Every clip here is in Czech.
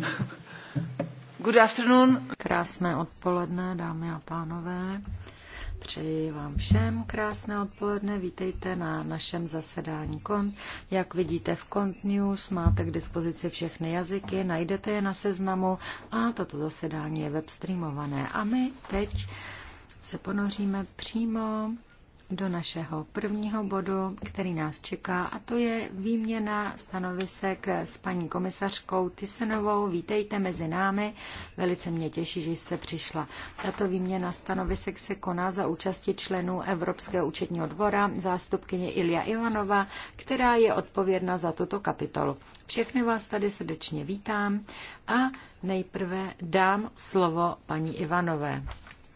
Good afternoon. Krásné odpoledne, dámy a pánové. Přeji vám všem krásné odpoledne. Vítejte na našem zasedání KONT. Jak vidíte v KONT News, máte k dispozici všechny jazyky, najdete je na seznamu a toto zasedání je webstreamované. A my teď se ponoříme přímo do našeho prvního bodu, který nás čeká, a to je výměna stanovisek s paní komisařkou Tysenovou. Vítejte mezi námi, velice mě těší, že jste přišla. Tato výměna stanovisek se koná za účasti členů Evropského účetního dvora, zástupkyně Ilja Ivanova, která je odpovědna za tuto kapitolu. Všechny vás tady srdečně vítám a nejprve dám slovo paní Ivanové.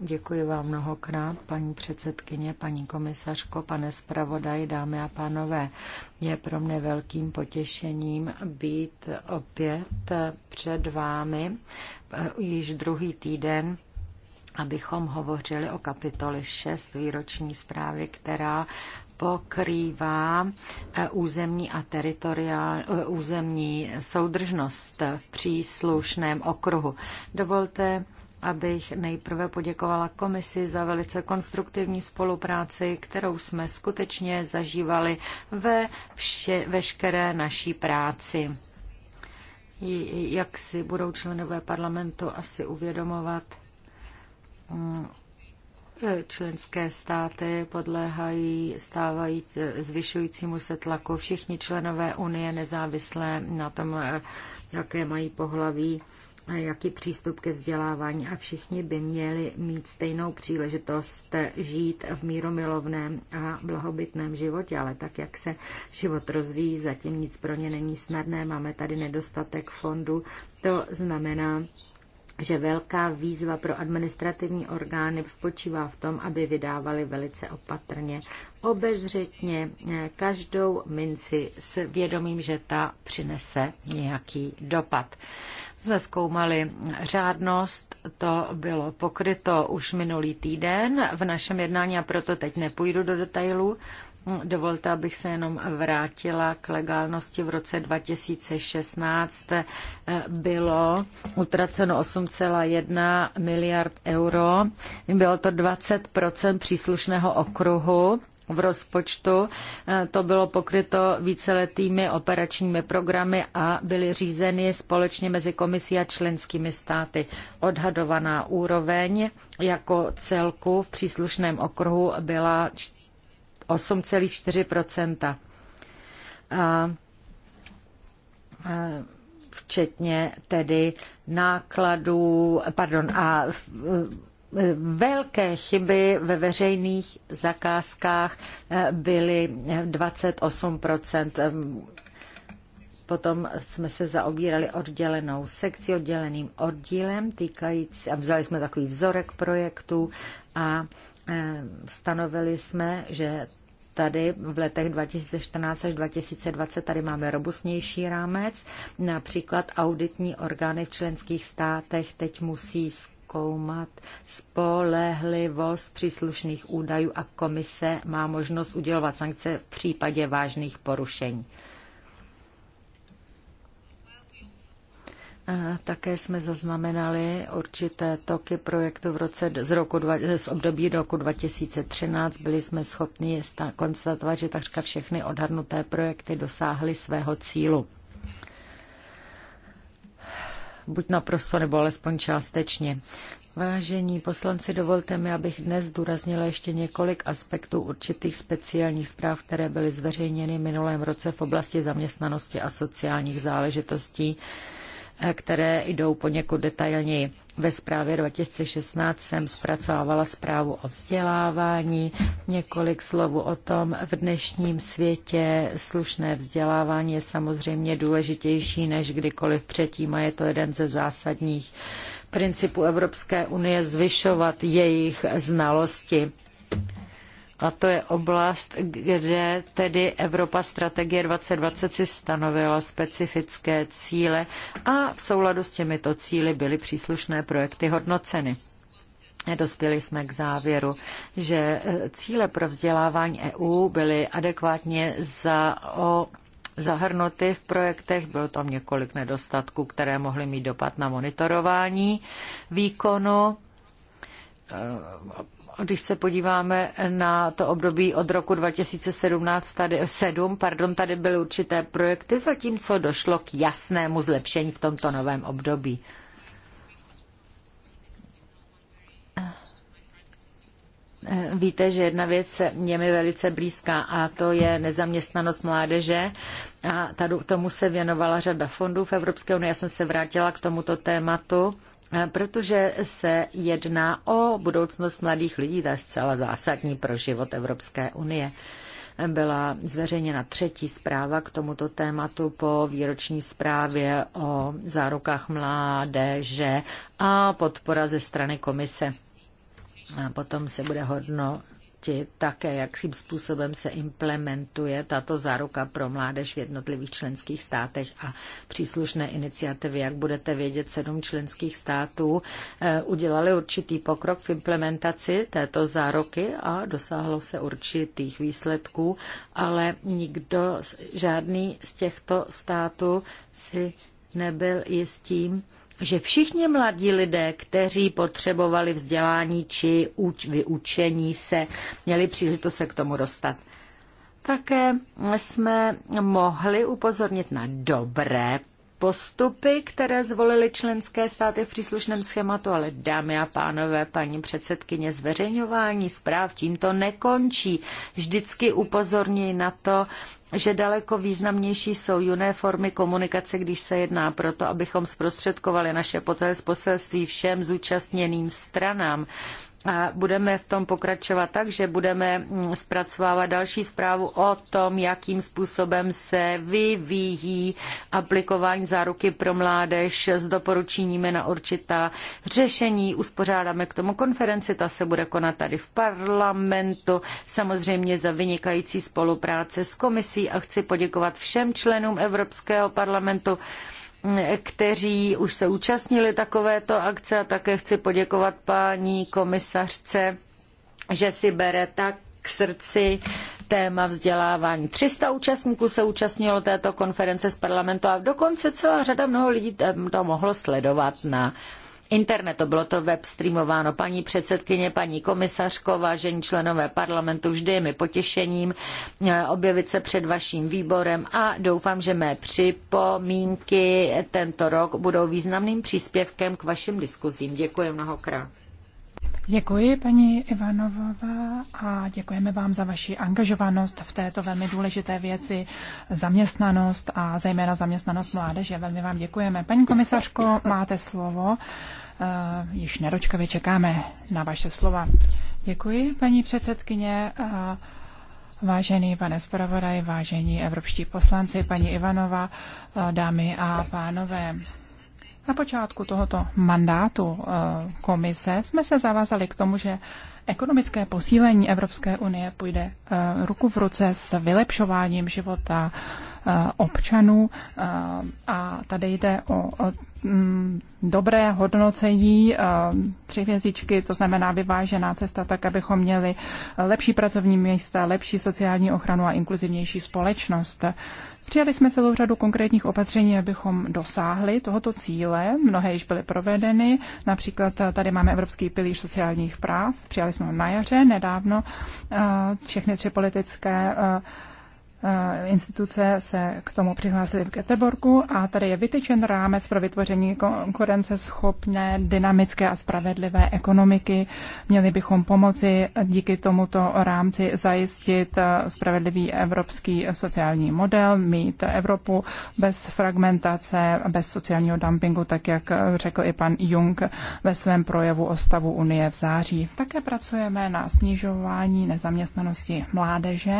Děkuji vám mnohokrát, paní předsedkyně, paní komisařko, pane zpravodaj, dámy a pánové. Je pro mne velkým potěšením být opět před vámi eh, již druhý týden abychom hovořili o kapitole 6 výroční zprávy, která pokrývá eh, územní a teritoriál, eh, územní soudržnost v příslušném okruhu. Dovolte, abych nejprve poděkovala komisi za velice konstruktivní spolupráci, kterou jsme skutečně zažívali ve vše, veškeré naší práci. Jak si budou členové parlamentu asi uvědomovat, mm, členské státy podléhají stávají zvyšujícímu se tlaku. Všichni členové Unie nezávisle na tom, jaké mají pohlaví, jaký přístup ke vzdělávání a všichni by měli mít stejnou příležitost žít v míromilovném a blahobytném životě, ale tak, jak se život rozvíjí, zatím nic pro ně není snadné, máme tady nedostatek fondu, to znamená, že velká výzva pro administrativní orgány spočívá v tom, aby vydávali velice opatrně, obezřetně každou minci s vědomím, že ta přinese nějaký dopad jsme zkoumali řádnost, to bylo pokryto už minulý týden v našem jednání a proto teď nepůjdu do detailů. Dovolte, abych se jenom vrátila k legálnosti. V roce 2016 bylo utraceno 8,1 miliard euro. Bylo to 20 příslušného okruhu v rozpočtu. Eh, to bylo pokryto víceletými operačními programy a byly řízeny společně mezi komisí a členskými státy. Odhadovaná úroveň jako celku v příslušném okruhu byla 8,4 a včetně tedy nákladů, pardon, a velké chyby ve veřejných zakázkách eh, byly 28 ehm, Potom jsme se zaobírali oddělenou sekci, odděleným oddílem, týkající, a vzali jsme takový vzorek projektu a ehm, stanovili jsme, že tady v letech 2014 až 2020 tady máme robustnější rámec. Například auditní orgány v členských státech teď musí zkoumat spolehlivost příslušných údajů a komise má možnost udělovat sankce v případě vážných porušení. Také jsme zaznamenali určité toky projektu v roce, z, roku, z období roku 2013. Byli jsme schopni konstatovat, že takřka všechny odhadnuté projekty dosáhly svého cílu buď naprosto, nebo alespoň částečně. Vážení poslanci, dovolte mi, abych dnes zdůraznila ještě několik aspektů určitých speciálních zpráv, které byly zveřejněny minulém roce v oblasti zaměstnanosti a sociálních záležitostí Eh, které jdou poněkud detailněji. Ve zprávě 2016 jsem zpracovávala zprávu o vzdělávání, několik slovů o tom. V dnešním světě slušné vzdělávání je samozřejmě důležitější než kdykoliv předtím a je to jeden ze zásadních principů Evropské unie zvyšovat jejich znalosti. A to je oblast, kde tedy Evropa strategie 2020 si stanovila specifické cíle a v souladu s těmito cíly byly příslušné projekty hodnoceny. Dospěli jsme k závěru, že eh, cíle pro vzdělávání EU byly adekvátně za o zahrnuty v projektech. Bylo tam několik nedostatků, které mohly mít dopad na monitorování výkonu eh, když se podíváme na to období od roku 2017, tady, 7, pardon, tady byly určité projekty, zatímco došlo k jasnému zlepšení v tomto novém období. Víte, že jedna věc je mi velice blízká a to je nezaměstnanost mládeže. A tady tomu se věnovala řada fondů v Evropské unii. Já jsem se vrátila k tomuto tématu protože se jedná o budoucnost mladých lidí, to je zcela zásadní pro život Evropské unie byla zveřejněna třetí zpráva k tomuto tématu po výroční zprávě o zárukách mládeže a podpora ze strany komise. A potom se bude hodno, proti také, jakým způsobem se implementuje tato záruka pro mládež v jednotlivých členských státech a příslušné iniciativy. Jak budete vědět, sedm členských států eh, udělali určitý pokrok v implementaci této záruky a dosáhlo se určitých výsledků, ale nikdo, žádný z těchto států si nebyl jistým, že všichni mladí lidé, kteří potřebovali vzdělání či uč, vyučení se, měli příležitost se k tomu dostat. Také jsme mohli upozornit na dobré postupy, které zvolily členské státy v příslušném schématu, ale dámy a pánové, paní předsedkyně, zveřejňování zpráv tímto nekončí. Vždycky upozorněj na to, že daleko významnější jsou jiné formy komunikace, když se jedná proto, abychom zprostředkovali naše poselství všem zúčastněným stranám a budeme v tom pokračovat tak, že budeme mm, zpracovávat další zprávu o tom, jakým způsobem se vyvíjí aplikování záruky pro mládež s doporučeními na určitá řešení. Uspořádáme k tomu konferenci, ta se bude konat tady v parlamentu, samozřejmě za vynikající spolupráce s komisí a chci poděkovat všem členům Evropského parlamentu, kteří už se účastnili takovéto akce a také chci poděkovat paní komisařce, že si bere tak k srdci téma vzdělávání. 300 účastníků se účastnilo této konference z parlamentu a dokonce celá řada mnoho lidí to mohlo sledovat na internetu. Bylo to streamováno. Paní předsedkyně, paní komisařko, vážení členové parlamentu, vždy je mi potěšením eh, objevit se před vaším výborem a doufám, že mé připomínky tento rok budou významným příspěvkem k vašim diskuzím. Děkuji mnohokrát. Děkuji, paní Ivanová a děkujeme vám za vaši angažovanost v této velmi důležité věci, zaměstnanost a zejména zaměstnanost mládeže. Velmi vám děkujeme. Paní komisařko, máte slovo. Uh, již nedočkavě čekáme na vaše slova. Děkuji, paní předsedkyně. Uh, Vážený pane zpravodaj, vážení evropští poslanci, paní Ivanova, eh, dámy a pánové, na počátku tohoto mandátu eh, komise jsme se zavázali k tomu, že ekonomické posílení Evropské unie půjde eh, ruku v ruce s vylepšováním života eh, občanů a tady jde o mm, dobré hodnocení tři hvězdičky, to znamená vyvážená cesta tak, abychom měli lepší pracovní místa, lepší sociální ochranu a inkluzivnější společnost. Přijali jsme celou řadu konkrétních opatření, abychom dosáhli tohoto cíle. Mnohé již byly provedeny. Například eh, tady máme Evropský pilíř sociálních práv. Přijali jsme ho na jaře nedávno. Eh, všechny tři politické eh, Eh, instituce se k tomu přihlásily v Göteborgu a tady je vytyčen rámec pro vytvoření konkurenceschopné, dynamické a spravedlivé ekonomiky. Měli bychom pomoci díky tomuto rámci zajistit eh, spravedlivý evropský sociální model, mít Evropu bez fragmentace, bez sociálního dumpingu, tak jak řekl i pan Jung ve svém projevu o stavu Unie v září. Také pracujeme na snižování nezaměstnanosti mládeže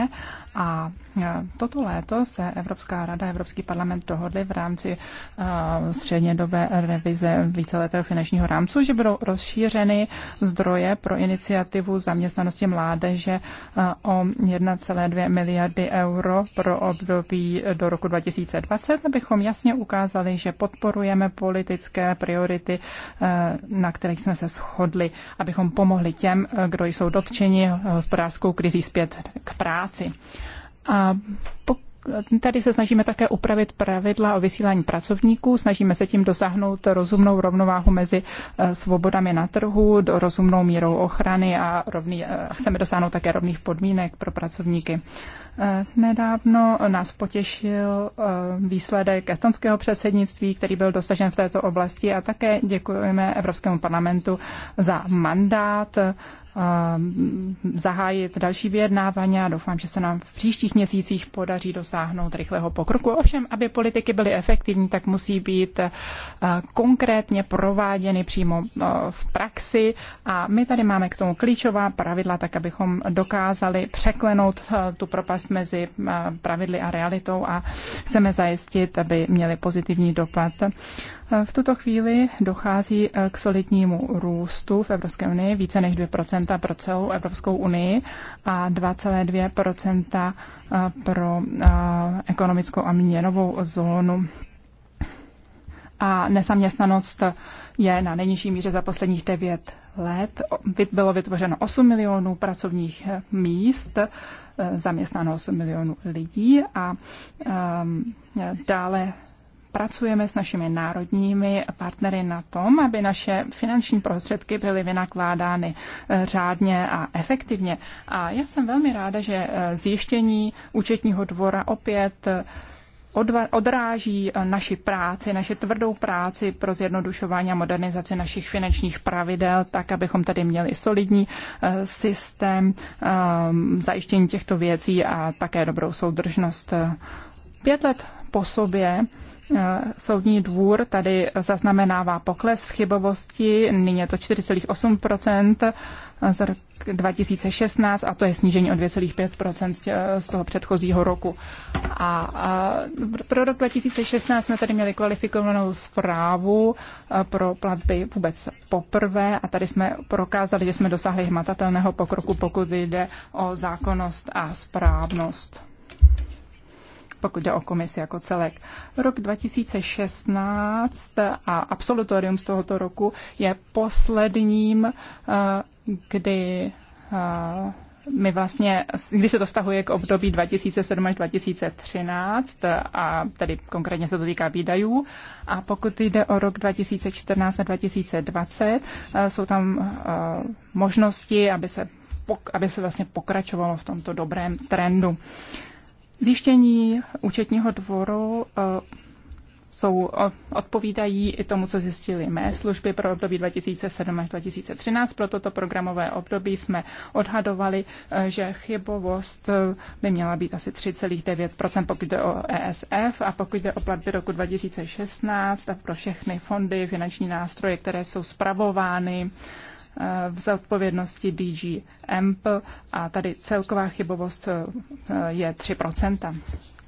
a eh, Toto léto se Evropská rada a Evropský parlament dohodli v rámci eh, střednědobé revize víceletého finančního rámcu, že budou rozšířeny zdroje pro iniciativu zaměstnanosti mládeže eh, o 1,2 miliardy euro pro období do roku 2020, abychom jasně ukázali, že podporujeme politické priority, eh, na kterých jsme se shodli, abychom pomohli těm, kdo jsou dotčeni hospodářskou krizí zpět k práci. A Tady se snažíme také upravit pravidla o vysílání pracovníků, snažíme se tím dosáhnout rozumnou rovnováhu mezi eh, svobodami na trhu, do rozumnou mírou ochrany a rovný, eh, chceme dosáhnout také rovných podmínek pro pracovníky. Eh, nedávno nás potěšil výsledek estonského předsednictví, který byl dosažen v této oblasti a také děkujeme Evropskému parlamentu za mandát Eh, zahájit další vyjednávání a doufám, že se nám v příštích měsících podaří dosáhnout rychlého pokroku. Ovšem, aby politiky byly efektivní, tak musí být eh, konkrétně prováděny přímo eh, v praxi a my tady máme k tomu klíčová pravidla, tak abychom dokázali překlenout tu propast mezi pravidly a realitou a chceme zajistit, aby měly pozitivní dopad v tuto chvíli dochází eh, k solidnímu růstu v Evropské unii, více než 2% pro celou Evropskou unii a 2,2% eh, pro eh, ekonomickou a měnovou zónu. A nesaměstnanost je na nejnižší míře za posledních 9 let. Bylo vytvořeno 8 milionů pracovních míst, zaměstnáno 8 milionů lidí a um, dále pracujeme s našimi národními partnery na tom, aby naše finanční prostředky byly vynakládány eh, řádně a efektivně. A já jsem velmi ráda, že eh, zjištění účetního dvora opět eh, odráží naši práci, naše tvrdou práci pro zjednodušování a modernizaci našich finančních pravidel, tak abychom tady měli solidní systém ehm, zajištění těchto věcí a také dobrou soudržnost. Pět let po sobě Eh, soudní dvůr tady zaznamenává pokles v chybovosti, nyní je to 4,8 eh, z rok 2016 a to je snížení o 2,5 z toho předchozího roku. A, a pro rok 2016 jsme tady měli kvalifikovanou zprávu eh, pro platby vůbec poprvé a tady jsme prokázali, že jsme dosáhli hmatatelného pokroku, pokud jde o zákonnost a správnost pokud jde o komisi jako celek. Rok 2016 a absolutorium z tohoto roku je posledním, eh, kdy eh, my vlastně, když se to stahuje k období 2007 až 2013, eh, a tedy konkrétně se to týká výdajů, a pokud jde o rok 2014 a 2020, jsou tam možnosti, aby se, aby se vlastně pokračovalo v tomto dobrém trendu. Zjištění účetního dvoru eh, jsou, odpovídají i tomu, co zjistili mé služby pro období 2007 až 2013. Pro toto programové období jsme odhadovali, eh, že chybovost eh, by měla být asi 3,9 pokud jde o ESF a pokud jde o platby roku 2016 a pro všechny fondy, finanční nástroje, které jsou spravovány v zodpovědnosti DG AMP a tady celková chybovost eh, je 3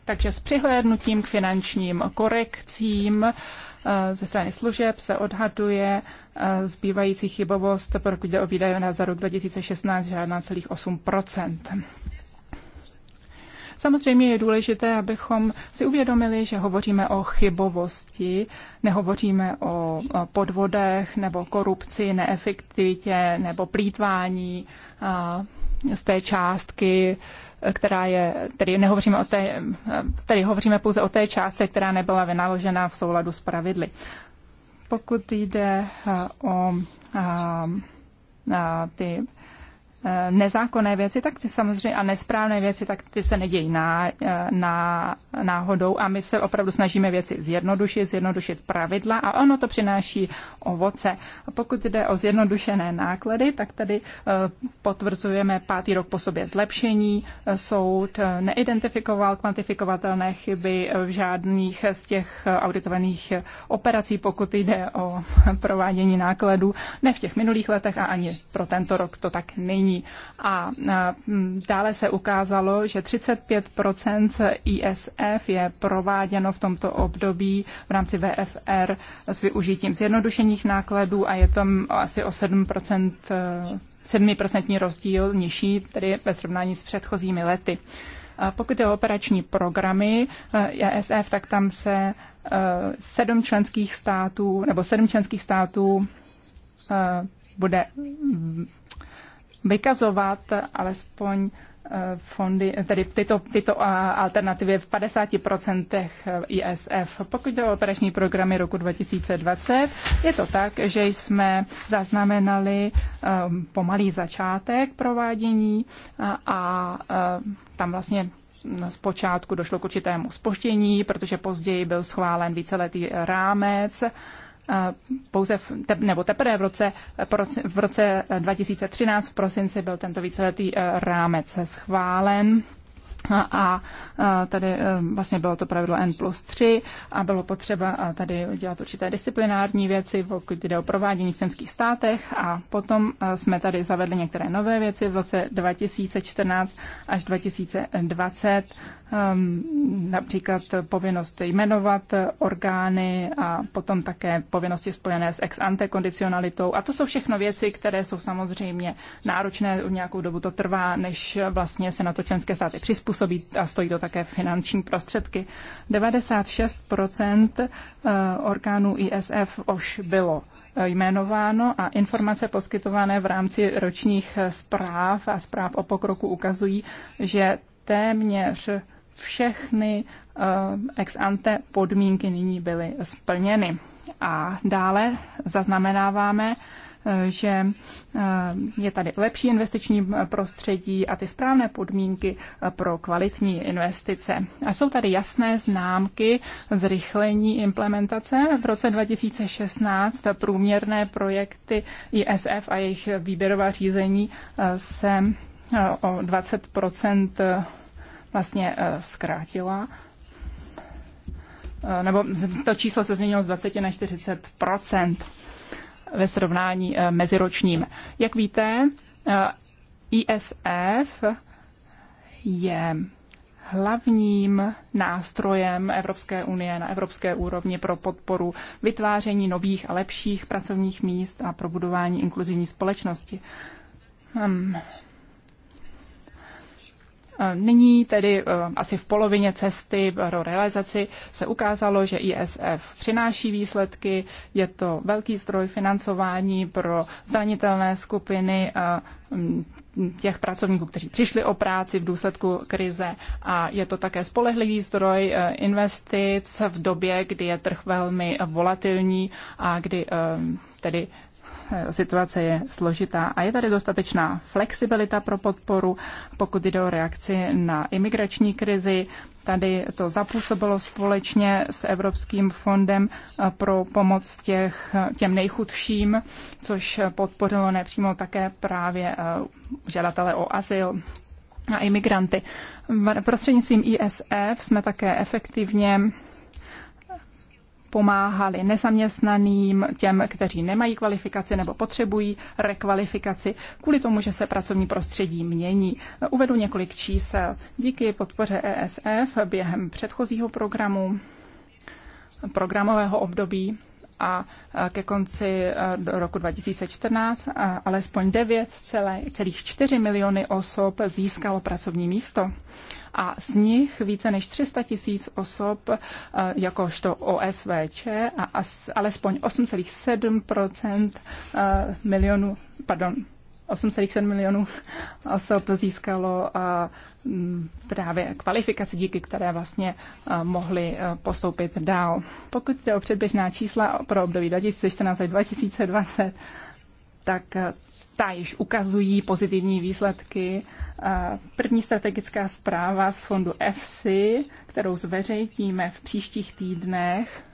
Takže s přihlédnutím k finančním korekcím eh, ze strany služeb se odhaduje eh, zbývající chybovost, pokud jde o výdaje na za rok 2016, žádná celých 8 Samozřejmě je důležité, abychom si uvědomili, že hovoříme o chybovosti, nehovoříme o podvodech nebo korupci, neefektivitě nebo plítvání z té částky, která je, tedy nehovoříme o té, tedy hovoříme pouze o té částce, která nebyla vynaložena v souladu s pravidly. Pokud jde o a, a, ty Eh, nezákonné věci, tak ty samozřejmě a nesprávné věci, tak ty se nedějí ná, eh, ná, náhodou a my se opravdu snažíme věci zjednodušit, zjednodušit pravidla a ono to přináší ovoce. A pokud jde o zjednodušené náklady, tak tady eh, potvrzujeme pátý rok po sobě zlepšení. Soud neidentifikoval kvantifikovatelné chyby v žádných z těch auditovaných operací, pokud jde o provádění nákladů, ne v těch minulých letech a ani pro tento rok to tak není zní. A dále se ukázalo, že 35 ISF je prováděno v tomto období v rámci VFR s využitím zjednodušených nákladů a je tam asi o 7 7% e, rozdíl nižší, tedy ve srovnání s předchozími lety. Pokud je o operační programy e, ISF, tak tam se e, sedm členských států, nebo sedm členských států bude vykazovat alespoň eh, fondy, tedy tyto, tyto eh, alternativy v 50% eh, ISF. Pokud jde o operační programy roku 2020, je to tak, že jsme zaznamenali pomalý začátek provádění a, a tam vlastně zpočátku došlo k určitému spoštění, protože později byl schválen víceletý rámec Eh, pouze v, te, nebo teprve v roce, v roce 2013 eh, v prosinci byl tento víceletý eh, rámec schválen a tady e, vlastně bylo to pravidlo N plus 3 a bylo potřeba e, tady dělat určité disciplinární věci, pokud jde o provádění v členských státech a potom e, jsme tady zavedli některé nové věci v roce 2014 až 2020, ehm, například povinnost jmenovat orgány a potom také povinnosti spojené s ex ante kondicionalitou a to jsou všechno věci, které jsou samozřejmě náročné, nějakou dobu to trvá, než vlastně se na to členské státy přizpůsobí působí a stojí to také finanční prostředky. 96 eh, orgánů ISF už bylo eh, jmenováno a informace poskytované v rámci ročních eh, zpráv a zpráv o pokroku ukazují, že téměř všechny ex ante podmínky nyní byly splněny. A dále zaznamenáváme, že eh, je tady lepší investiční prostředí a ty správné podmínky eh, pro kvalitní investice. A jsou tady jasné známky zrychlení implementace. V roce 2016 průměrné projekty ISF a jejich výběrová řízení eh, se o 20 vlastně zkrátila nebo to číslo se změnilo z 20 na 40 ve srovnání eh, meziročním. Jak víte, eh, ISF je hlavním nástrojem Evropské unie na evropské úrovni pro podporu vytváření nových a lepších pracovních míst a pro budování inkluzivní společnosti. Hmm. Nyní tedy eh, asi v polovině cesty pro realizaci se ukázalo, že ISF přináší výsledky. Je to velký zdroj financování pro zranitelné skupiny eh, těch pracovníků, kteří přišli o práci v důsledku krize a je to také spolehlivý zdroj eh, investic v době, kdy je trh velmi volatilní a kdy tedy situace je složitá a je tady dostatečná flexibilita pro podporu, pokud jde o reakci na imigrační krizi. Tady to zapůsobilo společně s Evropským fondem pro pomoc těch, těm nejchudším, což podpořilo nepřímo také právě eh, žadatele o azyl a imigranty. Prostřednictvím ISF jsme také efektivně pomáhali nezaměstnaným, těm, kteří nemají kvalifikaci nebo potřebují rekvalifikaci, kvůli tomu, že se pracovní prostředí mění. Uvedu několik čísel. Díky podpoře ESF během předchozího programu, programového období a ke konci roku 2014 alespoň 9,4 miliony osob získalo pracovní místo. A z nich více než 300 tisíc osob jakožto OSVČ a alespoň 8,7 milionů, pardon, 8,7 milionů osob získalo mm, právě kvalifikaci, díky které vlastně mohli postoupit dál. Pokud jde o předběžná čísla pro období 2014 2020, tak ta již ukazují pozitivní výsledky. První strategická zpráva z fondu EFSI, kterou zveřejníme v příštích týdnech,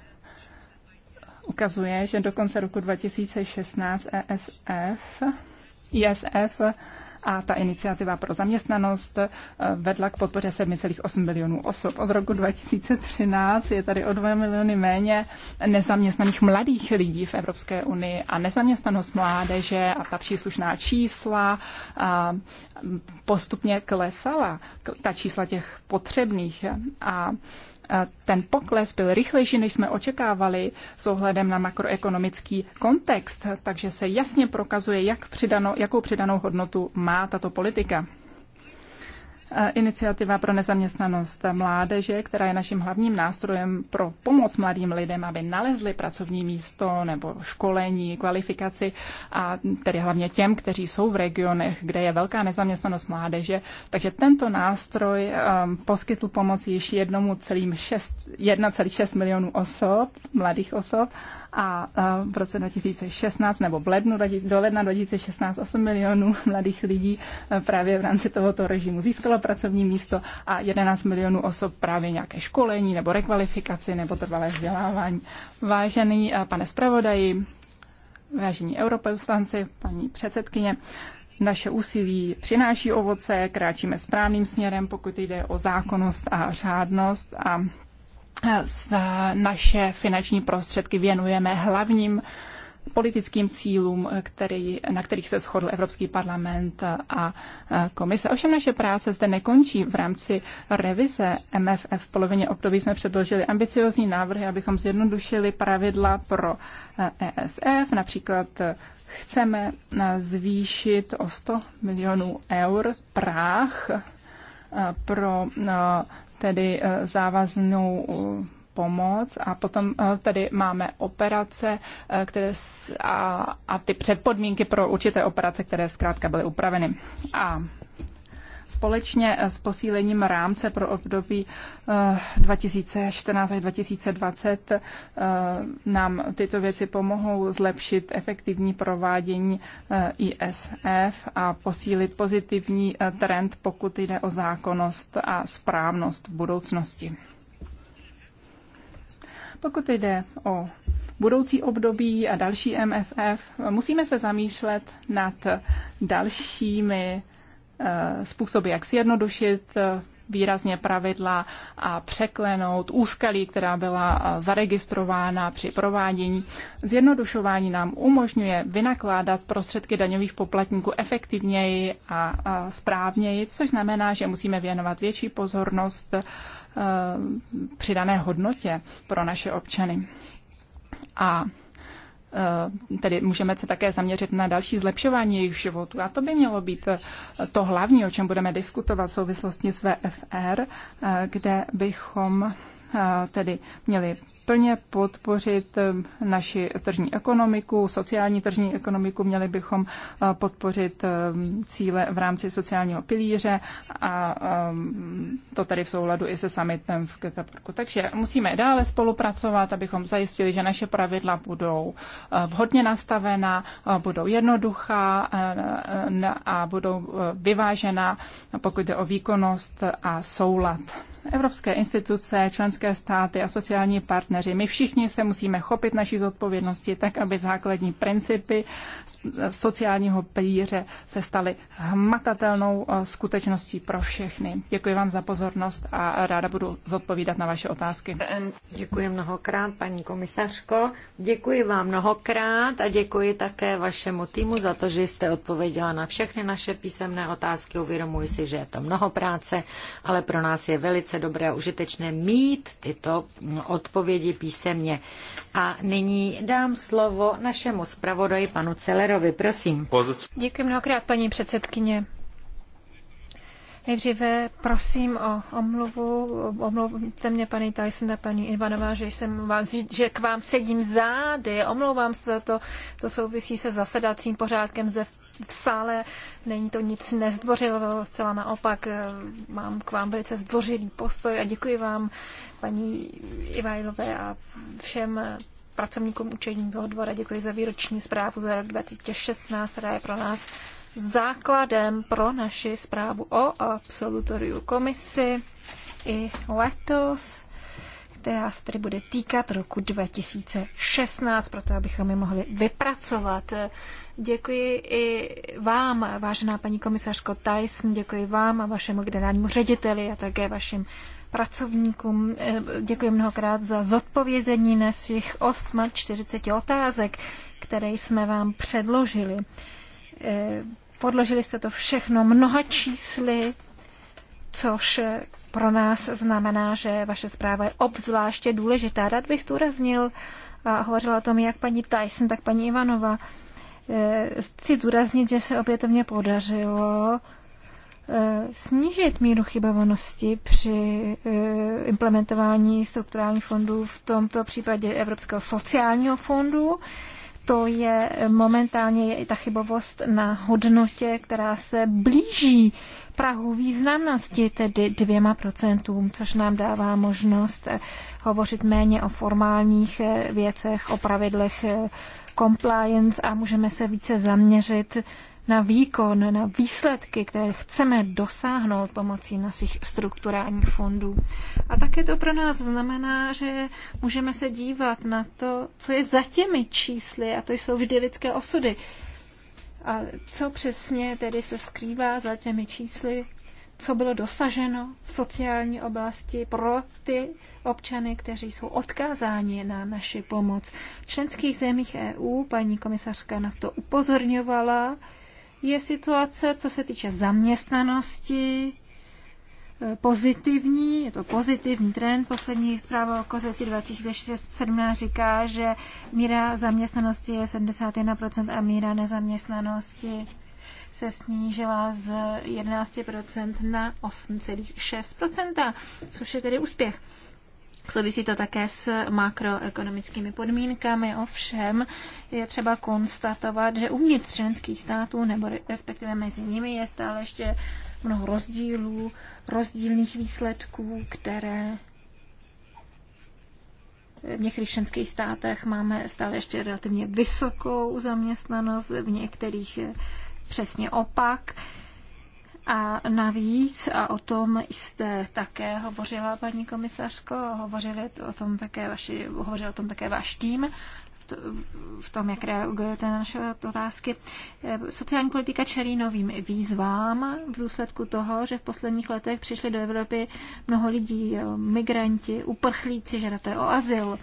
ukazuje, že do konce roku 2016 ESF ISF a ta iniciativa pro zaměstnanost eh, vedla k podpoře 7,8 milionů osob. Od roku 2013 je tady o 2 miliony méně nezaměstnaných mladých lidí v Evropské unii a nezaměstnanost mládeže a ta příslušná čísla eh, postupně klesala, ta čísla těch potřebných a ten pokles byl rychlejší, než jsme očekávali s ohledem na makroekonomický kontext, takže se jasně prokazuje, jak přidano, jakou přidanou hodnotu má tato politika. Eh, iniciativa pro nezaměstnanost mládeže, která je naším hlavním nástrojem pro pomoc mladým lidem, aby nalezli pracovní místo nebo školení, kvalifikaci a tedy hlavně těm, kteří jsou v regionech, kde je velká nezaměstnanost mládeže. Takže tento nástroj um, poskytl pomoc již 1,6 milionů osob, mladých osob a v roce 2016 nebo v lednu, do ledna 2016 8 milionů mladých lidí e, právě v rámci tohoto režimu získalo pracovní místo a 11 milionů osob právě nějaké školení nebo rekvalifikaci nebo trvalé vzdělávání. Vážený e, pane zpravodaji, vážení europoslanci, paní předsedkyně, naše úsilí přináší ovoce, kráčíme správným směrem, pokud jde o zákonnost a řádnost a Eh, naše finanční prostředky věnujeme hlavním politickým cílům, eh, který, na kterých se shodl Evropský parlament a eh, komise. Ovšem naše práce zde nekončí. V rámci revize MFF v polovině období jsme předložili ambiciozní návrhy, abychom zjednodušili pravidla pro ESF. E Například chceme zvýšit o 100 milionů eur práh pro tedy eh, závaznou eh, pomoc a potom eh, tady máme operace které, a, a ty předpodmínky pro určité operace, které zkrátka byly upraveny. A společně s posílením rámce pro období 2014 eh, až 2020 eh, nám tyto věci pomohou zlepšit efektivní provádění eh, ISF a posílit pozitivní trend, pokud jde o zákonnost a správnost v budoucnosti. Pokud jde o budoucí období a další MFF, musíme se zamýšlet nad dalšími Eh, způsoby, jak zjednodušit eh, výrazně pravidla a překlenout úskalí, která byla eh, zaregistrována při provádění. Zjednodušování nám umožňuje vynakládat prostředky daňových poplatníků efektivněji a správněji, což znamená, že musíme věnovat větší pozornost přidané hodnotě pro naše občany. A Eh, tedy můžeme se také zaměřit na další zlepšování jejich životu. A to by mělo být eh, to hlavní, o čem budeme diskutovat v souvislosti s VFR, eh, kde bychom Eh, tedy měli plně podpořit eh, naši tržní ekonomiku, sociální tržní ekonomiku, měli bychom eh, podpořit cíle v rámci sociálního pilíře a to tady v souladu i se summitem v Göteborgu. Takže musíme dále spolupracovat, abychom zajistili, že naše pravidla budou vhodně nastavená, budou jednoduchá a budou vyvážená, pokud jde o výkonnost a soulad. Evropské instituce, členské státy a sociální partneři, my všichni se musíme chopit naší zodpovědnosti tak, aby základní principy sociálního pilíře se staly hmatatelnou eh, skutečností pro všechny. Děkuji vám za pozornost a ráda budu zodpovídat na vaše otázky. Děkuji mnohokrát, paní komisařko. Děkuji vám mnohokrát a děkuji také vašemu týmu za to, že jste odpověděla na všechny naše písemné otázky. Uvědomuji si, že je to mnoho práce, ale pro nás je velice velice dobré a užitečné mít tyto odpovědi písemně. A nyní dám slovo našemu zpravodaji panu Celerovi. Prosím. Děkuji mnohokrát, paní předsedkyně. Nejdříve prosím o omluvu. Omluvte mě, paní Tyson a paní Ivanová, že, jsem vám, že k vám sedím zády. Omlouvám se za to. To souvisí se zasedacím pořádkem zde v v sále. Není to nic nezdvořilého, zcela naopak eh, mám k vám velice zdvořilý postoj a děkuji vám, paní Ivajlové a všem pracovníkům učeního dvora. Děkuji za výroční zprávu za rok 2016, která je pro nás základem pro naši zprávu o absolutoriu komisi i letos která se tedy bude týkat roku 2016, proto abychom je mohli vypracovat. Děkuji i vám, vážená paní komisařko Tyson, děkuji vám a vašemu generálnímu řediteli a také vašim pracovníkům. Děkuji mnohokrát za zodpovězení svých 840 otázek, které jsme vám předložili. Podložili jste to všechno mnoha čísly, což pro nás znamená, že vaše zpráva je obzvláště důležitá. Rád bych zdůraznil a hovořila o tom jak paní Tyson, tak paní Ivanova. E, chci zdůraznit, že se opětovně podařilo e, snížit míru chybovanosti při e, implementování strukturálních fondů, v tomto případě Evropského sociálního fondu. To je momentálně je i ta chybovost na hodnotě, která se blíží Prahu významnosti, tedy dvěma procentům, což nám dává možnost eh, hovořit méně o formálních eh, věcech, o pravidlech eh, compliance a můžeme se více zaměřit na výkon, na výsledky, které chceme dosáhnout pomocí našich strukturálních fondů. A také to pro nás znamená, že můžeme se dívat na to, co je za těmi čísly, a to jsou vždy lidské osudy. A co přesně tedy se skrývá za těmi čísly, co bylo dosaženo v sociální oblasti pro ty občany, kteří jsou odkázáni na naši pomoc. V členských zemích EU, paní komisařka na to upozorňovala, je situace, co se týče zaměstnanosti, pozitivní, je to pozitivní trend. Poslední zpráva o kořeci 2017 říká, že míra zaměstnanosti je 71% a míra nezaměstnanosti se snížila z 11% na 8,6%, což je tedy úspěch. Souvisí to také s makroekonomickými podmínkami, ovšem je třeba konstatovat, že uvnitř členských států, nebo respektive mezi nimi, je stále ještě mnoho rozdílů rozdílných výsledků, které v některých členských státech máme stále ještě relativně vysokou zaměstnanost, v některých přesně opak. A navíc, a o tom jste také hovořila, paní komisařko, hovořili o tom také vaši, hovořil o tom také váš tým, v tom, jak reagujete na naše otázky. Sociální politika čelí novým výzvám v důsledku toho, že v posledních letech přišli do Evropy mnoho lidí, migranti, uprchlíci, žadaté o azyl.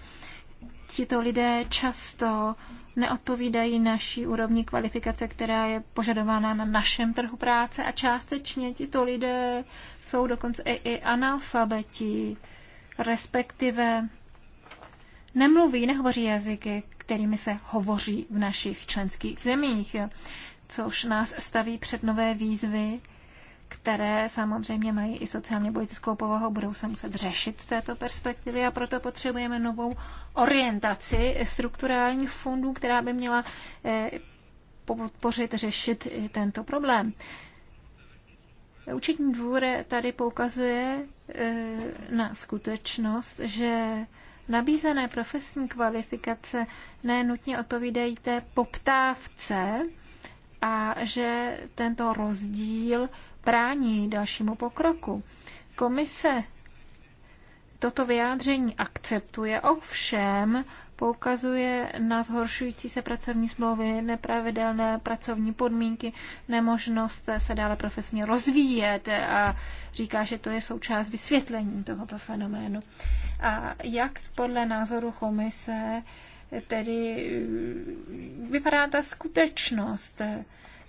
Tito lidé často neodpovídají naší úrovni kvalifikace, která je požadována na našem trhu práce a částečně tito lidé jsou dokonce i, i analfabeti, respektive nemluví, nehovoří jazyky, kterými se hovoří v našich členských zemích, což nás staví před nové výzvy, které samozřejmě mají i sociálně politickou povahu, budou se muset řešit z této perspektivy a proto potřebujeme novou orientaci strukturálních fondů, která by měla eh, podpořit, řešit tento problém. Učitní dvůr tady poukazuje eh, na skutečnost, že nabízené profesní kvalifikace nenutně odpovídají té poptávce a že tento rozdíl brání dalšímu pokroku. Komise toto vyjádření akceptuje, ovšem poukazuje na zhoršující se pracovní smlouvy, nepravidelné pracovní podmínky, nemožnost se dále profesně rozvíjet a říká, že to je součást vysvětlení tohoto fenoménu a jak podle názoru komise tedy vypadá ta skutečnost,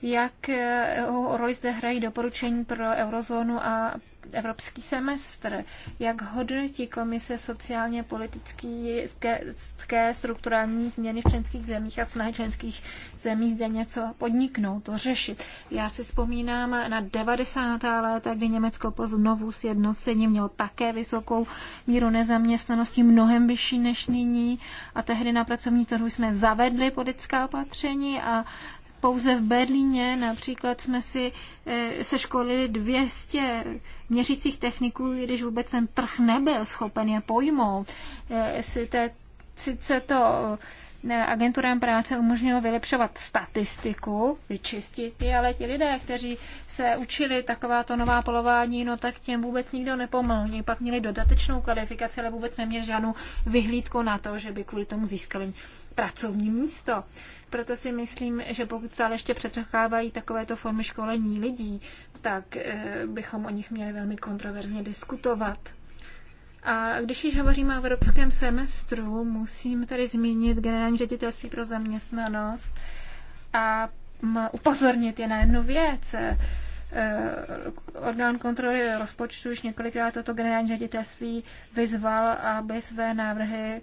jak eh, roli zde hrají doporučení pro eurozónu a evropský semestr, jak hodnotí komise sociálně politické strukturální změny v členských zemích a snahy členských zemí zde něco podniknout, to řešit. Já si vzpomínám na 90. léta, kdy Německo po znovu sjednocení mělo také vysokou míru nezaměstnanosti, mnohem vyšší než nyní a tehdy na pracovní trhu jsme zavedli politická opatření a pouze v Berlíně například jsme si eh, se školili 200 měřících techniků, i když vůbec ten trh nebyl schopen je pojmout. Eh, sice to eh, agenturám práce umožnilo vylepšovat statistiku, vyčistit ji, ale ti lidé, kteří se učili takováto nová polování, no tak těm vůbec nikdo nepomohl. Oni pak měli dodatečnou kvalifikaci, ale vůbec neměli žádnou vyhlídku na to, že by kvůli tomu získali pracovní místo. Proto si myslím, že pokud stále ještě přetrchávají takovéto formy školení lidí, tak eh, bychom o nich měli velmi kontroverzně diskutovat. A když již hovoříme o evropském semestru, musím tady zmínit generální ředitelství pro zaměstnanost a mm, upozornit je na jednu věc. Eh, orgán kontroly rozpočtu už několikrát toto generální ředitelství vyzval, aby své návrhy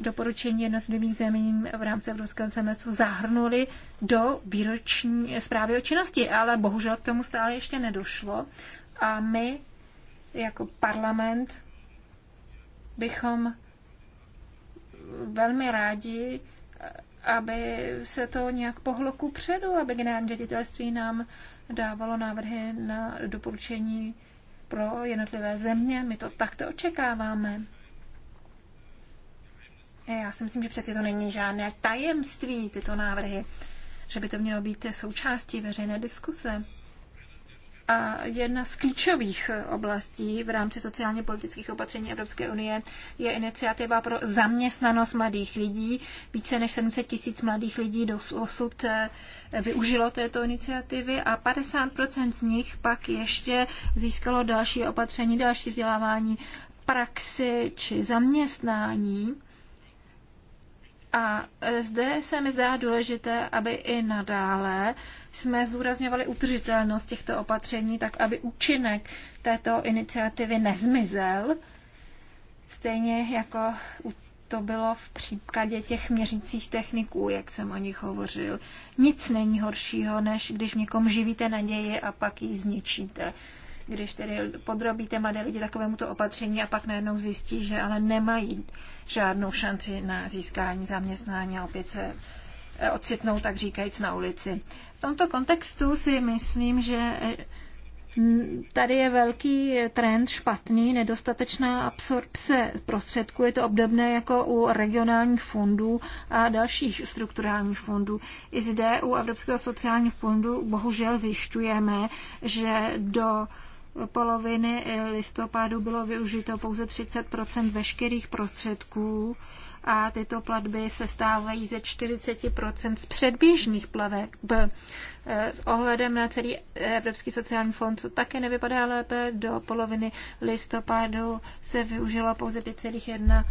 doporučení jednotlivých zemí v rámci evropského semestru zahrnuli do výroční zprávy o činnosti, ale bohužel k tomu stále ještě nedošlo. A my jako parlament bychom velmi rádi, aby se to nějak pohlo ku předu, aby generální ředitelství nám dávalo návrhy na doporučení pro jednotlivé země. My to takto očekáváme. Já si myslím, že přeci to není žádné tajemství, tyto návrhy, že by to mělo být součástí veřejné diskuze. A jedna z klíčových oblastí v rámci sociálně politických opatření Evropské unie je iniciativa pro zaměstnanost mladých lidí. Více než 700 tisíc mladých lidí dosud eh, využilo této iniciativy a 50% z nich pak ještě získalo další opatření, další vzdělávání praxi či zaměstnání. A e, zde se mi zdá důležité, aby i nadále jsme zdůrazňovali udržitelnost těchto opatření, tak aby účinek této iniciativy nezmizel, stejně jako to bylo v případě těch měřících techniků, jak jsem o nich hovořil. Nic není horšího, než když někom živíte naději a pak ji zničíte když tedy podrobíte mladé lidi takovému to opatření a pak najednou zjistí, že ale nemají žádnou šanci na získání zaměstnání a opět se eh, ocitnou, tak říkajíc, na ulici. V tomto kontextu si myslím, že eh, Tady je velký eh, trend špatný, nedostatečná absorpce prostředků. Je to obdobné jako u regionálních fondů a dalších strukturálních fondů. I zde u Evropského sociálního fondu bohužel zjišťujeme, že do poloviny listopadu bylo využito pouze 30 veškerých prostředků a tyto platby se stávají ze 40 z předběžných plaveb. Eh, s ohledem na celý Evropský sociální fond to také nevypadá lépe. Do poloviny listopadu se využilo pouze 5,1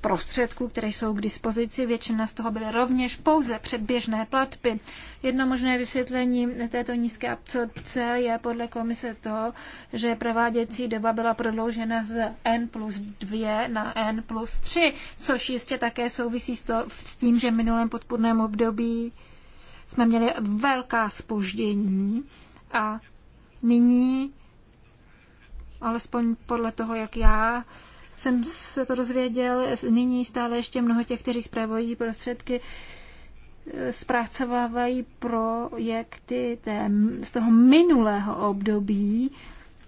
prostředků, které jsou k dispozici. Většina z toho byly rovněž pouze předběžné platby. Jedno možné vysvětlení této nízké absorpce je podle komise to, že prováděcí doba byla prodloužena z N plus 2 na N plus 3, což jistě také souvisí s tím, že v minulém podpůrném období jsme měli velká spoždění a nyní, alespoň podle toho, jak já jsem se to rozvěděl. nyní stále ještě mnoho těch, kteří zpravují prostředky, eh, zpracovávají projekty té, z toho minulého období,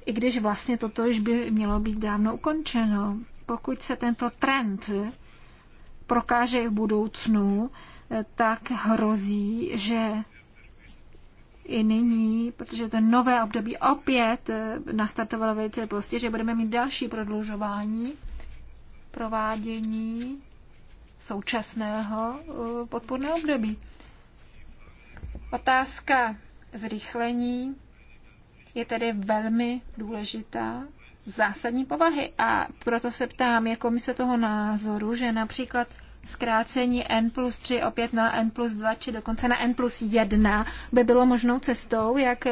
i když vlastně toto už by mělo být dávno ukončeno. Pokud se tento trend prokáže v budoucnu, eh, tak hrozí, že i nyní, protože to nové období opět eh, nastartovalo velice pozdě, že budeme mít další prodlužování provádění současného eh, podpůrného období. Otázka zrychlení je tedy velmi důležitá, zásadní povahy. A proto se ptám, je komise toho názoru, že například zkrácení N plus 3 opět na N plus 2, či dokonce na N plus 1 by bylo možnou cestou, jak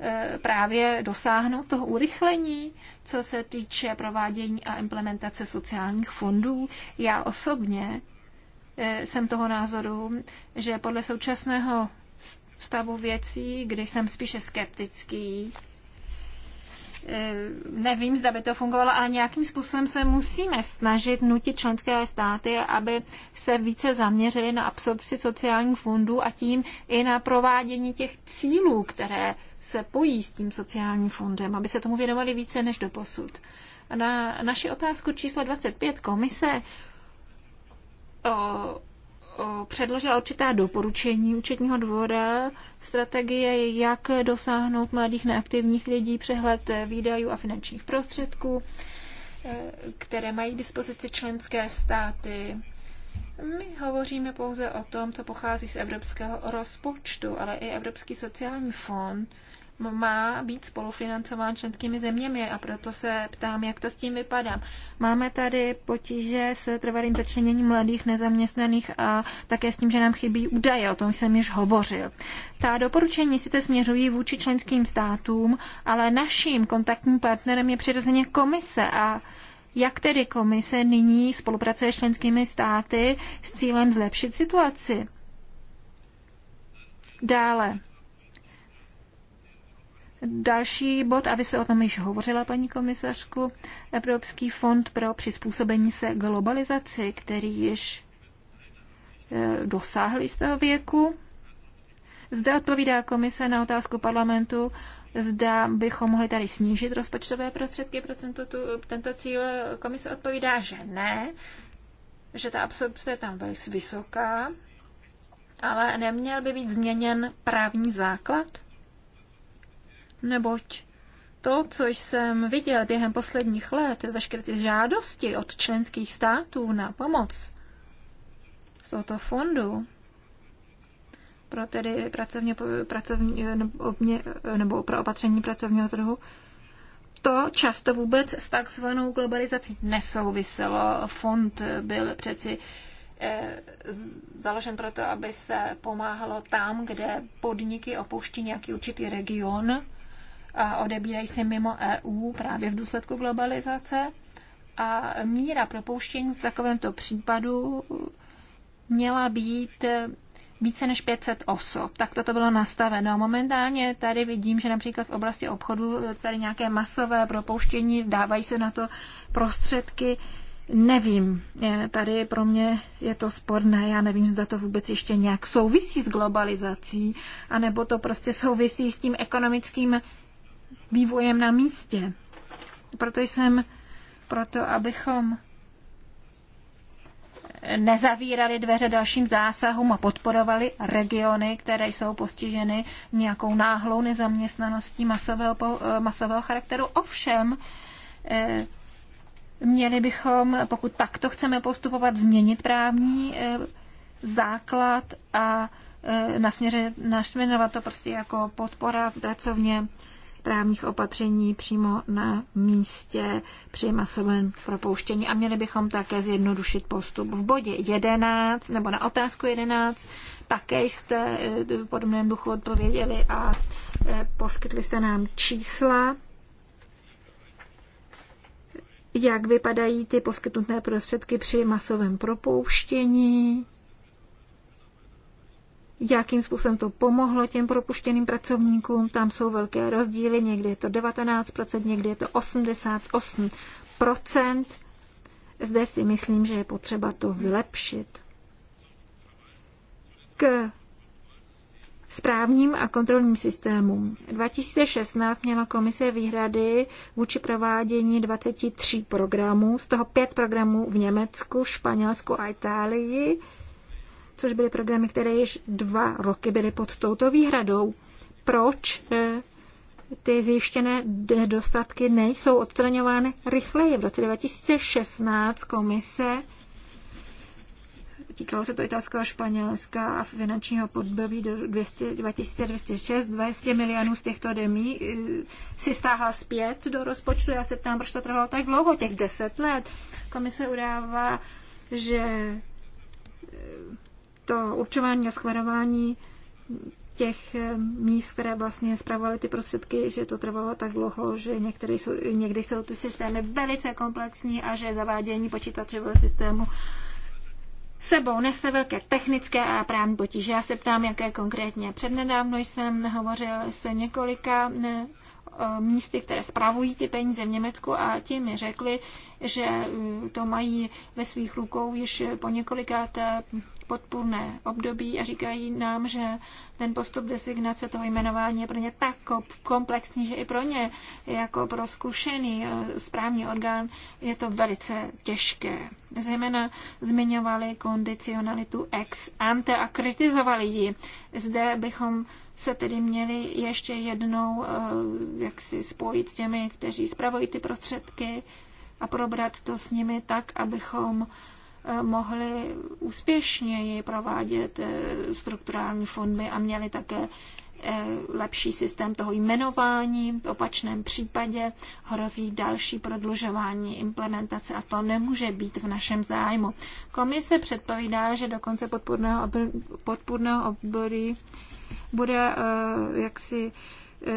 Eh, právě dosáhnout toho urychlení, co se týče provádění a implementace sociálních fondů. Já osobně eh, jsem toho názoru, že podle současného stavu věcí, kdy jsem spíše skeptický, eh, nevím, zda by to fungovalo, ale nějakým způsobem se musíme snažit nutit členské státy, aby se více zaměřili na absorpci sociálních fondů a tím i na provádění těch cílů, které se pojí s tím sociálním fondem, aby se tomu věnovali více než do posud. na naši otázku číslo 25 komise o, o, předložila určitá doporučení účetního dvora, strategie, jak dosáhnout mladých neaktivních lidí, přehled výdajů a finančních prostředků, e, které mají k dispozici členské státy. My hovoříme pouze o tom, co pochází z evropského rozpočtu, ale i Evropský sociální fond má být spolufinancován členskými zeměmi a proto se ptám, jak to s tím vypadá. Máme tady potíže s trvalým začleněním mladých nezaměstnaných a také s tím, že nám chybí údaje, o tom jsem již hovořil. Ta doporučení sice směřují vůči členským státům, ale naším kontaktním partnerem je přirozeně komise a jak tedy komise nyní spolupracuje s členskými státy s cílem zlepšit situaci? Dále. Další bod, a vy se o tom již hovořila, paní komisařku, Evropský fond pro přizpůsobení se globalizaci, který již eh, dosáhl jistého věku. Zde odpovídá komise na otázku parlamentu, zda bychom mohli tady snížit rozpočtové prostředky pro tento, tu, tento cíl. Komise odpovídá, že ne, že ta absorpce je tam velice vysoká, ale neměl by být změněn právní základ neboť to, co jsem viděl během posledních let, veškeré ty žádosti od členských států na pomoc z tohoto fondu, pro tedy pracovně, pracovní, nebo pro opatření pracovního trhu, to často vůbec s takzvanou globalizací nesouviselo. Fond byl přeci eh, založen proto, aby se pomáhalo tam, kde podniky opouští nějaký určitý region a odebírají se mimo EU právě v důsledku globalizace. A míra propouštění v takovémto případu měla být více než 500 osob. Tak toto bylo nastaveno. Momentálně tady vidím, že například v oblasti obchodu tady nějaké masové propouštění, dávají se na to prostředky. Nevím, tady pro mě je to sporné, já nevím, zda to vůbec ještě nějak souvisí s globalizací, anebo to prostě souvisí s tím ekonomickým vývojem na místě. Proto jsem proto, abychom nezavírali dveře dalším zásahům a podporovali regiony, které jsou postiženy nějakou náhlou nezaměstnaností masového, eh, masového charakteru. Ovšem, eh, měli bychom, pokud takto chceme postupovat, změnit právní eh, základ a nasměřovat to prostě jako podpora pracovně právních opatření přímo na místě při masovém propouštění. A měli bychom také zjednodušit postup. V bodě 11, nebo na otázku 11, také jste eh, v podobném duchu odpověděli a eh, poskytli jste nám čísla jak vypadají ty poskytnuté prostředky při masovém propouštění jakým způsobem to pomohlo těm propuštěným pracovníkům. Tam jsou velké rozdíly, někdy je to 19%, někdy je to 88%. Zde si myslím, že je potřeba to vylepšit. K správním a kontrolním systémům. 2016 měla komise výhrady vůči provádění 23 programů, z toho 5 programů v Německu, Španělsku a Itálii což byly programy, které již dva roky byly pod touto výhradou. Proč eh, ty zjištěné nedostatky nejsou odstraňovány rychleji? V roce 2016 komise týkalo se to italského španělská a finančního podbaví do 200, 2206, 200 milionů z těchto demí eh, si stáhla zpět do rozpočtu. Já se ptám, proč to trvalo tak dlouho, těch 10 let. Komise udává, že eh, to určování a schvarování těch eh, míst, které vlastně zpravovaly ty prostředky, že to trvalo tak dlouho, že některé jsou, někdy jsou tu systémy velice komplexní a že zavádění počítačového systému sebou nese velké technické a právní potíže. Já se ptám, jaké konkrétně. Přednedávno jsem hovořil s několika ne, místy, které spravují ty peníze v Německu a ti mi řekli, že mm, to mají ve svých rukou již po několikáté podpůrné období a říkají nám, že ten postup designace toho jmenování je pro ně tak komplexní, že i pro ně, jako pro zkušený eh, správní orgán, je to velice těžké. Zejména zmiňovali kondicionalitu ex ante a kritizovali ji. Zde bychom se tedy měli ještě jednou eh, jak si spojit s těmi, kteří spravují ty prostředky a probrat to s nimi tak, abychom mohli úspěšněji provádět eh, strukturální fondy a měli také eh, lepší systém toho jmenování. V opačném případě hrozí další prodlužování implementace a to nemůže být v našem zájmu. Komise předpovídá, že do konce podpůrného, podpůrného období bude eh, jaksi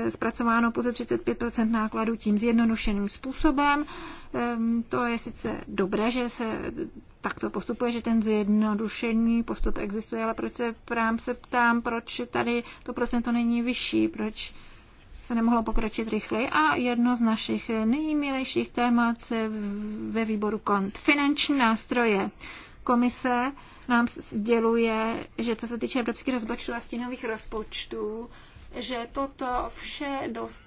zpracováno pouze 35 nákladů tím zjednodušeným způsobem. Ehm, to je sice dobré, že se tak to postupuje, že ten zjednodušený postup existuje, ale proč se prám se ptám, proč tady to procento není vyšší, proč se nemohlo pokročit rychleji. A jedno z našich nejmilejších témat ve výboru kont. Finanční nástroje. Komise nám sděluje, že co se týče evropských rozpočtů a stínových rozpočtů, že toto vše dost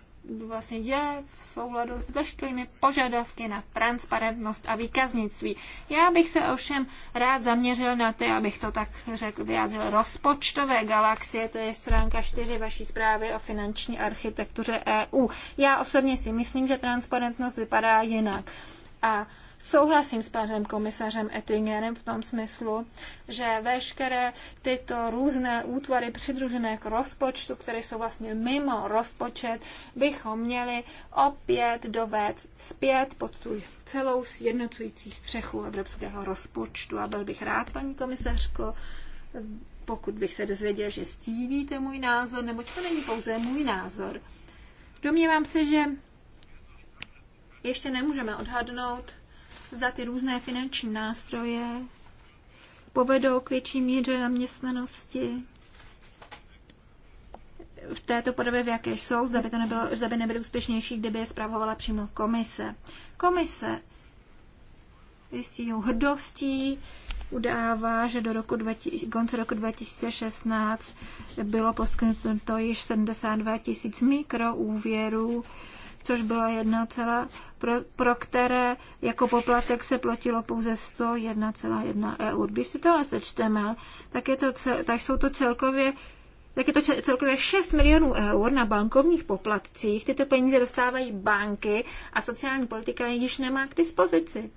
vlastně je v souladu s veškerými požadavky na transparentnost a výkaznictví. Já bych se ovšem rád zaměřil na ty, abych to tak řekl, vyjádřil, rozpočtové galaxie, to je stránka 4 vaší zprávy o finanční architektuře EU. Já osobně si myslím, že transparentnost vypadá jinak. A Souhlasím s panem komisařem Ettingerem v tom smyslu, že veškeré tyto různé útvary přidružené k rozpočtu, které jsou vlastně mimo rozpočet, bychom měli opět dovést zpět pod tu celou sjednocující střechu evropského rozpočtu. A byl bych rád, paní komisařko, pokud bych se dozvěděl, že stílíte můj názor, neboť to není pouze můj názor. Domnívám se, že ještě nemůžeme odhadnout, zda ty různé finanční nástroje povedou k větší míře zaměstnanosti v této podobě, v jaké jsou, zda by, to nebylo, zda by nebyly úspěšnější, kdyby je zpravovala přímo komise. Komise jistou hrdostí udává, že do roku 20, konce roku 2016 bylo poskytnuto již 72 tisíc mikroúvěrů což bylo jedna celá, pro, pro které jako poplatek se platilo pouze 101,1 eur. Když si ale sečteme, tak, je to, tak jsou to celkově tak je to celkově 6 milionů eur na bankovních poplatcích. Tyto peníze dostávají banky a sociální politika již nemá k dispozici.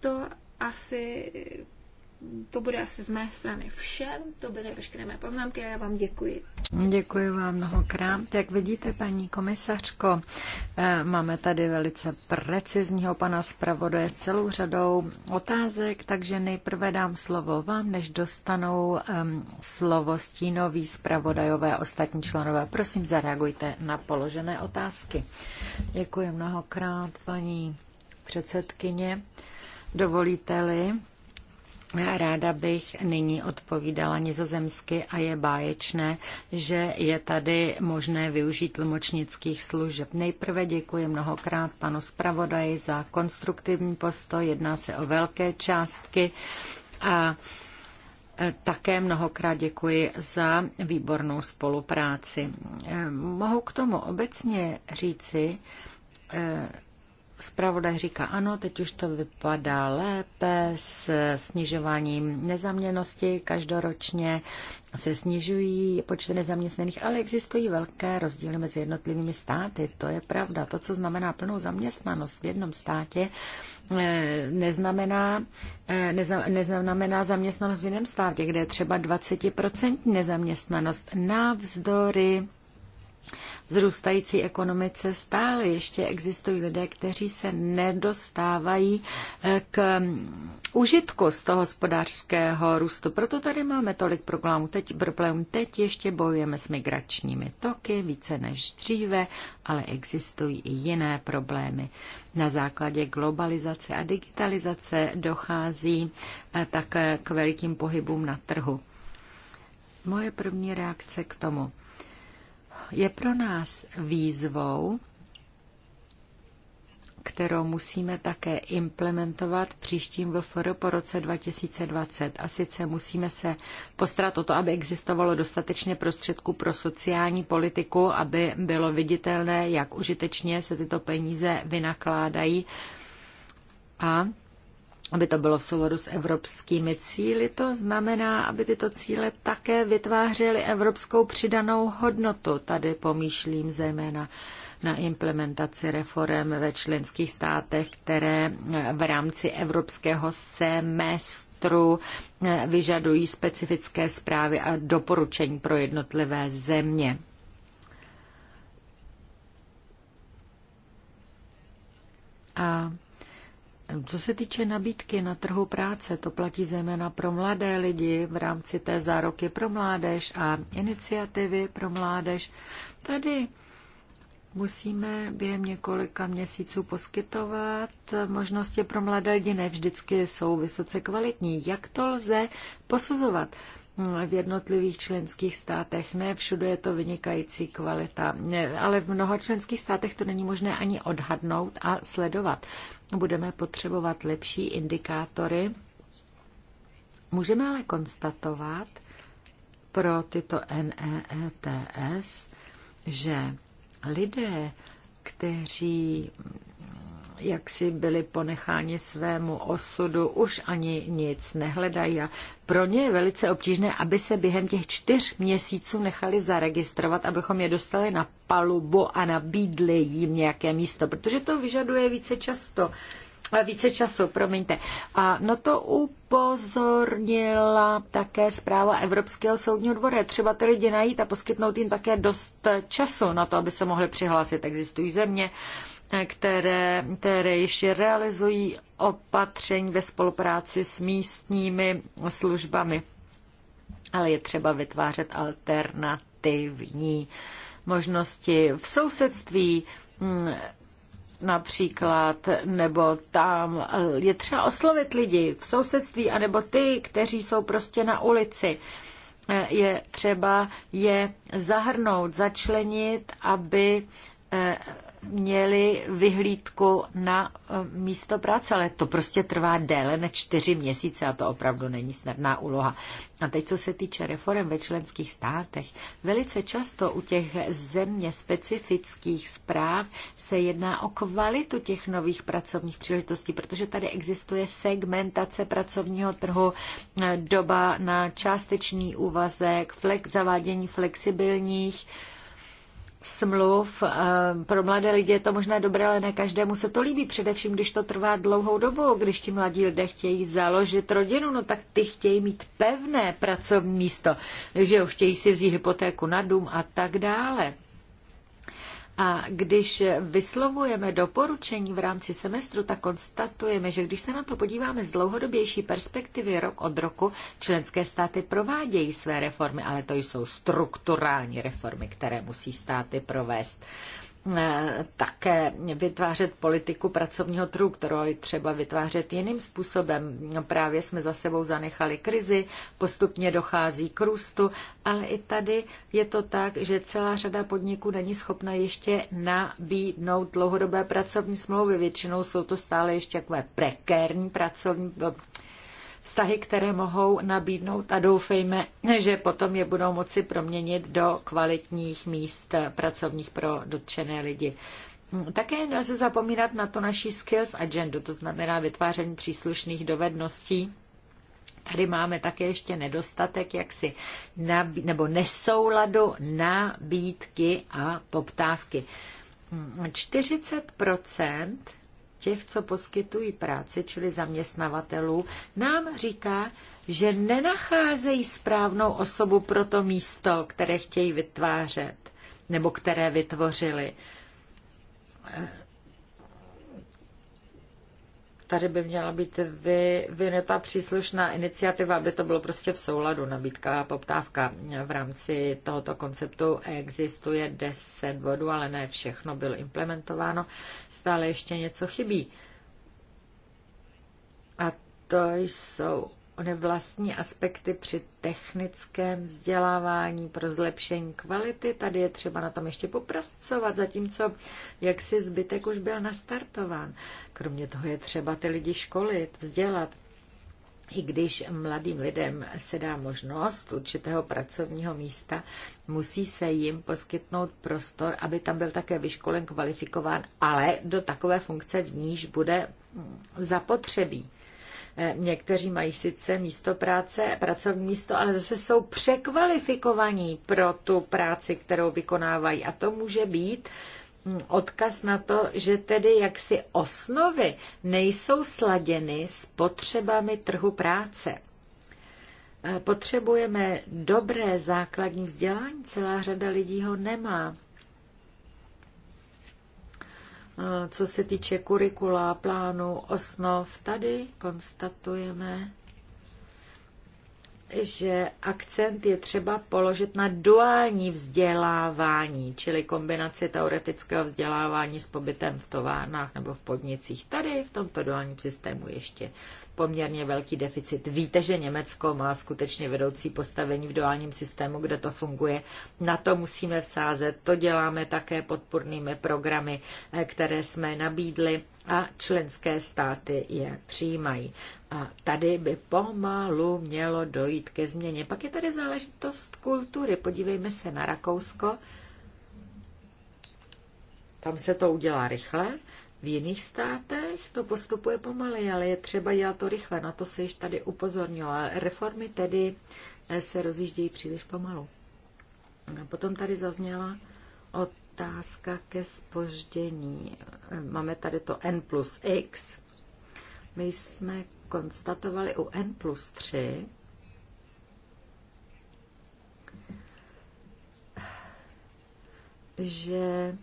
To asi to bude asi z mé strany vše. To byly veškeré mé poznámky a já vám děkuji. Děkuji vám mnohokrát. Jak vidíte, paní komisařko, eh, máme tady velice precizního pana zpravodaje s celou řadou otázek, takže nejprve dám slovo vám, než dostanou ehm, slovo stínový zpravodajové ostatní členové. Prosím, zareagujte na položené otázky. Děkuji mnohokrát, paní předsedkyně. Dovolíte-li, Ráda bych nyní odpovídala nizozemsky a je báječné, že je tady možné využít tlumočnických služeb. Nejprve děkuji mnohokrát panu zpravodaji za konstruktivní postoj, jedná se o velké částky a e, také mnohokrát děkuji za výbornou spolupráci. E, mohu k tomu obecně říci, e, Spravodaj říká ano, teď už to vypadá lépe s snižováním nezaměnosti každoročně se snižují počty nezaměstnaných, ale existují velké rozdíly mezi jednotlivými státy. To je pravda. To, co znamená plnou zaměstnanost v jednom státě, eh, neznamená, eh, neznamená zaměstnanost v jiném státě, kde je třeba 20% nezaměstnanost navzdory vzrůstající ekonomice stále ještě existují lidé, kteří se nedostávají eh, k mm, užitku z toho hospodářského růstu. Proto tady máme tolik problémů. Teď, problém, Teď ještě bojujeme s migračními toky více než dříve, ale existují i jiné problémy. Na základě globalizace a digitalizace dochází eh, také k velikým pohybům na trhu. Moje první reakce k tomu je pro nás výzvou, kterou musíme také implementovat v příštím VFR po roce 2020. A sice musíme se postarat o to, aby existovalo dostatečně prostředků pro sociální politiku, aby bylo viditelné, jak užitečně se tyto peníze vynakládají. A aby to bylo v souladu s evropskými cíly, to znamená, aby tyto cíle také vytvářely evropskou přidanou hodnotu. Tady pomýšlím zejména na implementaci reform ve členských státech, které v rámci evropského semestru vyžadují specifické zprávy a doporučení pro jednotlivé země. A co se týče nabídky na trhu práce, to platí zejména pro mladé lidi v rámci té zároky pro mládež a iniciativy pro mládež. Tady musíme během několika měsíců poskytovat možnosti pro mladé lidi, ne vždycky jsou vysoce kvalitní. Jak to lze posuzovat? Eh, v jednotlivých členských státech. Ne všude je to vynikající kvalita, ale v mnoha členských státech to není možné ani odhadnout a sledovat. Budeme potřebovat lepší indikátory. Můžeme ale konstatovat pro tyto NEETS, že lidé, kteří jak si byli ponecháni svému osudu, už ani nic nehledají. A pro ně je velice obtížné, aby se během těch čtyř měsíců nechali zaregistrovat, abychom je dostali na palubu a nabídli jim nějaké místo, protože to vyžaduje více často více času, promiňte. A no to upozornila také zpráva Evropského soudního dvora. Třeba ty lidi najít a poskytnout jim také dost času na to, aby se mohli přihlásit. Existují země, které, které již realizují opatření ve spolupráci s místními službami. Ale je třeba vytvářet alternativní možnosti v sousedství hm, například, nebo tam je třeba oslovit lidi v sousedství, anebo ty, kteří jsou prostě na ulici. Je třeba je zahrnout, začlenit, aby eh, měli vyhlídku na eh, místo práce, ale to prostě trvá déle než čtyři měsíce a to opravdu není snadná úloha. A teď, co se týče reform ve členských státech, velice často u těch země specifických zpráv se jedná o kvalitu těch nových pracovních příležitostí, protože tady existuje segmentace pracovního trhu, eh, doba na částečný úvazek, flex, zavádění flexibilních smluv. Eh, pro mladé lidi je to možná dobré, ale ne každému se to líbí, především když to trvá dlouhou dobu, když ti mladí lidé chtějí založit rodinu, no tak ty chtějí mít pevné pracovní místo, že jo, chtějí si vzít hypotéku na dům a tak dále. A když vyslovujeme doporučení v rámci semestru, tak konstatujeme, že když se na to podíváme z dlouhodobější perspektivy rok od roku, členské státy provádějí své reformy, ale to jsou strukturální reformy, které musí státy provést. Eh, také vytvářet politiku pracovního trhu, kterou je třeba vytvářet jiným způsobem. No, právě jsme za sebou zanechali krizi, postupně dochází k růstu, ale i tady je to tak, že celá řada podniků není schopna ještě nabídnout dlouhodobé pracovní smlouvy. Většinou jsou to stále ještě takové prekérní pracovní vztahy, které mohou nabídnout a doufejme, že potom je budou moci proměnit do kvalitních míst pracovních pro dotčené lidi. Také nelze zapomínat na to naší skills agendu, to znamená vytváření příslušných dovedností Tady máme také ještě nedostatek jaksi nabí- nebo nesouladu nabídky a poptávky. 40 těch, co poskytují práci, čili zaměstnavatelů, nám říká, že nenacházejí správnou osobu pro to místo, které chtějí vytvářet nebo které vytvořili Tady by měla být vyvinuta příslušná iniciativa, aby to bylo prostě v souladu nabídka a poptávka. V rámci tohoto konceptu existuje 10 bodů, ale ne všechno bylo implementováno. Stále ještě něco chybí. A to jsou Ony vlastní aspekty při technickém vzdělávání pro zlepšení kvality. Tady je třeba na tom ještě popracovat, zatímco jak si zbytek už byl nastartován. Kromě toho je třeba ty lidi školit, vzdělat. I když mladým lidem se dá možnost určitého pracovního místa, musí se jim poskytnout prostor, aby tam byl také vyškolen, kvalifikován, ale do takové funkce, v níž bude zapotřebí. Někteří mají sice místo práce, pracovní místo, ale zase jsou překvalifikovaní pro tu práci, kterou vykonávají. A to může být hm, odkaz na to, že tedy jaksi osnovy nejsou sladěny s potřebami trhu práce. E, potřebujeme dobré základní vzdělání, celá řada lidí ho nemá. Co se týče kurikula, plánu, osnov, tady konstatujeme, že akcent je třeba položit na duální vzdělávání, čili kombinaci teoretického vzdělávání s pobytem v továrnách nebo v podnicích. Tady v tomto duálním systému ještě poměrně velký deficit. Víte, že Německo má skutečně vedoucí postavení v duálním systému, kde to funguje. Na to musíme vsázet. To děláme také podpornými programy, eh, které jsme nabídli a členské státy je přijímají. A tady by pomalu mělo dojít ke změně. Pak je tady záležitost kultury. Podívejme se na Rakousko. Tam se to udělá rychle, v jiných státech to postupuje pomaleji, ale je třeba dělat to rychle. Na to se již tady upozornilo. Reformy tedy eh, se rozjíždějí příliš pomalu. A potom tady zazněla otázka ke spoždění. Eh, máme tady to N plus X. My jsme konstatovali u N plus 3, že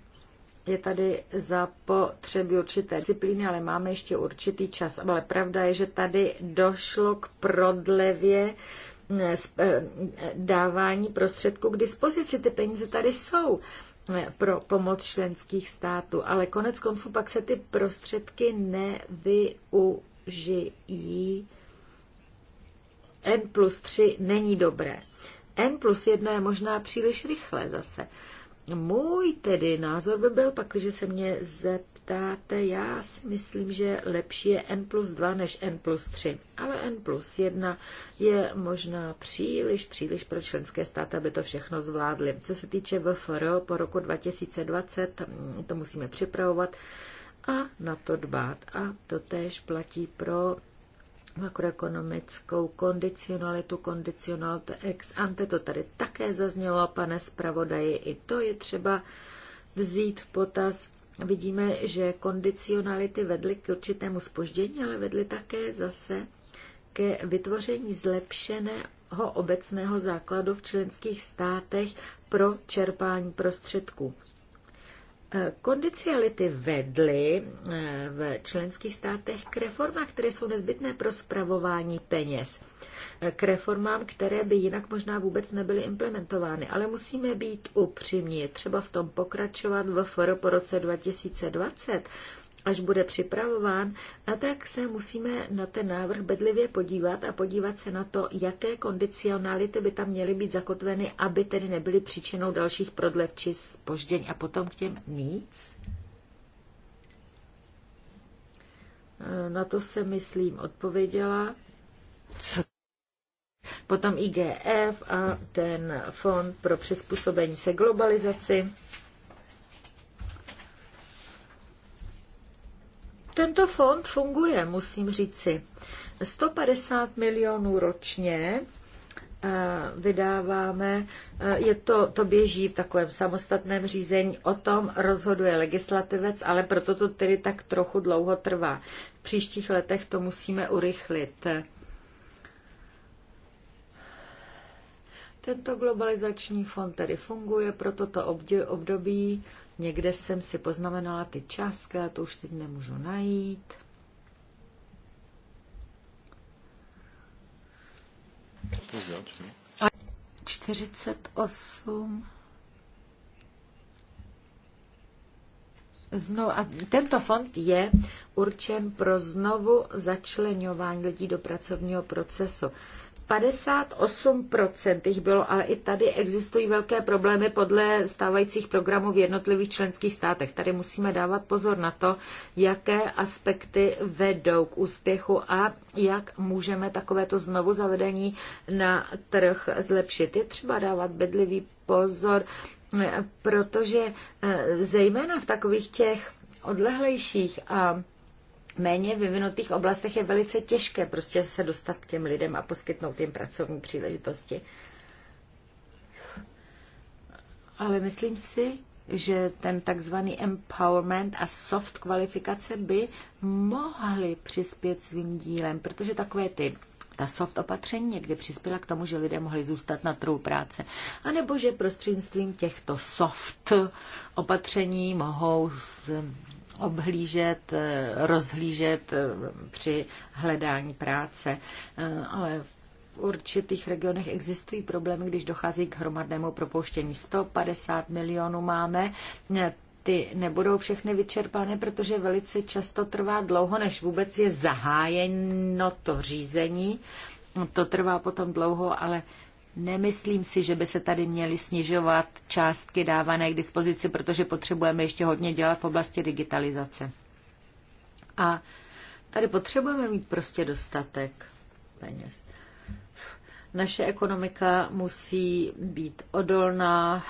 je tady potřeby určité disciplíny, ale máme ještě určitý čas. Ale pravda je, že tady došlo k prodlevě eh, eh, dávání prostředků k dispozici. Ty peníze tady jsou eh, pro pomoc členských států, ale konec konců pak se ty prostředky nevyužijí. N plus 3 není dobré. N plus 1 je možná příliš rychle zase. Můj tedy názor by byl pak, že se mě zeptáte, já si myslím, že lepší je N plus 2 než N plus 3, ale N plus 1 je možná příliš, příliš pro členské státy, aby to všechno zvládly. Co se týče VFR po roku 2020, mm, to musíme připravovat a na to dbát. A to též platí pro makroekonomickou kondicionalitu, kondicionalitu ex ante, to tady také zaznělo, pane zpravodaji, i to je třeba vzít v potaz. Vidíme, že kondicionality vedly k určitému spoždění, ale vedly také zase ke vytvoření zlepšeného obecného základu v členských státech pro čerpání prostředků. Kondiciality vedly eh, v členských státech k reformám, které jsou nezbytné pro spravování peněz. Eh, k reformám, které by jinak možná vůbec nebyly implementovány. Ale musíme být upřímní, třeba v tom pokračovat v FR po roce 2020 až bude připravován, a tak se musíme na ten návrh bedlivě podívat a podívat se na to, jaké kondicionality by tam měly být zakotveny, aby tedy nebyly příčinou dalších prodlev či spoždění. A potom k těm nic. Na to se, myslím, odpověděla. Co? Potom IGF a ten fond pro přizpůsobení se globalizaci. Tento fond funguje, musím říci. 150 milionů ročně eh, vydáváme. Eh, je to, to běží v takovém samostatném řízení, o tom rozhoduje legislativec, ale proto to tedy tak trochu dlouho trvá. V příštích letech to musíme urychlit. Tento globalizační fond tedy funguje pro toto období Někde jsem si poznamenala ty částky, ale to už teď nemůžu najít. A 48. Znovu, a tento fond je určen pro znovu začlenování lidí do pracovního procesu. 58% jich bylo, ale i tady existují velké problémy podle stávajících programů v jednotlivých členských státech. Tady musíme dávat pozor na to, jaké aspekty vedou k úspěchu a jak můžeme takovéto znovu zavedení na trh zlepšit. Je třeba dávat bedlivý pozor, protože eh, zejména v takových těch odlehlejších a méně vyvinutých oblastech je velice těžké prostě se dostat k těm lidem a poskytnout jim pracovní příležitosti. Ale myslím si, že ten takzvaný empowerment a soft kvalifikace by mohly přispět svým dílem, protože takové ty ta soft opatření někdy přispěla k tomu, že lidé mohli zůstat na trhu práce, a nebo že prostřednictvím těchto soft opatření mohou obhlížet, eh, rozhlížet eh, při hledání práce, eh, ale v určitých regionech existují problémy, když dochází k hromadnému propouštění. 150 milionů máme, ty nebudou všechny vyčerpány, protože velice často trvá dlouho, než vůbec je zahájeno to řízení. To trvá potom dlouho, ale Nemyslím si, že by se tady měly snižovat částky dávané k dispozici, protože potřebujeme ještě hodně dělat v oblasti digitalizace. A tady potřebujeme mít prostě dostatek peněz. Naše ekonomika musí být odolná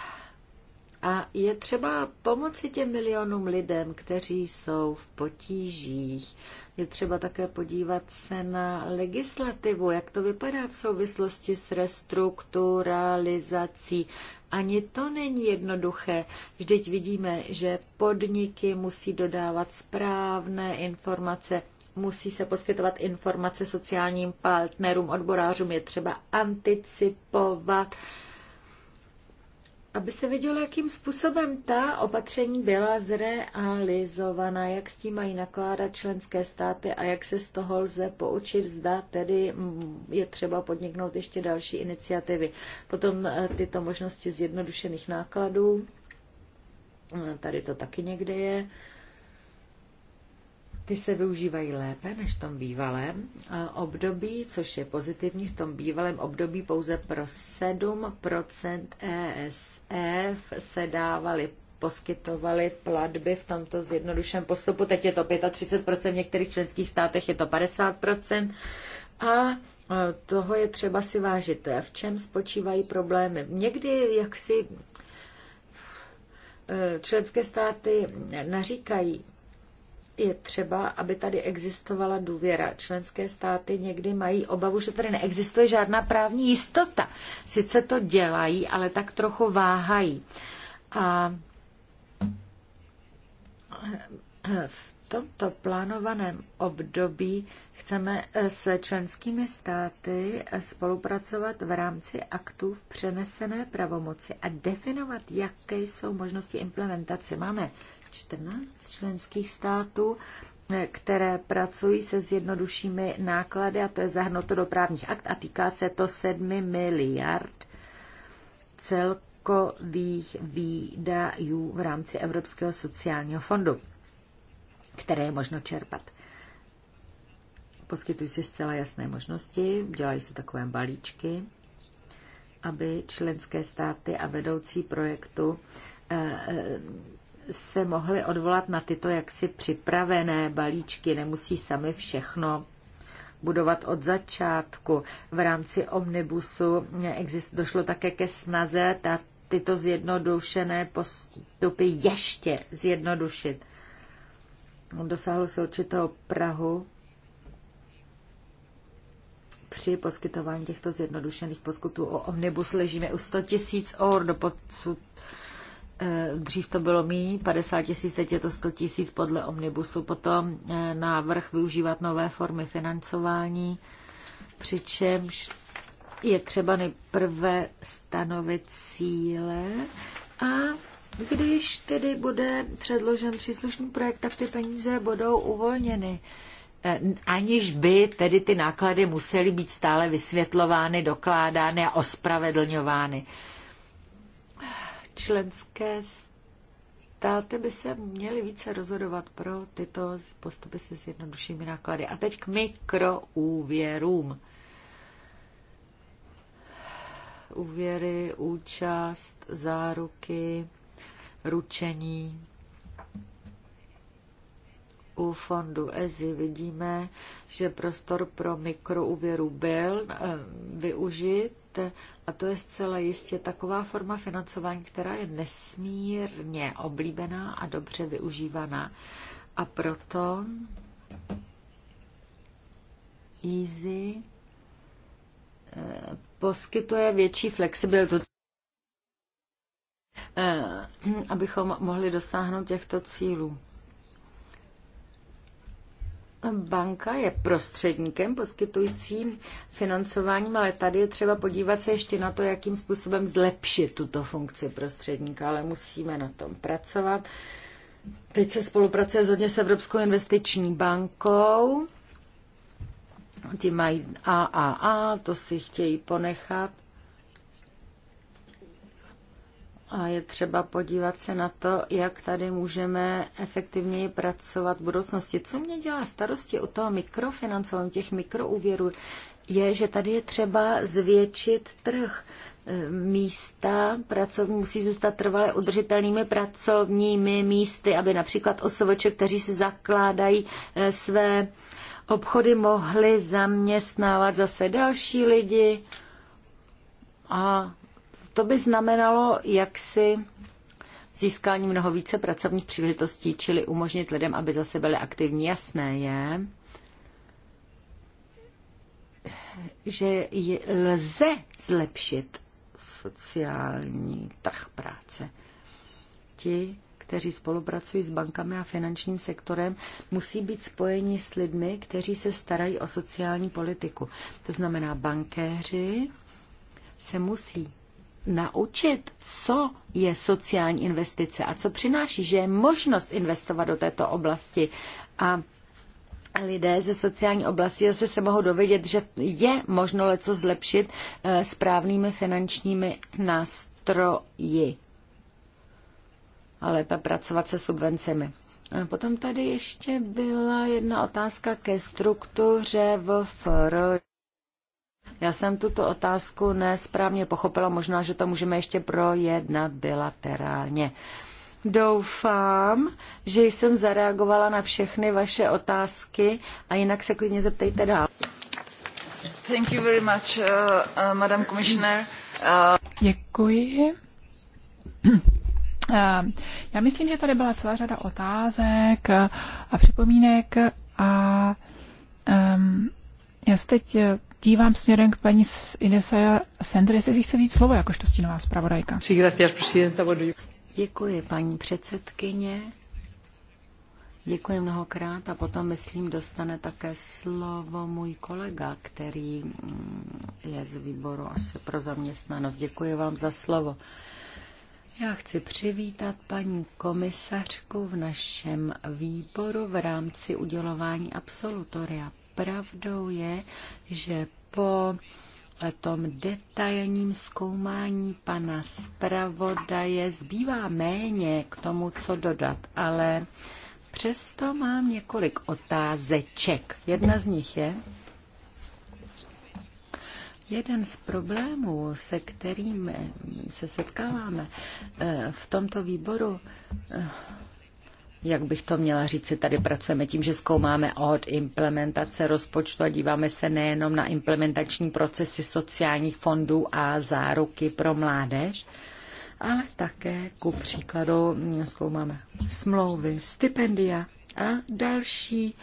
a je třeba pomoci těm milionům lidem, kteří jsou v potížích. Je třeba také podívat se na legislativu, jak to vypadá v souvislosti s restrukturalizací. Ani to není jednoduché. Vždyť vidíme, že podniky musí dodávat správné informace musí se poskytovat informace sociálním partnerům, odborářům, je třeba anticipovat uh, aby se vidělo, jakým způsobem ta opatření byla zrealizovaná, jak s tím mají nakládat členské státy a jak se z toho lze poučit, zda tedy mm, je třeba podniknout ještě další iniciativy. Potom eh, tyto možnosti zjednodušených nákladů, eh, tady to taky někde je, ty se využívají lépe než v tom bývalém období, což je pozitivní. V tom bývalém období pouze pro 7 ESF se dávaly poskytovaly platby v tomto zjednodušeném postupu. Teď je to 35%, v některých členských státech je to 50%. A toho je třeba si vážit. V čem spočívají problémy? Někdy si e, členské státy naříkají, je třeba, aby tady existovala důvěra. Členské státy někdy mají obavu, že tady neexistuje žádná právní jistota. Sice to dělají, ale tak trochu váhají. A v tomto plánovaném období chceme s členskými státy spolupracovat v rámci aktů v přenesené pravomoci a definovat, jaké jsou možnosti implementace. Máme 14 členských států, které pracují se zjednodušími náklady, a to je zahrnuto do právních akt a týká se to 7 miliard celkových výdajů v rámci Evropského sociálního fondu, které je možno čerpat. Poskytují se zcela jasné možnosti, dělají se takové balíčky, aby členské státy a vedoucí projektu eh, eh, se mohli odvolat na tyto jaksi připravené balíčky, nemusí sami všechno budovat od začátku. V rámci omnibusu došlo také ke snaze ta, tyto zjednodušené postupy ještě zjednodušit. Dosáhlo se určitého Prahu při poskytování těchto zjednodušených poskutů o omnibus ležíme u 100 tisíc or, do podsud Eh, dřív to bylo míň, 50 tisíc, teď je to 100 tisíc podle omnibusu. Potom eh, návrh využívat nové formy financování, přičemž je třeba nejprve stanovit cíle a když tedy bude předložen příslušný projekt, tak ty peníze budou uvolněny. Eh, aniž by tedy ty náklady musely být stále vysvětlovány, dokládány a ospravedlňovány. Členské státy by se měly více rozhodovat pro tyto postupy se jednoduššími náklady. A teď k mikroúvěrům. Úvěry, účast, záruky, ručení. U fondu EZI vidíme, že prostor pro mikroúvěru byl eh, využit a to je zcela jistě taková forma financování, která je nesmírně oblíbená a dobře využívaná. A proto Easy eh, poskytuje větší flexibilitu, eh, abychom mohli dosáhnout těchto cílů. Banka je prostředníkem poskytujícím financováním, ale tady je třeba podívat se ještě na to, jakým způsobem zlepšit tuto funkci prostředníka, ale musíme na tom pracovat. Teď se spolupracuje hodně s Evropskou investiční bankou. Ti mají AAA, to si chtějí ponechat. A je třeba podívat se na to, jak tady můžeme efektivněji pracovat v budoucnosti. Co mě dělá starosti o toho mikrofinancování, těch mikroúvěrů, je, že tady je třeba zvětšit trh. E, místa pracovní musí zůstat trvale udržitelnými pracovními místy, aby například osovoče, kteří si zakládají e, své obchody, mohly zaměstnávat zase další lidi a to by znamenalo jak si získání mnoho více pracovních příležitostí, čili umožnit lidem, aby zase byli aktivní. Jasné je, že lze zlepšit sociální trh práce. Ti, kteří spolupracují s bankami a finančním sektorem, musí být spojeni s lidmi, kteří se starají o sociální politiku. To znamená, bankéři se musí naučit, co je sociální investice a co přináší, že je možnost investovat do této oblasti. A lidé ze sociální oblasti zase se mohou dovědět, že je možno leco zlepšit eh, správnými finančními nástroji. ale lépe pracovat se subvencemi. A potom tady ještě byla jedna otázka ke struktuře VFR. Já jsem tuto otázku nesprávně pochopila, možná, že to můžeme ještě projednat bilaterálně. Doufám, že jsem zareagovala na všechny vaše otázky a jinak se klidně zeptejte dál. Thank you very much, uh, uh, Madam Commissioner. Uh... Děkuji. Eh, já myslím, že tady byla celá řada otázek a připomínek a um, já se teď eh, dívám směrem k paní Inesa Sender, jestli si chce říct slovo jakožto stínová zpravodajka. Děkuji, paní předsedkyně. Děkuji mnohokrát a potom, myslím, dostane také slovo můj kolega, který mm, je z výboru asi pro zaměstnanost. Děkuji vám za slovo. Já chci přivítat paní komisařku v našem výboru v rámci udělování absolutoria pravdou je, že po tom detailním zkoumání pana zpravodaje zbývá méně k tomu, co dodat, ale přesto mám několik otázeček. Jedna z nich je, Jeden z problémů, se kterým se setkáváme eh, v tomto výboru, eh, jak bych to měla říct, tady pracujeme tím, že zkoumáme od implementace rozpočtu a díváme se nejenom na implementační procesy sociálních fondů a záruky pro mládež, ale také ku příkladu zkoumáme smlouvy, stipendia a další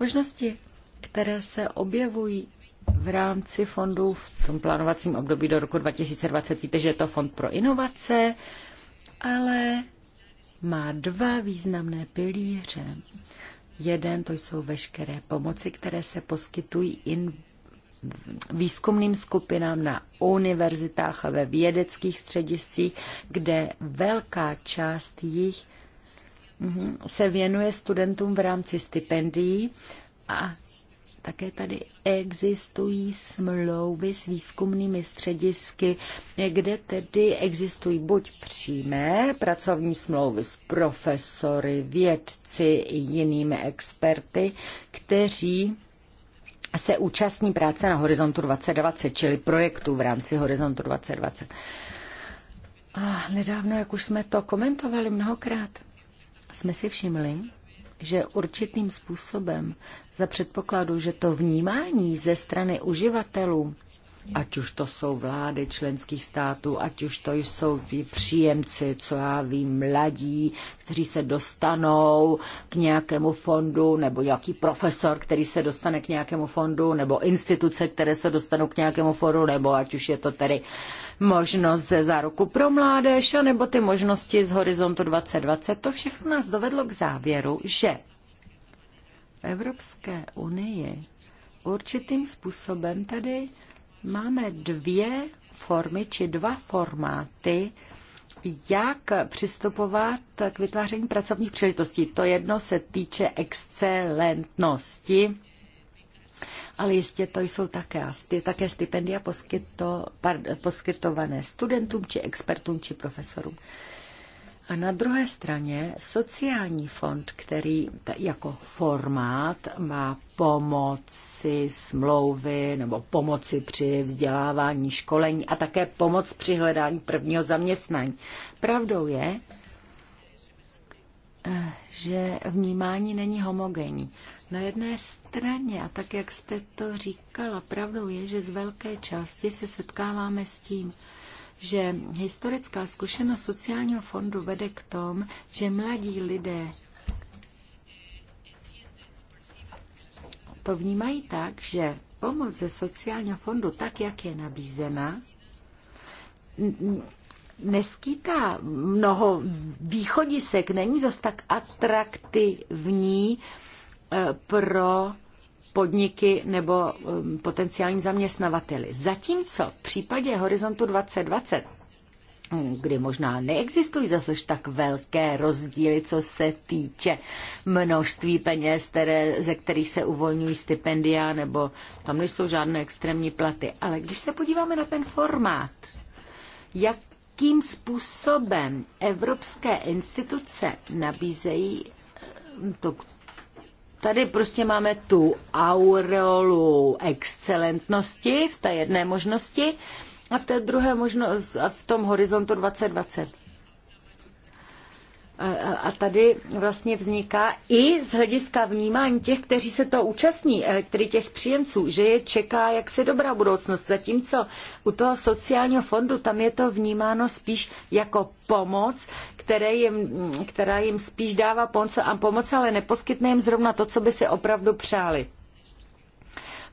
možnosti, které se objevují v rámci fondů v tom plánovacím období do roku 2020. Víte, že je to fond pro inovace, ale má dva významné pilíře. Jeden to jsou veškeré pomoci, které se poskytují in výzkumným skupinám na univerzitách a ve vědeckých střediscích, kde velká část jich mhm, se věnuje studentům v rámci stipendií a také tady existují smlouvy s výzkumnými středisky, kde tedy existují buď přímé pracovní smlouvy s profesory, vědci i jinými experty, kteří se účastní práce na Horizontu 2020, čili projektu v rámci Horizontu 2020. A nedávno, jak už jsme to komentovali mnohokrát, jsme si všimli, že určitým způsobem za předpokladu, že to vnímání ze strany uživatelů ať už to jsou vlády členských států, ať už to jsou ty příjemci, co já vím, mladí, kteří se dostanou k nějakému fondu, nebo nějaký profesor, který se dostane k nějakému fondu, nebo instituce, které se dostanou k nějakému fondu, nebo ať už je to tedy možnost ze záruku pro mládež, nebo ty možnosti z Horizontu 2020. To všechno nás dovedlo k závěru, že v Evropské unii určitým způsobem tady Máme dvě formy či dva formáty, jak přistupovat k vytváření pracovních příležitostí. To jedno se týče excelentnosti, ale jistě to jsou také, také stipendia poskyto, pardon, poskytované studentům či expertům či profesorům. A na druhé straně sociální fond, který jako formát má pomoci smlouvy nebo pomoci při vzdělávání, školení a také pomoc při hledání prvního zaměstnání. Pravdou je, eh, že vnímání není homogenní. Na jedné straně, a tak jak jste to říkala, pravdou je, že z velké části se setkáváme s tím, že historická zkušenost sociálního fondu vede k tomu, že mladí lidé to vnímají tak, že pomoc ze sociálního fondu, tak jak je nabízena, neskýtá mnoho východisek, není zas tak atraktivní eh, pro podniky nebo um, potenciální zaměstnavateli. Zatímco v případě Horizontu 2020 mm, kdy možná neexistují zase tak velké rozdíly, co se týče množství peněz, které, ze kterých se uvolňují stipendia, nebo tam nejsou žádné extrémní platy. Ale když se podíváme na ten formát, jakým způsobem evropské instituce nabízejí mm, to, Tady prostě máme tu aureolu excelentnosti v té jedné možnosti a v té druhé možnosti, v tom horizontu 2020. A tady vlastně vzniká i z hlediska vnímání těch, kteří se to účastní, eh, tedy těch příjemců, že je čeká jaksi dobrá budoucnost. Zatímco u toho sociálního fondu tam je to vnímáno spíš jako pomoc, které jim, která jim spíš dává pomoc, a pomoc, ale neposkytne jim zrovna to, co by si opravdu přáli.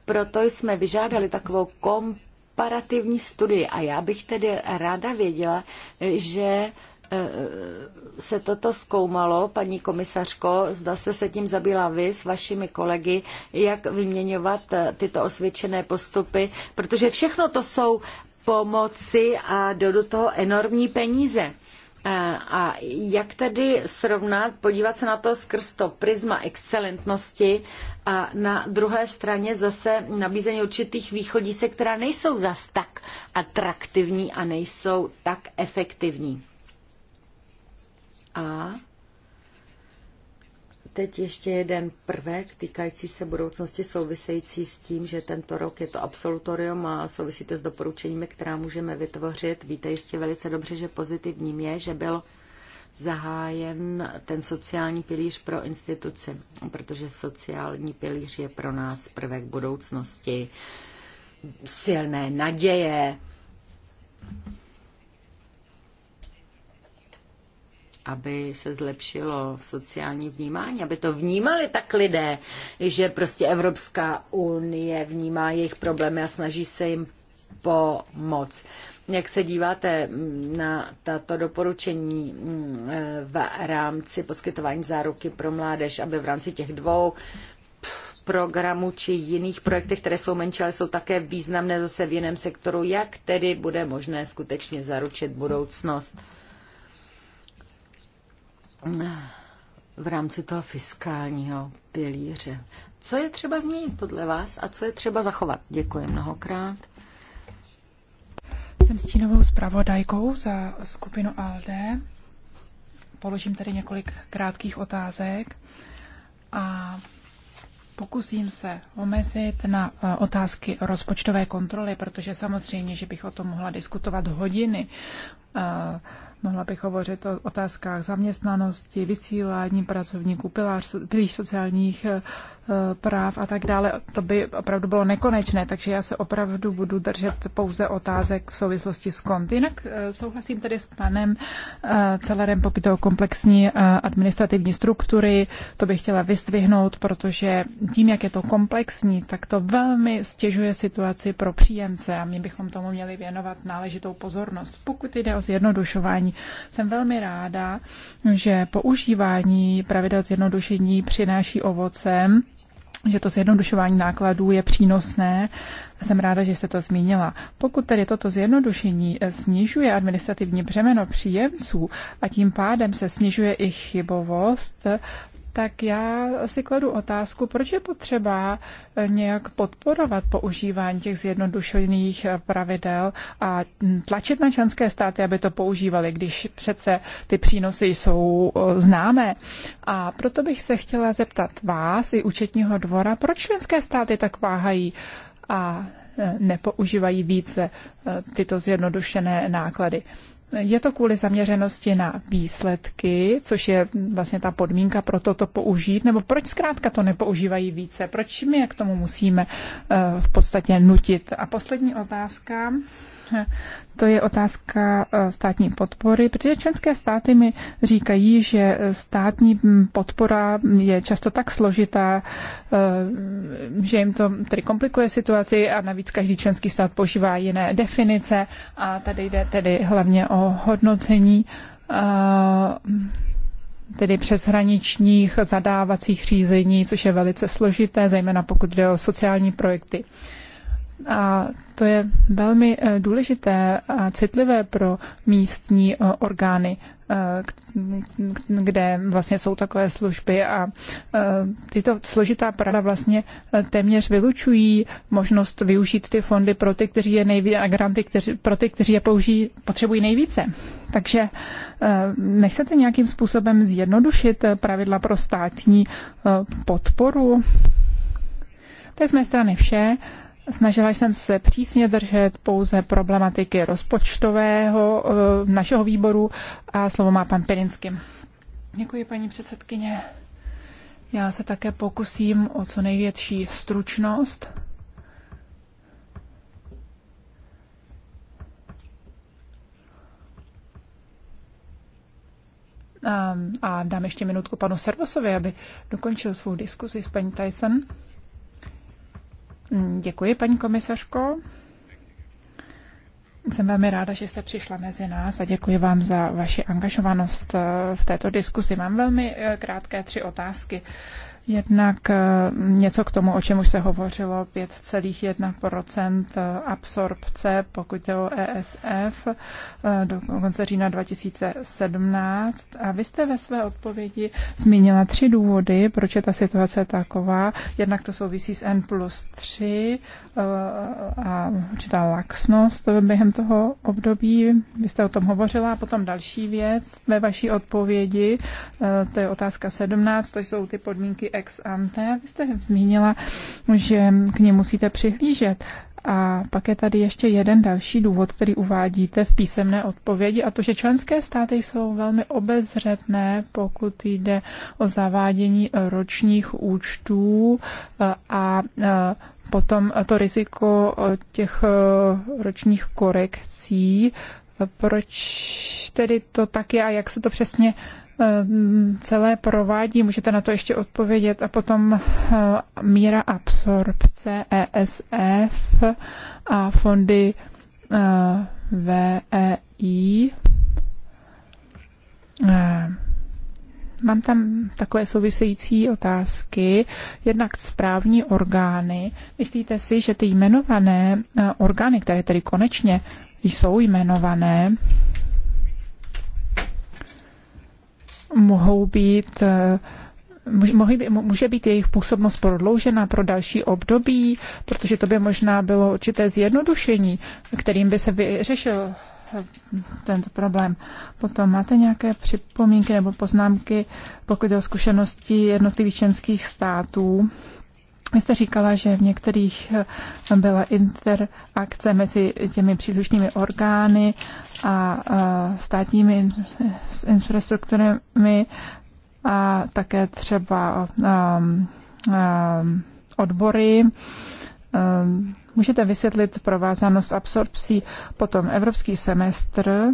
Proto jsme vyžádali takovou komparativní studii a já bych tedy ráda věděla, eh, že Eh, se toto zkoumalo, paní komisařko, zda jste se tím zabývala vy s vašimi kolegy, jak vyměňovat eh, tyto osvědčené postupy, protože všechno to jsou pomoci a jdou do toho enormní peníze. Eh, a jak tedy srovnat, podívat se na to skrz to prisma excelentnosti a na druhé straně zase nabízení určitých se, která nejsou zas tak atraktivní a nejsou tak efektivní. A teď ještě jeden prvek týkající se budoucnosti související s tím, že tento rok je to absolutorium a souvisí to s doporučeními, která můžeme vytvořit. Víte jistě velice dobře, že pozitivním je, že byl zahájen ten sociální pilíř pro instituci, protože sociální pilíř je pro nás prvek budoucnosti, silné naděje, aby se zlepšilo sociální vnímání, aby to vnímali tak lidé, že prostě Evropská unie vnímá jejich problémy a snaží se jim pomoct. Jak se díváte mm, na tato doporučení mm, e, v rámci poskytování záruky pro mládež, aby v rámci těch dvou programů či jiných projektech, které jsou menší, ale jsou také významné zase v jiném sektoru, jak tedy bude možné skutečně zaručit budoucnost? v rámci toho fiskálního pilíře. Co je třeba změnit podle vás a co je třeba zachovat? Děkuji mnohokrát. Jsem stínovou zpravodajkou za skupinu ALDE. Položím tady několik krátkých otázek a pokusím se omezit na eh, otázky rozpočtové kontroly, protože samozřejmě, že bych o tom mohla diskutovat hodiny eh, Mohla bych hovořit o otázkách zaměstnanosti, vysílání pracovníků, pilář, pilíř sociálních eh, práv a tak dále. To by opravdu bylo nekonečné, takže já se opravdu budu držet pouze otázek v souvislosti s kont. Jinak eh, souhlasím tedy s panem eh, Celerem, pokud to o komplexní administrativní struktury. To bych chtěla vystvihnout, protože tím, jak je to komplexní, tak to velmi stěžuje situaci pro příjemce a my bychom tomu měli věnovat náležitou pozornost. Pokud jde o zjednodušování, jsem velmi ráda, že používání pravidel zjednodušení přináší ovocem že to zjednodušování nákladů je přínosné. Jsem ráda, že jste to zmínila. Pokud tedy toto zjednodušení eh, snižuje administrativní břemeno příjemců a tím pádem se snižuje i chybovost, tak já si kladu otázku, proč je potřeba eh, nějak podporovat používání těch zjednodušených eh, pravidel a hm, tlačit na členské státy, aby to používali, když přece ty přínosy jsou eh, známé. A proto bych se chtěla zeptat vás i účetního dvora, proč členské státy tak váhají a nepoužívají více tyto zjednodušené náklady. Je to kvůli zaměřenosti na výsledky, což je vlastně ta podmínka pro to, to použít, nebo proč zkrátka to nepoužívají více? Proč my k tomu musíme eh, v podstatě nutit? A poslední otázka to je otázka e, státní podpory, protože členské státy mi říkají, že státní podpora je často tak složitá, e, že jim to tedy komplikuje situaci a navíc každý členský stát používá jiné definice a tady jde tedy hlavně o hodnocení e, tedy přeshraničních zadávacích řízení, což je velice složité, zejména pokud jde o sociální projekty. A to je velmi eh, důležité a citlivé pro místní eh, orgány, eh, kde vlastně jsou takové služby a tyto složitá pravda vlastně téměř vylučují možnost využít ty fondy pro ty, kteří je nejvíce, a granty kteří, pro ty, kteří je použijí, potřebují nejvíce. Takže nechcete nějakým způsobem zjednodušit pravidla pro státní podporu? To je z mé strany vše. Snažila jsem se přísně držet pouze problematiky rozpočtového eh, našeho výboru a slovo má pan Pirinsky. Děkuji, paní předsedkyně. Já se také pokusím o co největší stručnost. A dám ještě minutku panu Servosovi, aby dokončil svou diskuzi s paní Tyson. Mm, děkuji, paní komisařko. Jsem velmi ráda, že jste přišla mezi nás a děkuji vám za vaši angažovanost eh, v této diskusi. Mám velmi eh, krátké tři otázky. Jednak eh, něco k tomu, o čem už se hovořilo, 5,1 eh, absorpce, pokud je o ESF, eh, do konce října 2017. A vy jste ve své odpovědi zmínila tři důvody, proč je ta situace taková. Jednak to souvisí s N plus 3 a určitá laxnost během toho období. Vy jste o tom hovořila. A potom další věc ve vaší odpovědi, to je otázka 17, to jsou ty podmínky ex ante. Vy jste zmínila, že k ně musíte přihlížet. A pak je tady ještě jeden další důvod, který uvádíte v písemné odpovědi, a to, že členské státy jsou velmi obezřetné, pokud jde o zavádění ročních účtů a potom to riziko těch ročních korekcí. Proč tedy to tak je a jak se to přesně Eh, celé provádí. Můžete na to ještě odpovědět. A potom eh, míra absorpce ESF a fondy eh, VEI. Mám tam takové související otázky. Jednak správní orgány. Myslíte si, že ty jmenované orgány, které tedy konečně jsou jmenované, mohou být eh, může být jejich působnost prodloužena pro další období, protože to by možná bylo určité zjednodušení, kterým by se vyřešil eh, tento problém. Potom máte nějaké připomínky nebo poznámky, pokud jde o zkušenosti jednotlivých členských států vy jste říkala, že v některých eh, byla interakce mezi těmi příslušnými orgány a státními infrastrukturami a také třeba ehm, ehm, odbory. Ehm, můžete vysvětlit provázanost absorpcí, potom evropský semestr,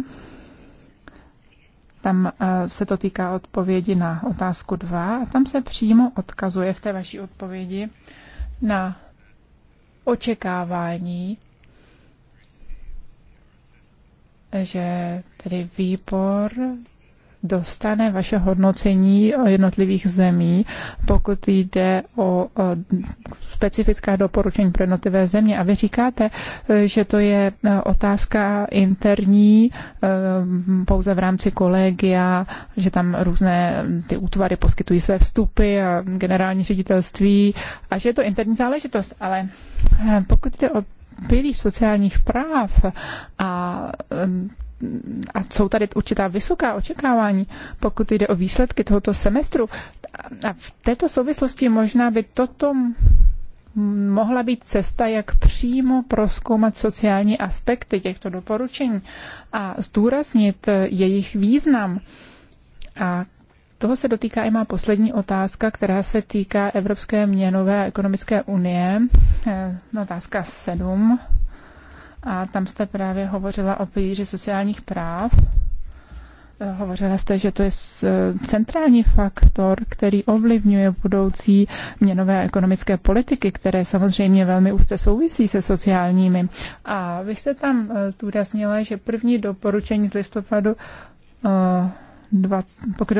tam eh, se to týká odpovědi na otázku 2 a tam se přímo odkazuje v té vaší odpovědi na očekávání, že tedy výbor dostane vaše hodnocení jednotlivých zemí, pokud jde o specifická doporučení pro jednotlivé země. A vy říkáte, že to je e, otázka interní e, pouze v rámci kolegia, že tam různé ty útvary poskytují své vstupy a generální ředitelství a že je to interní záležitost. Ale e, pokud jde o pilíř sociálních práv a a jsou tady určitá vysoká očekávání, pokud jde o výsledky tohoto semestru. A v této souvislosti možná by toto mohla být cesta, jak přímo proskoumat sociální aspekty těchto doporučení a zdůraznit jejich význam. A toho se dotýká i má poslední otázka, která se týká Evropské měnové a ekonomické unie. Eh, otázka 7 a tam jste právě hovořila o pilíři sociálních práv. Eh, hovořila jste, že to je eh, centrální faktor, který ovlivňuje budoucí měnové ekonomické politiky, které samozřejmě velmi úzce souvisí se sociálními. A vy jste tam eh, zdůraznila, že první doporučení z listopadu pokud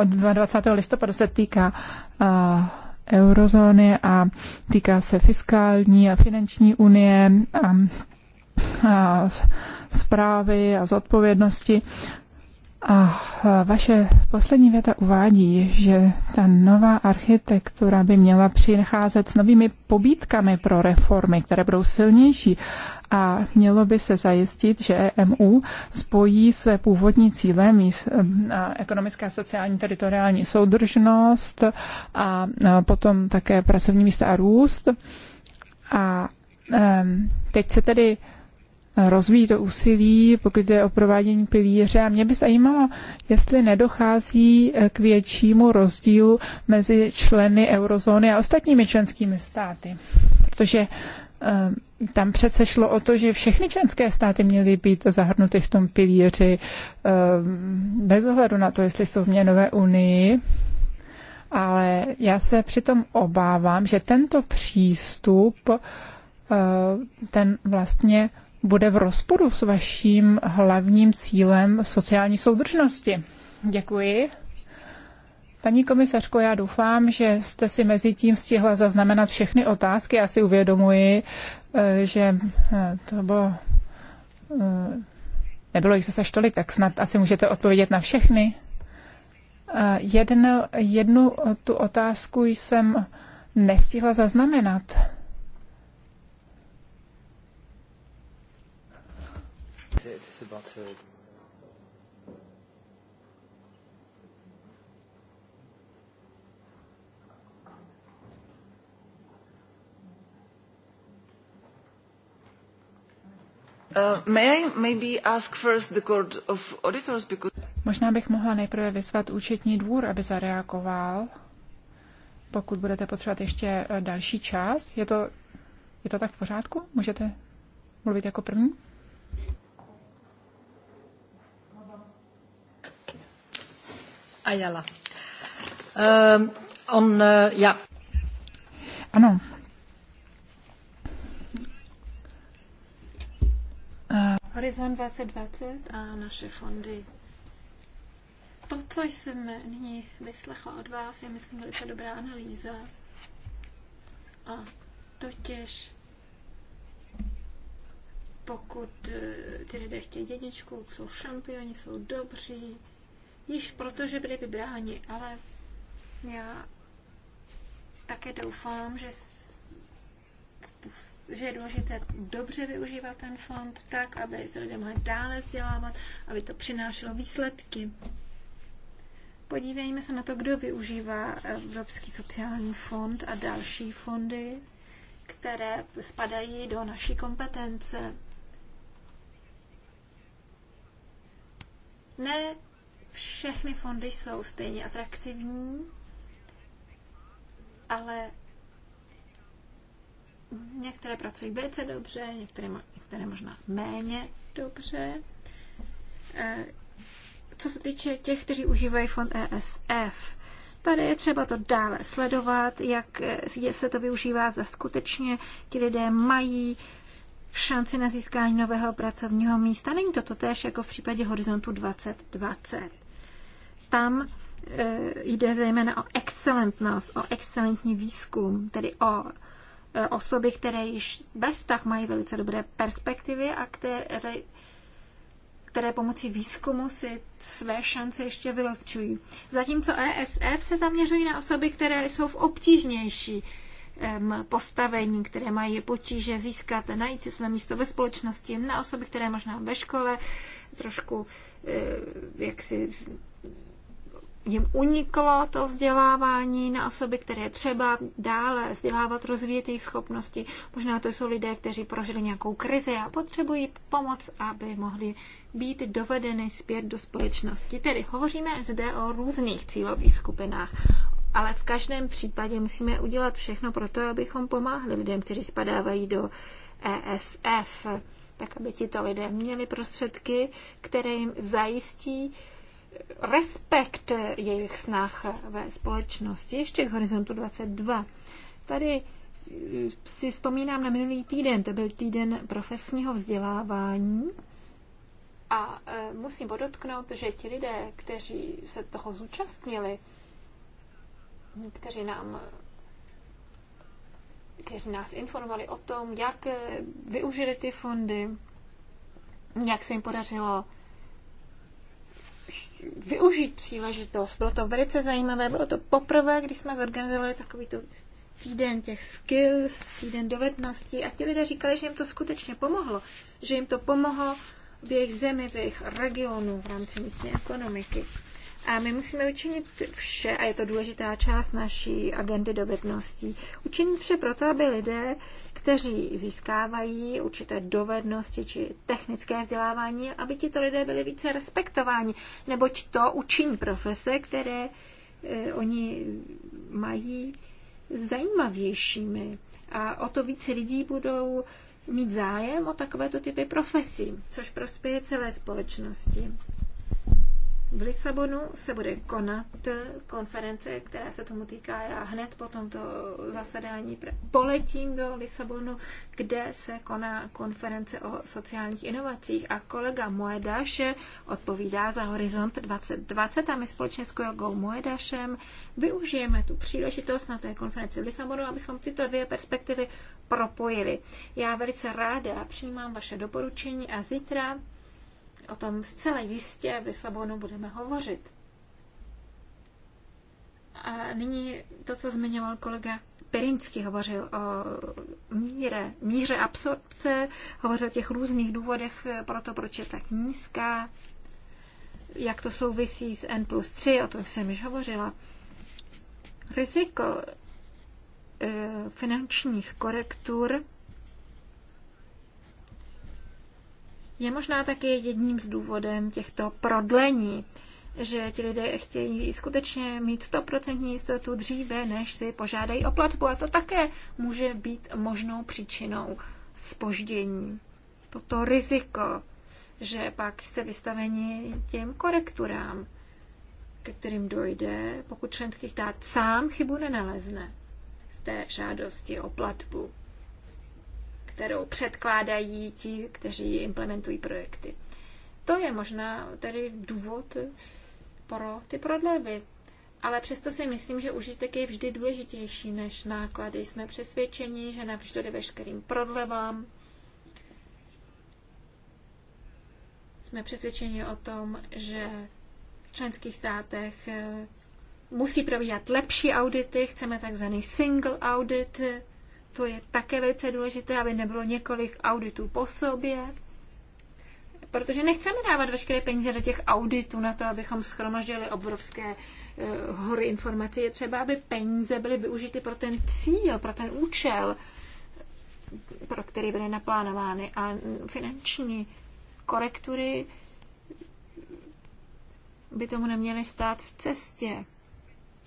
od 22. listopadu se týká eurozóny a týká se fiskální a finanční unie a zprávy a zodpovědnosti. A vaše poslední věta uvádí, že ta nová architektura by měla přicházet s novými pobídkami pro reformy, které budou silnější a mělo by se zajistit, že EMU spojí své původní cíle, e, ekonomická sociální teritoriální soudržnost a potom také pracovní místa a růst. A teď se tedy rozvíjí to úsilí, pokud jde o provádění pilíře. A mě by zajímalo, jestli nedochází eh, k většímu rozdílu mezi členy eurozóny a ostatními členskými státy. Protože eh, tam přece šlo o to, že všechny členské státy měly být zahrnuty v tom pilíři eh, bez ohledu na to, jestli jsou v měnové unii. Ale já se přitom obávám, že tento přístup ten vlastně bude v rozporu s vaším hlavním cílem sociální soudržnosti. Děkuji. Paní komisařko, já doufám, že jste si mezi tím stihla zaznamenat všechny otázky. Já si uvědomuji, eh, že eh, to bylo. Eh, nebylo jich zase tolik, tak snad asi můžete odpovědět na všechny. Jednu, jednu tu otázku jsem nestihla zaznamenat. It's about uh, Možná bych mohla nejprve vyzvat účetní dvůr, aby zareagoval, pokud budete potřebovat ještě eh, další čas. Je to, je to tak v pořádku? Můžete mluvit jako první? Ayala. Um, on, uh, eh, yeah. Ano. Uh. Horizon 2020 a naše fondy. To, co jsem nyní vyslechla od vás, je, myslím, velice dobrá analýza. A totiž pokud eh, ty lidé chtějí jedničku, jsou šampioni, jsou dobří, již protože byli vybráni, ale já také doufám, že, že je důležité dobře využívat ten fond tak, aby se lidé mohli dále vzdělávat, aby to přinášelo výsledky. Podívejme se na to, kdo využívá Evropský sociální fond a další fondy, které spadají do naší kompetence. Ne všechny fondy jsou stejně atraktivní, ale některé pracují velice dobře, některé, některé možná méně dobře. Eh, co se týče těch, kteří užívají fond ESF, Tady je třeba to dále sledovat, jak eh, se to využívá, za skutečně ti lidé mají šanci na získání nového pracovního místa. Není to totéž jako v případě Horizontu 2020. Tam e, jde zejména o excelentnost, o excelentní výzkum, tedy o e, osoby, které již bez tak mají velice dobré perspektivy a které, které pomocí výzkumu si své šance ještě vylepčují. Zatímco ESF se zaměřují na osoby, které jsou v obtížnější postavení, které mají potíže získat, najít si své místo ve společnosti, na osoby, které možná ve škole trošku eh, jak si jim uniklo to vzdělávání na osoby, které třeba dále vzdělávat, rozvíjet jejich schopnosti. Možná to jsou lidé, kteří prožili nějakou krizi a potřebují pomoc, aby mohli být dovedeny zpět do společnosti. Tedy hovoříme zde o různých cílových skupinách ale v každém případě musíme udělat všechno pro to, abychom pomáhli lidem, kteří spadávají do ESF, tak aby tito lidé měli prostředky, které jim zajistí respekt jejich snah ve společnosti. Ještě k horizontu 22. Tady si vzpomínám na minulý týden, to byl týden profesního vzdělávání. A e, musím podotknout, že ti lidé, kteří se toho zúčastnili, kteří nám kteří nás informovali o tom, jak eh, využili ty fondy, jak se jim podařilo využít příležitost. Bylo to velice zajímavé, bylo to poprvé, když jsme zorganizovali takovýto týden těch skills, týden dovedností a ti lidé říkali, že jim to skutečně pomohlo, že jim to pomohlo v jejich zemi, v jejich regionu, v rámci místní ekonomiky. A my musíme učinit vše, a je to důležitá část naší agendy dovedností, učinit vše proto, aby lidé, kteří získávají určité dovednosti či technické vzdělávání, aby tito lidé byli více respektováni, neboť to učiní profese, které eh, oni mají zajímavějšími. A o to více lidí budou mít zájem o takovéto typy profesí, což prospěje celé společnosti. V Lisabonu se bude konat konference, která se tomu týká. Já hned po tomto zasedání poletím do Lisabonu, kde se koná konference o sociálních inovacích a kolega Moedaš odpovídá za Horizont 2020 a my společně s kolegou Moedašem využijeme tu příležitost na té konferenci v Lisabonu, abychom tyto dvě perspektivy propojili. Já velice ráda přijímám vaše doporučení a zítra O tom zcela jistě v Lisabonu budeme hovořit. A nyní to, co zmiňoval kolega Perinsky, hovořil o míře, míře absorpce, hovořil o těch různých důvodech pro to, proč je tak nízká, jak to souvisí s N plus 3, o tom jsem již hovořila. Riziko eh, finančních korektur je možná také jedním z důvodem těchto prodlení, že ti lidé chtějí skutečně mít 100% jistotu dříve, než si požádají o platbu. A to také může být možnou příčinou spoždění. Toto riziko, že pak jste vystaveni těm korekturám, ke kterým dojde, pokud členský stát sám chybu nenalezne v té žádosti o platbu kterou předkládají ti, kteří implementují projekty. To je možná tedy důvod pro ty prodlevy. Ale přesto si myslím, že užitek je vždy důležitější než náklady. Jsme přesvědčeni, že navždory veškerým prodlevám jsme přesvědčeni o tom, že v členských státech eh, musí probíhat lepší audity, chceme takzvaný single audit, to je také velice důležité, aby nebylo několik auditů po sobě, protože nechceme dávat veškeré peníze do těch auditů na to, abychom schromažili obrovské eh, hory informací. Je třeba, aby peníze byly využity pro ten cíl, pro ten účel, pro který byly naplánovány. A finanční korektury by tomu neměly stát v cestě.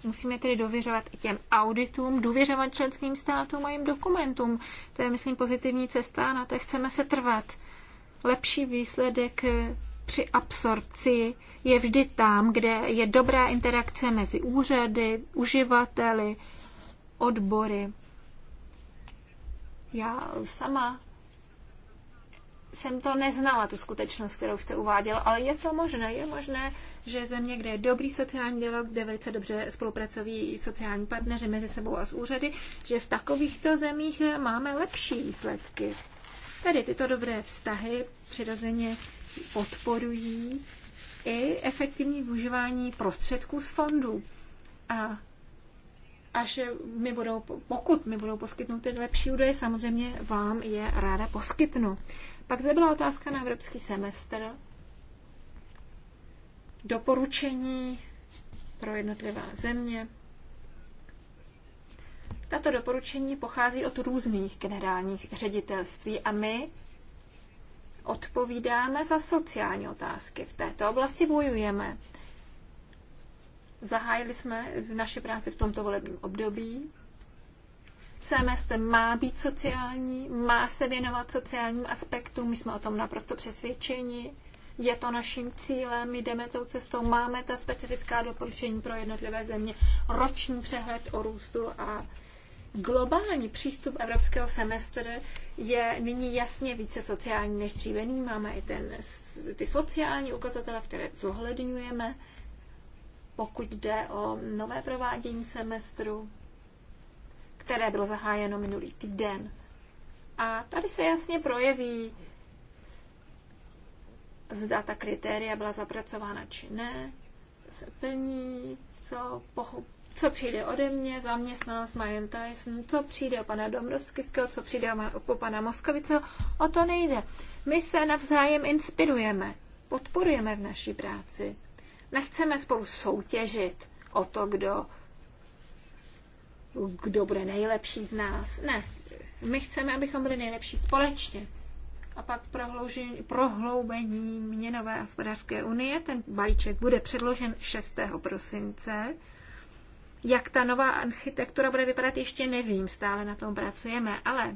Musíme tedy dověřovat i těm auditům, důvěřovat členským státům a jim dokumentům. To je, myslím, pozitivní cesta, na té chceme se trvat. Lepší výsledek při absorpci je vždy tam, kde je dobrá interakce mezi úřady, uživateli, odbory. Já sama jsem to neznala, tu skutečnost, kterou jste uváděl, ale je to možné. Je možné, že země, kde je dobrý sociální dialog, kde velice dobře spolupracují sociální partneři mezi sebou a s úřady, že v takovýchto zemích máme lepší výsledky. Tedy tyto dobré vztahy přirozeně podporují i efektivní využívání prostředků z fondů. A až mi budou, pokud mi budou poskytnuty lepší údaje, samozřejmě vám je ráda poskytnu. Pak zde byla otázka na evropský semestr, doporučení pro jednotlivá země. Tato doporučení pochází od různých generálních ředitelství a my odpovídáme za sociální otázky. V této oblasti bojujeme. Zahájili jsme v práci v tomto volebním období Semestr má být sociální, má se věnovat sociálním aspektům, my jsme o tom naprosto přesvědčeni. Je to naším cílem, my jdeme tou cestou, máme ta specifická doporučení pro jednotlivé země, roční přehled o růstu a globální přístup evropského semestru je nyní jasně více sociální než dřívený. máme i ten, ty sociální ukazatele, které zohledňujeme, pokud jde o nové provádění semestru které bylo zahájeno minulý týden. A tady se jasně projeví, zda ta kritéria byla zapracována či ne, co se plní, co, pochop, co přijde ode mě, zaměstnanost Marian Tyson, co přijde o pana Domrovského, co přijde o, o pana Moskovice, o to nejde. My se navzájem inspirujeme, podporujeme v naší práci. Nechceme spolu soutěžit o to, kdo kdo bude nejlepší z nás. Ne, my chceme, abychom byli nejlepší společně. A pak prohloubení měnové a hospodářské unie, ten balíček bude předložen 6. prosince. Jak ta nová architektura bude vypadat, ještě nevím, stále na tom pracujeme, ale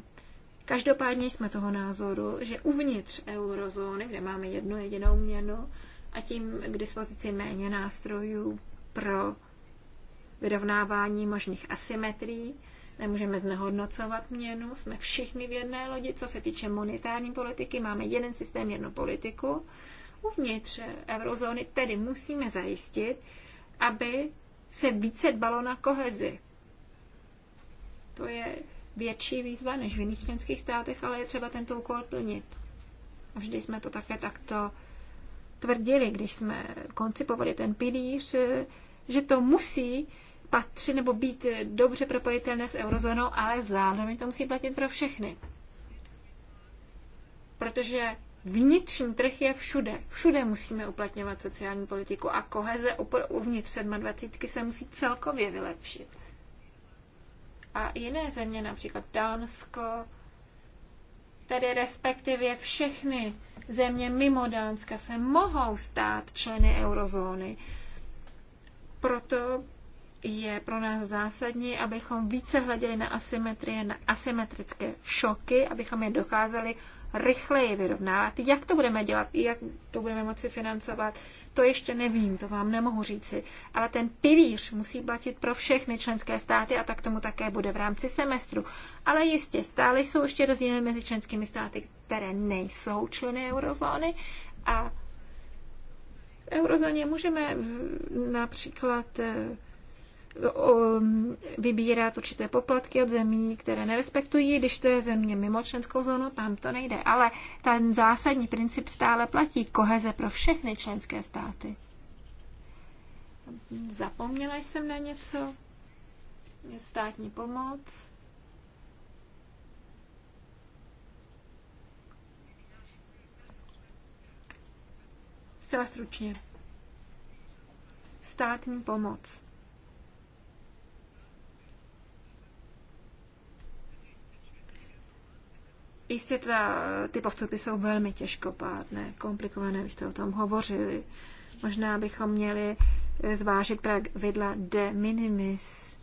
každopádně jsme toho názoru, že uvnitř eurozóny, kde máme jednu jedinou měnu a tím k dispozici méně nástrojů pro vyrovnávání možných asymetrií, nemůžeme znehodnocovat měnu, jsme všichni v jedné lodi, co se týče monetární politiky, máme jeden systém, jednu politiku. Uvnitř eurozóny tedy musíme zajistit, aby se více dbalo na kohezi. To je větší výzva než v jiných členských státech, ale je třeba tento úkol plnit. A vždy jsme to také takto tvrdili, když jsme koncipovali ten pilíř, že to musí patřit nebo být dobře propojitelné s eurozónou, ale zároveň to musí platit pro všechny. Protože vnitřní trh je všude. Všude musíme uplatňovat sociální politiku a koheze uvnitř 27 se musí celkově vylepšit. A jiné země, například Dánsko, tedy respektive všechny země mimo Dánska se mohou stát členy eurozóny. Proto je pro nás zásadní, abychom více hleděli na asymetrie, na asymetrické šoky, abychom je dokázali rychleji vyrovnávat. Jak to budeme dělat, jak to budeme moci financovat, to ještě nevím, to vám nemohu říci. Ale ten pilíř musí platit pro všechny členské státy a tak tomu také bude v rámci semestru. Ale jistě, stále jsou ještě rozdíly mezi členskými státy, které nejsou členy eurozóny a v eurozóně můžeme například eh, Um, vybírat určité poplatky od zemí, které nerespektují, když to je země mimo členskou zónu, tam to nejde. Ale ten zásadní princip stále platí koheze pro všechny členské státy. Zapomněla jsem na něco? Státní pomoc. Zcela stručně. Státní pomoc. Jistě teda, ty postupy jsou velmi těžkopádné, komplikované, vy jste o tom hovořili. Možná bychom měli zvážit pravidla de minimis,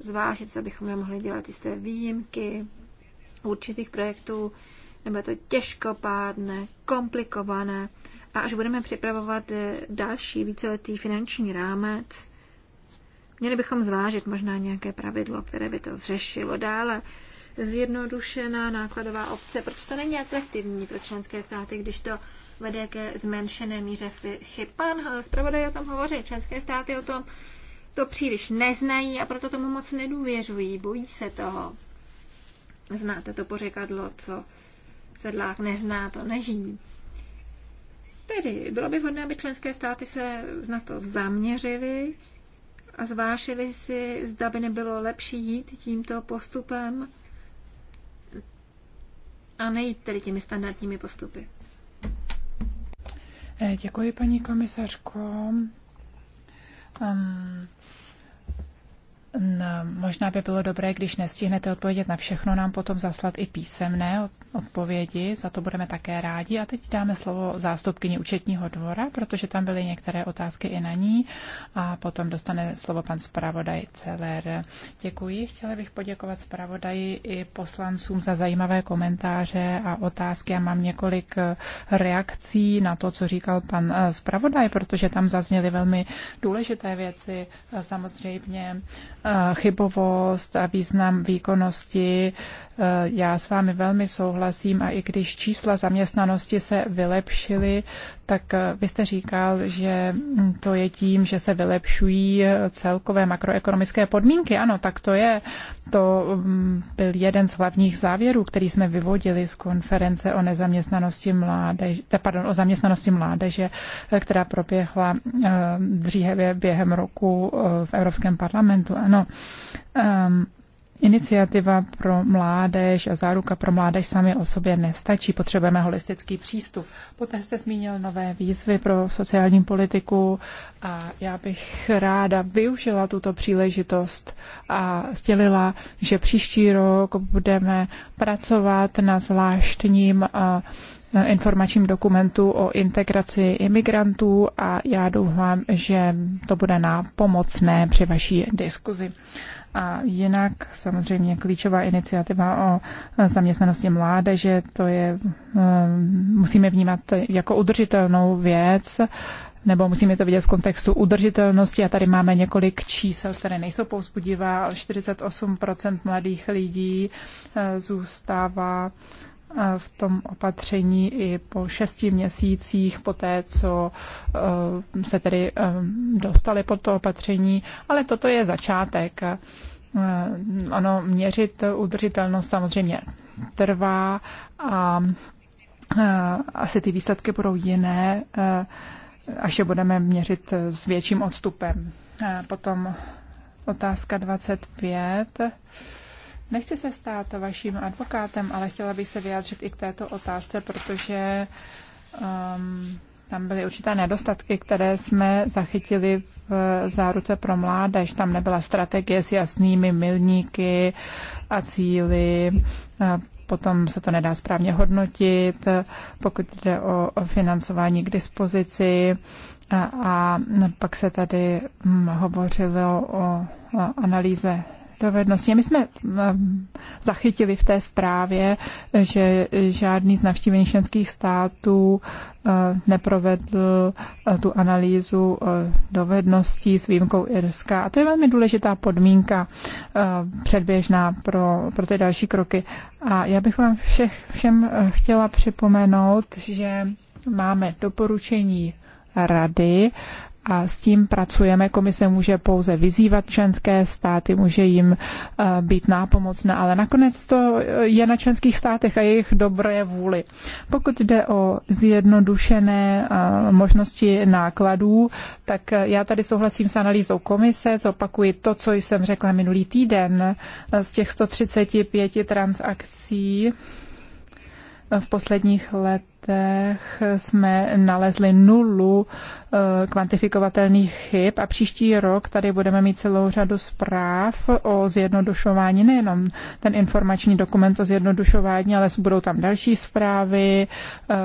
zvážit, abychom nemohli dělat jisté výjimky určitých projektů, nebo je to těžkopádné, komplikované. A až budeme připravovat eh, další víceletý finanční rámec, měli bychom zvážit možná nějaké pravidlo, které by to řešilo dále zjednodušená nákladová obce. Proč to není atraktivní pro členské státy, když to vede ke zmenšené míře chyb? Pan eh, zpravodaj o tom hovoří, Členské státy o tom to příliš neznají a proto tomu moc nedůvěřují, bojí se toho. Znáte to pořekadlo, co sedlák nezná, to nežijí. Tedy bylo by vhodné, aby členské státy se na to zaměřili a zvášili si, zda by nebylo lepší jít tímto postupem a nejít tedy těmi standardními postupy. Eh, děkuji, paní komisařko. Um, Možná by bylo dobré, když nestihnete odpovědět na všechno, nám potom zaslat i písemné odpovědi, za to budeme také rádi. A teď dáme slovo zástupkyni účetního dvora, protože tam byly některé otázky i na ní a potom dostane slovo pan zpravodaj Celer. Děkuji, chtěla bych poděkovat zpravodaji i poslancům za zajímavé komentáře a otázky. Já mám několik eh, reakcí na to, co říkal pan eh, zpravodaj, protože tam zazněly velmi důležité věci. Samozřejmě chybovost a význam výkonnosti Eh, já s vámi velmi souhlasím a i když čísla zaměstnanosti se vylepšily, tak eh, vy jste říkal, že hm, to je tím, že se vylepšují eh, celkové makroekonomické podmínky. Ano, tak to je. To hm, byl jeden z hlavních závěrů, který jsme vyvodili z konference o nezaměstnanosti mládeže, pardon, o zaměstnanosti mládeže, která proběhla dříve během roku v Evropském parlamentu. Ano. Um, Iniciativa pro mládež a záruka pro mládež sami o sobě nestačí, potřebujeme holistický přístup. Poté jste zmínil nové výzvy pro sociální politiku a já bych ráda využila tuto příležitost a sdělila, že příští rok budeme pracovat na zvláštním informačním dokumentu o integraci imigrantů a já doufám, že to bude na pomocné při vaší diskuzi. A jinak samozřejmě klíčová iniciativa o zaměstnanosti mládeže, to je, eh, musíme vnímat jako udržitelnou věc, nebo musíme to vidět v kontextu udržitelnosti. A tady máme několik čísel, které nejsou pouzbudivá. 48% mladých lidí eh, zůstává v tom opatření i po šesti měsících, po té, co eh, se tedy eh, dostali pod to opatření, ale toto je začátek. Eh, ano, měřit udržitelnost samozřejmě trvá a asi ty výsledky budou jiné, až je budeme měřit s větším odstupem. Potom otázka 25. Nechci se stát vaším advokátem, ale chtěla bych se vyjádřit i k této otázce, protože um, tam byly určité nedostatky, které jsme zachytili v záruce pro mládež. Tam nebyla strategie s jasnými milníky a cíly. Potom se to nedá správně hodnotit, pokud jde o financování k dispozici. A, a pak se tady mm, hovořilo o analýze dovednosti. My jsme eh, zachytili v té zprávě, že žádný z navštívených členských států eh, neprovedl eh, tu analýzu dovedností s výjimkou Irska. A to je velmi důležitá podmínka předběžná pro, pro ty další kroky. A já bych vám všech, všem chtěla připomenout, že máme doporučení rady a s tím pracujeme. Komise může pouze vyzývat členské státy, může jim eh, být nápomocná, ale nakonec to eh, je na členských státech a jejich dobré vůli. Pokud jde o zjednodušené eh, možnosti nákladů, tak já tady souhlasím s analýzou komise, zopakuji to, co jsem řekla minulý týden z těch 135 transakcí, v posledních letech jsme nalezli nulu eh, kvantifikovatelných chyb a příští rok tady budeme mít celou řadu zpráv o zjednodušování, nejenom ten informační dokument o zjednodušování, ale budou tam další zprávy eh,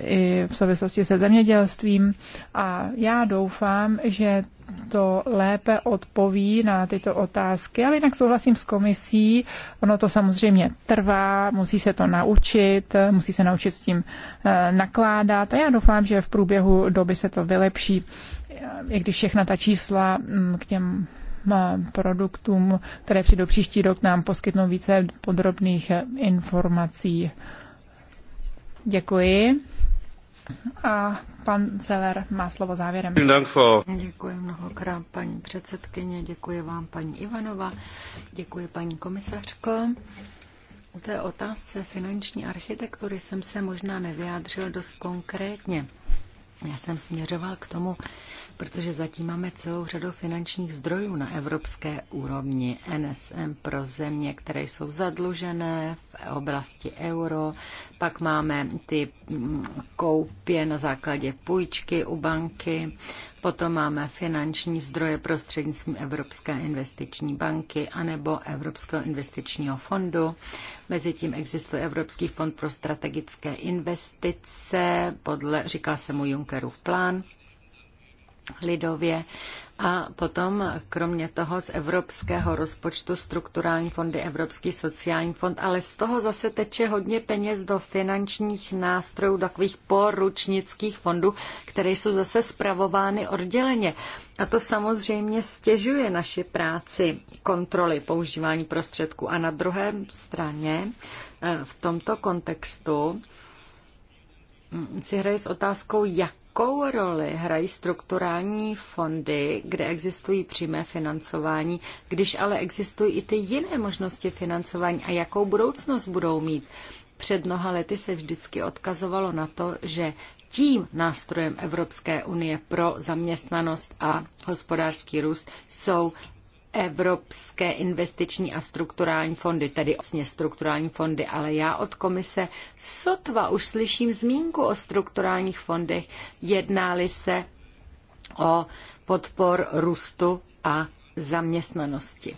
i v souvislosti se zemědělstvím a já doufám, že to lépe odpoví na tyto otázky, ale jinak souhlasím s komisí. Ono to samozřejmě trvá, musí se to naučit, musí se naučit s tím eh, nakládat a já doufám, že v průběhu doby se to vylepší, i když všechna ta čísla mm, k těm eh, produktům, které přijdou příští rok, nám poskytnou více podrobných eh, informací. Děkuji. A Pan Celer má slovo závěrem. Děkuji mnohokrát, paní předsedkyně, děkuji vám, paní Ivanova, děkuji, paní komisařko. U té otázce finanční architektury jsem se možná nevyjádřil dost konkrétně. Já jsem směřoval k tomu, protože zatím máme celou řadu finančních zdrojů na evropské úrovni. NSM pro země, které jsou zadlužené v oblasti euro, pak máme ty mm, koupě na základě půjčky u banky, potom máme finanční zdroje prostřednictvím Evropské investiční banky anebo Evropského investičního fondu. Mezitím existuje Evropský fond pro strategické investice, podle, říká se mu Junckerův plán lidově. A potom kromě toho z evropského rozpočtu strukturální fondy, Evropský sociální fond, ale z toho zase teče hodně peněz do finančních nástrojů, takových poručnických fondů, které jsou zase spravovány odděleně. A to samozřejmě stěžuje naši práci kontroly používání prostředků. A na druhé straně eh, v tomto kontextu mm, si hraje s otázkou, jak jakou roli hrají strukturální fondy, kde existují přímé financování, když ale existují i ty jiné možnosti financování a jakou budoucnost budou mít. Před mnoha lety se vždycky odkazovalo na to, že tím nástrojem Evropské unie pro zaměstnanost a hospodářský růst jsou evropské investiční a strukturální fondy, tedy vlastně strukturální fondy, ale já od komise sotva už slyším zmínku o strukturálních fondech, jednáli se o podpor růstu a zaměstnanosti.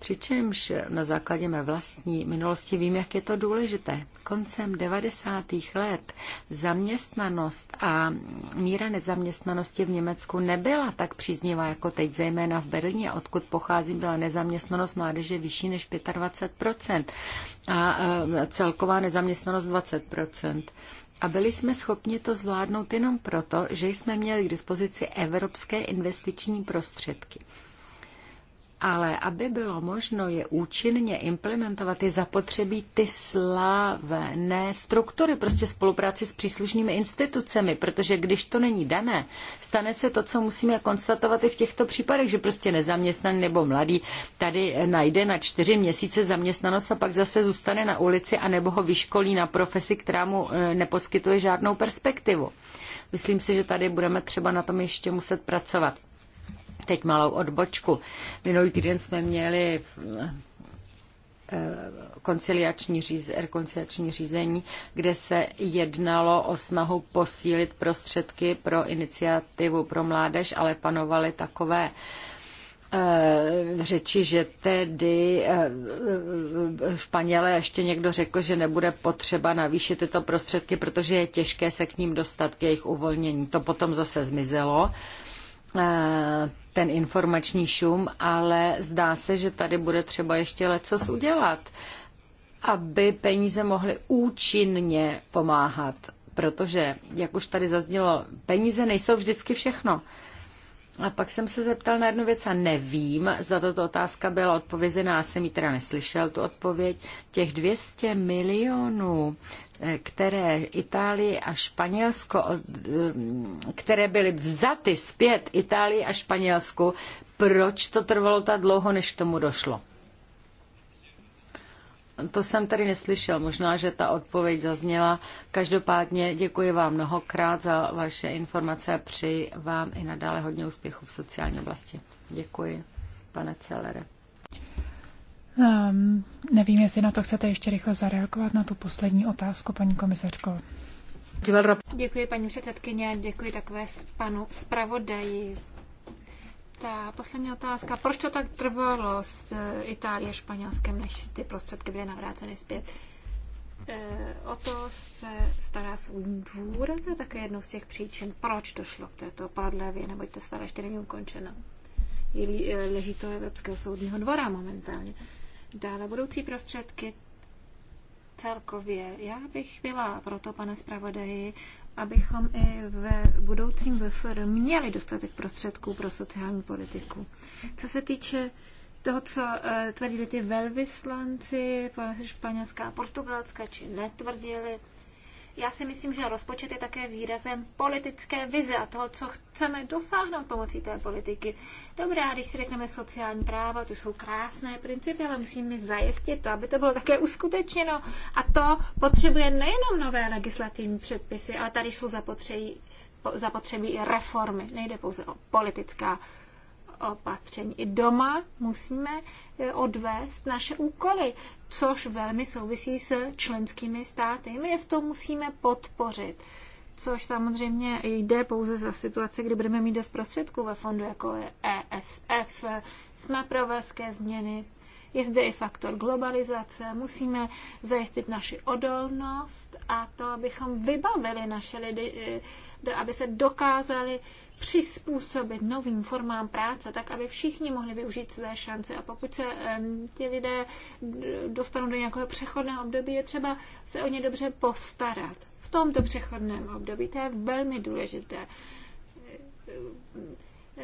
Přičemž na základě mé vlastní minulosti vím, jak je to důležité. Koncem 90. let zaměstnanost a míra nezaměstnanosti v Německu nebyla tak příznivá jako teď, zejména v Berlíně, odkud pocházím, byla nezaměstnanost mládeže vyšší než 25% a e, celková nezaměstnanost 20%. A byli jsme schopni to zvládnout jenom proto, že jsme měli k dispozici evropské investiční prostředky ale aby bylo možno je účinně implementovat, je zapotřebí ty slavné struktury, prostě spolupráci s příslušnými institucemi, protože když to není dané, stane se to, co musíme konstatovat i v těchto případech, že prostě nezaměstnaný nebo mladý tady najde na čtyři měsíce zaměstnanost a pak zase zůstane na ulici a nebo ho vyškolí na profesi, která mu e, neposkytuje žádnou perspektivu. Myslím si, že tady budeme třeba na tom ještě muset pracovat. Teď malou odbočku. Minulý týden jsme měli eh, konciliační, říz, konciliační řízení, kde se jednalo o snahu posílit prostředky pro iniciativu pro mládež, ale panovaly takové eh, řeči, že tedy eh, Španělé ještě někdo řekl, že nebude potřeba navýšit tyto prostředky, protože je těžké se k ním dostat k jejich uvolnění. To potom zase zmizelo. Eh, ten informační šum, ale zdá se, že tady bude třeba ještě leco udělat, aby peníze mohly účinně pomáhat. Protože, jak už tady zaznělo, peníze nejsou vždycky všechno. A pak jsem se zeptal na jednu věc a nevím, zda tato otázka byla odpovězená, já jsem ji teda neslyšel, tu odpověď. Těch 200 milionů, eh, které Itálie a Španělsko, eh, které byly vzaty zpět Itálii a Španělsku, proč to trvalo tak dlouho, než k tomu došlo? To jsem tady neslyšel, možná, že ta odpověď zazněla. Každopádně děkuji vám mnohokrát za vaše informace a přeji vám i nadále hodně úspěchů v sociální oblasti. Děkuji, pane Celere. Um, nevím, jestli na to chcete ještě rychle zareagovat, na tu poslední otázku, paní komisařko. Děkuji, paní předsedkyně, děkuji takové panu zpravodaji. Ta poslední otázka, proč to tak trvalo s eh, Itálie Španělskem, než ty prostředky byly navráceny zpět? Eh, o to se stará soudní dvůr, to je také jednou z těch příčin, proč došlo k této prodlevě, neboť to stále ještě není ukončeno. Eh, leží to Evropského soudního dvora momentálně. Dále budoucí prostředky celkově. Já bych byla proto, pane zpravodaji, abychom i ve budoucím VFR měli dostatek prostředků pro sociální politiku. Co se týče toho, co eh, tvrdili ty velvyslanci, španělská a portugalská, či netvrdili, já si myslím, že rozpočet je také výrazem politické vize a toho, co chceme dosáhnout pomocí té politiky. Dobrá, když si řekneme sociální práva, to jsou krásné principy, ale musíme zajistit to, aby to bylo také uskutečněno. A to potřebuje nejenom nové legislativní předpisy, ale tady jsou zapotřebí, zapotřebí i reformy. Nejde pouze o politická opatření. I doma musíme eh, odvést naše úkoly, což velmi souvisí s členskými státy. My je v tom musíme podpořit což samozřejmě jde pouze za situace, kdy budeme mít dost prostředků ve fondu, jako je ESF, jsme velké změny, je zde i faktor globalizace, musíme zajistit naši odolnost a to, abychom vybavili naše lidi, eh, aby se dokázali přizpůsobit novým formám práce, tak aby všichni mohli využít své šance. A pokud se ti lidé dostanou do nějakého přechodného období, je třeba se o ně dobře postarat. V tomto přechodném období to je velmi důležité.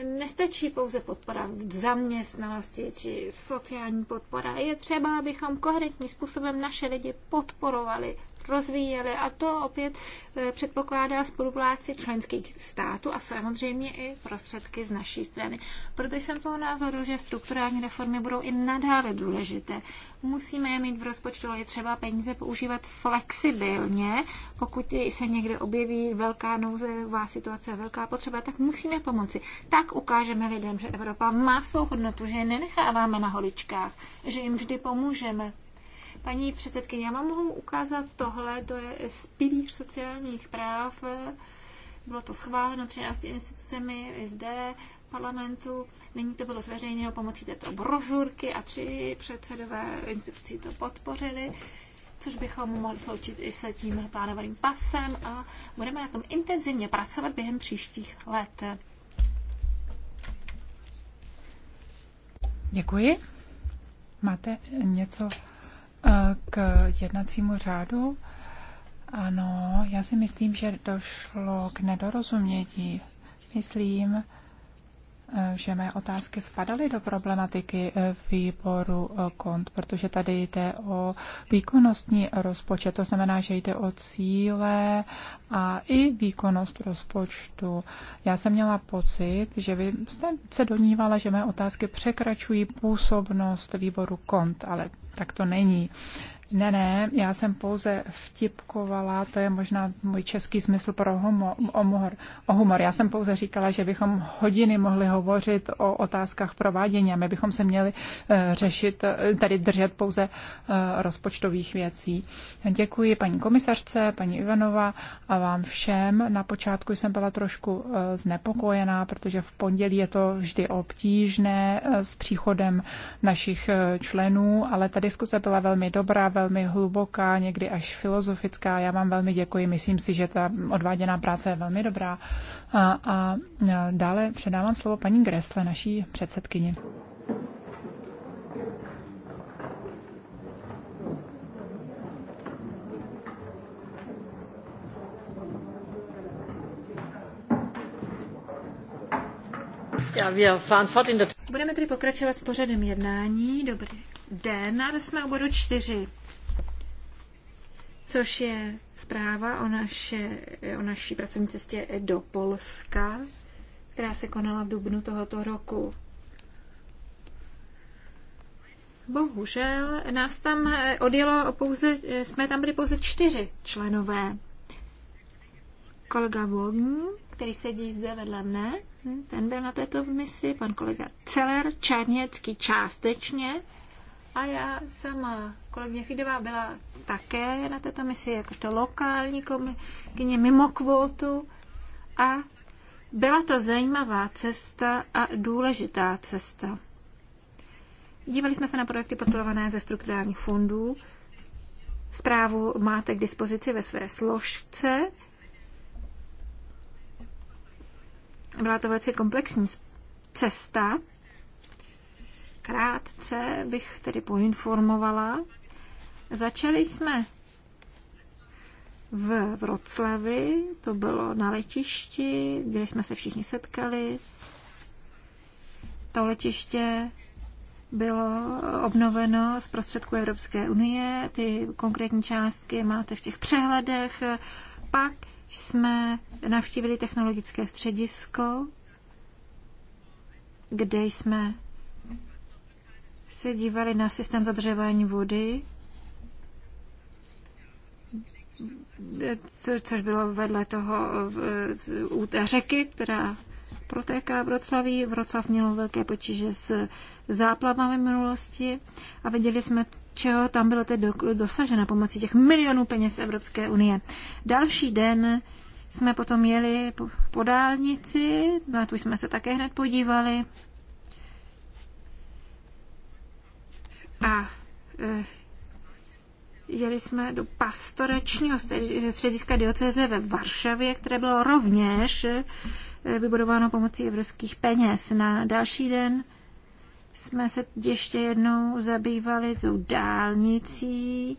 Nestačí pouze podpora v zaměstnanosti či sociální podpora. Je třeba, abychom koherentním způsobem naše lidi podporovali rozvíjely. A to opět e, předpokládá spolupráci členských států a samozřejmě i prostředky z naší strany. Protože jsem toho názoru, že strukturální reformy budou i nadále důležité. Musíme je mít v rozpočtu, je třeba peníze používat flexibilně. Pokud se někde objeví velká nouzová situace, velká potřeba, tak musíme pomoci. Tak ukážeme lidem, že Evropa má svou hodnotu, že je nenecháváme na holičkách, že jim vždy pomůžeme. Paní předsedkyně, já vám mohu ukázat tohle, to je z pilíř sociálních práv. Bylo to schváleno 13 institucemi zde parlamentu. Není to bylo zveřejněno pomocí této brožurky a tři předsedové institucí to podpořili což bychom mohli sloučit i se tím plánovaným pasem a budeme na tom intenzivně pracovat během příštích let. Děkuji. Máte něco Eh, k jednacímu řádu. Ano, já si myslím, že došlo k nedorozumění. Myslím, eh, že mé otázky spadaly do problematiky eh, výboru kont, protože tady jde o výkonnostní rozpočet, to znamená, že jde o cíle a i výkonnost rozpočtu. Já jsem měla pocit, že vy jste se donívala, že mé otázky překračují působnost výboru kont, ale tak to není. Ne, ne, já jsem pouze vtipkovala, to je možná můj český smysl pro humor. o humor. Já jsem pouze říkala, že bychom hodiny mohli hovořit o otázkách provádění a my bychom se měli eh, řešit, eh, tady držet pouze eh, rozpočtových věcí. Děkuji paní komisařce, paní Ivanova a vám všem. Na počátku jsem byla trošku znepokojená, protože v pondělí je to vždy obtížné s příchodem našich členů, ale ta diskuse byla velmi dobrá velmi hluboká, někdy až filozofická. Já vám velmi děkuji, myslím si, že ta odváděná práce je velmi dobrá. A, a dále předávám slovo paní Gresle, naší předsedkyni. Budeme tedy pokračovat s pořadem jednání. Dobrý den, a jsme u bodu čtyři což je zpráva o, naše, o naší pracovní cestě do Polska, která se konala v dubnu tohoto roku. Bohužel nás tam eh, odjelo pouze, eh, jsme tam byli pouze čtyři členové. Kolega Wong, který sedí zde vedle mne, hm, ten byl na této misi, pan kolega Celer, Čarněcký částečně a já sama Kolegyně Fidová byla také na této misi jakožto lokální kolegyně mimo kvótu a byla to zajímavá cesta a důležitá cesta. Dívali jsme se na projekty podporované ze strukturálních fondů. Zprávu máte k dispozici ve své složce. Byla to velice komplexní cesta. Krátce bych tedy poinformovala Začali jsme v Vroclavi, to bylo na letišti, kde jsme se všichni setkali. To letiště bylo obnoveno z prostředků Evropské unie, ty konkrétní částky máte v těch přehledech. Pak jsme navštívili technologické středisko, kde jsme se dívali na systém zadržování vody co, což bylo vedle toho u té řeky, která protéká Vroclaví. Vroclav měl velké potíže s záplavami minulosti a viděli jsme, čeho tam bylo teď dosaženo pomocí těch milionů peněz Evropské unie. Další den jsme potom jeli po dálnici, na tu jsme se také hned podívali. A eh, jeli jsme do pastoračního střediska dioceze ve Varšavě, které bylo rovněž eh, vybudováno pomocí evropských peněz. Na další den jsme se ještě jednou zabývali tou dálnicí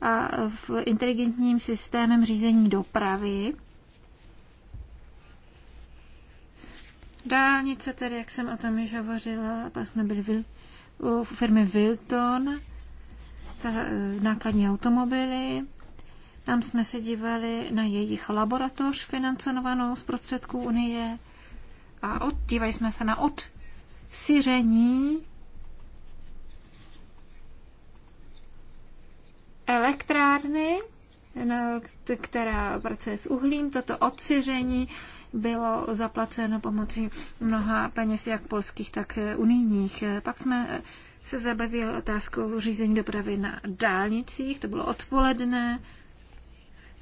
a v inteligentním systémem řízení dopravy. Dálnice tedy, jak jsem o tom již hovořila, pak jsme byli u firmy Wilton, Eh, nákladní automobily. Tam jsme se dívali na jejich laboratoř financovanou z prostředků Unie a dívali jsme se na odsíření elektrárny, která pracuje s uhlím. Toto odsíření bylo zaplaceno pomocí mnoha peněz, jak polských, tak unijních. Pak jsme se zabavil otázkou řízení dopravy na dálnicích, to bylo odpoledne,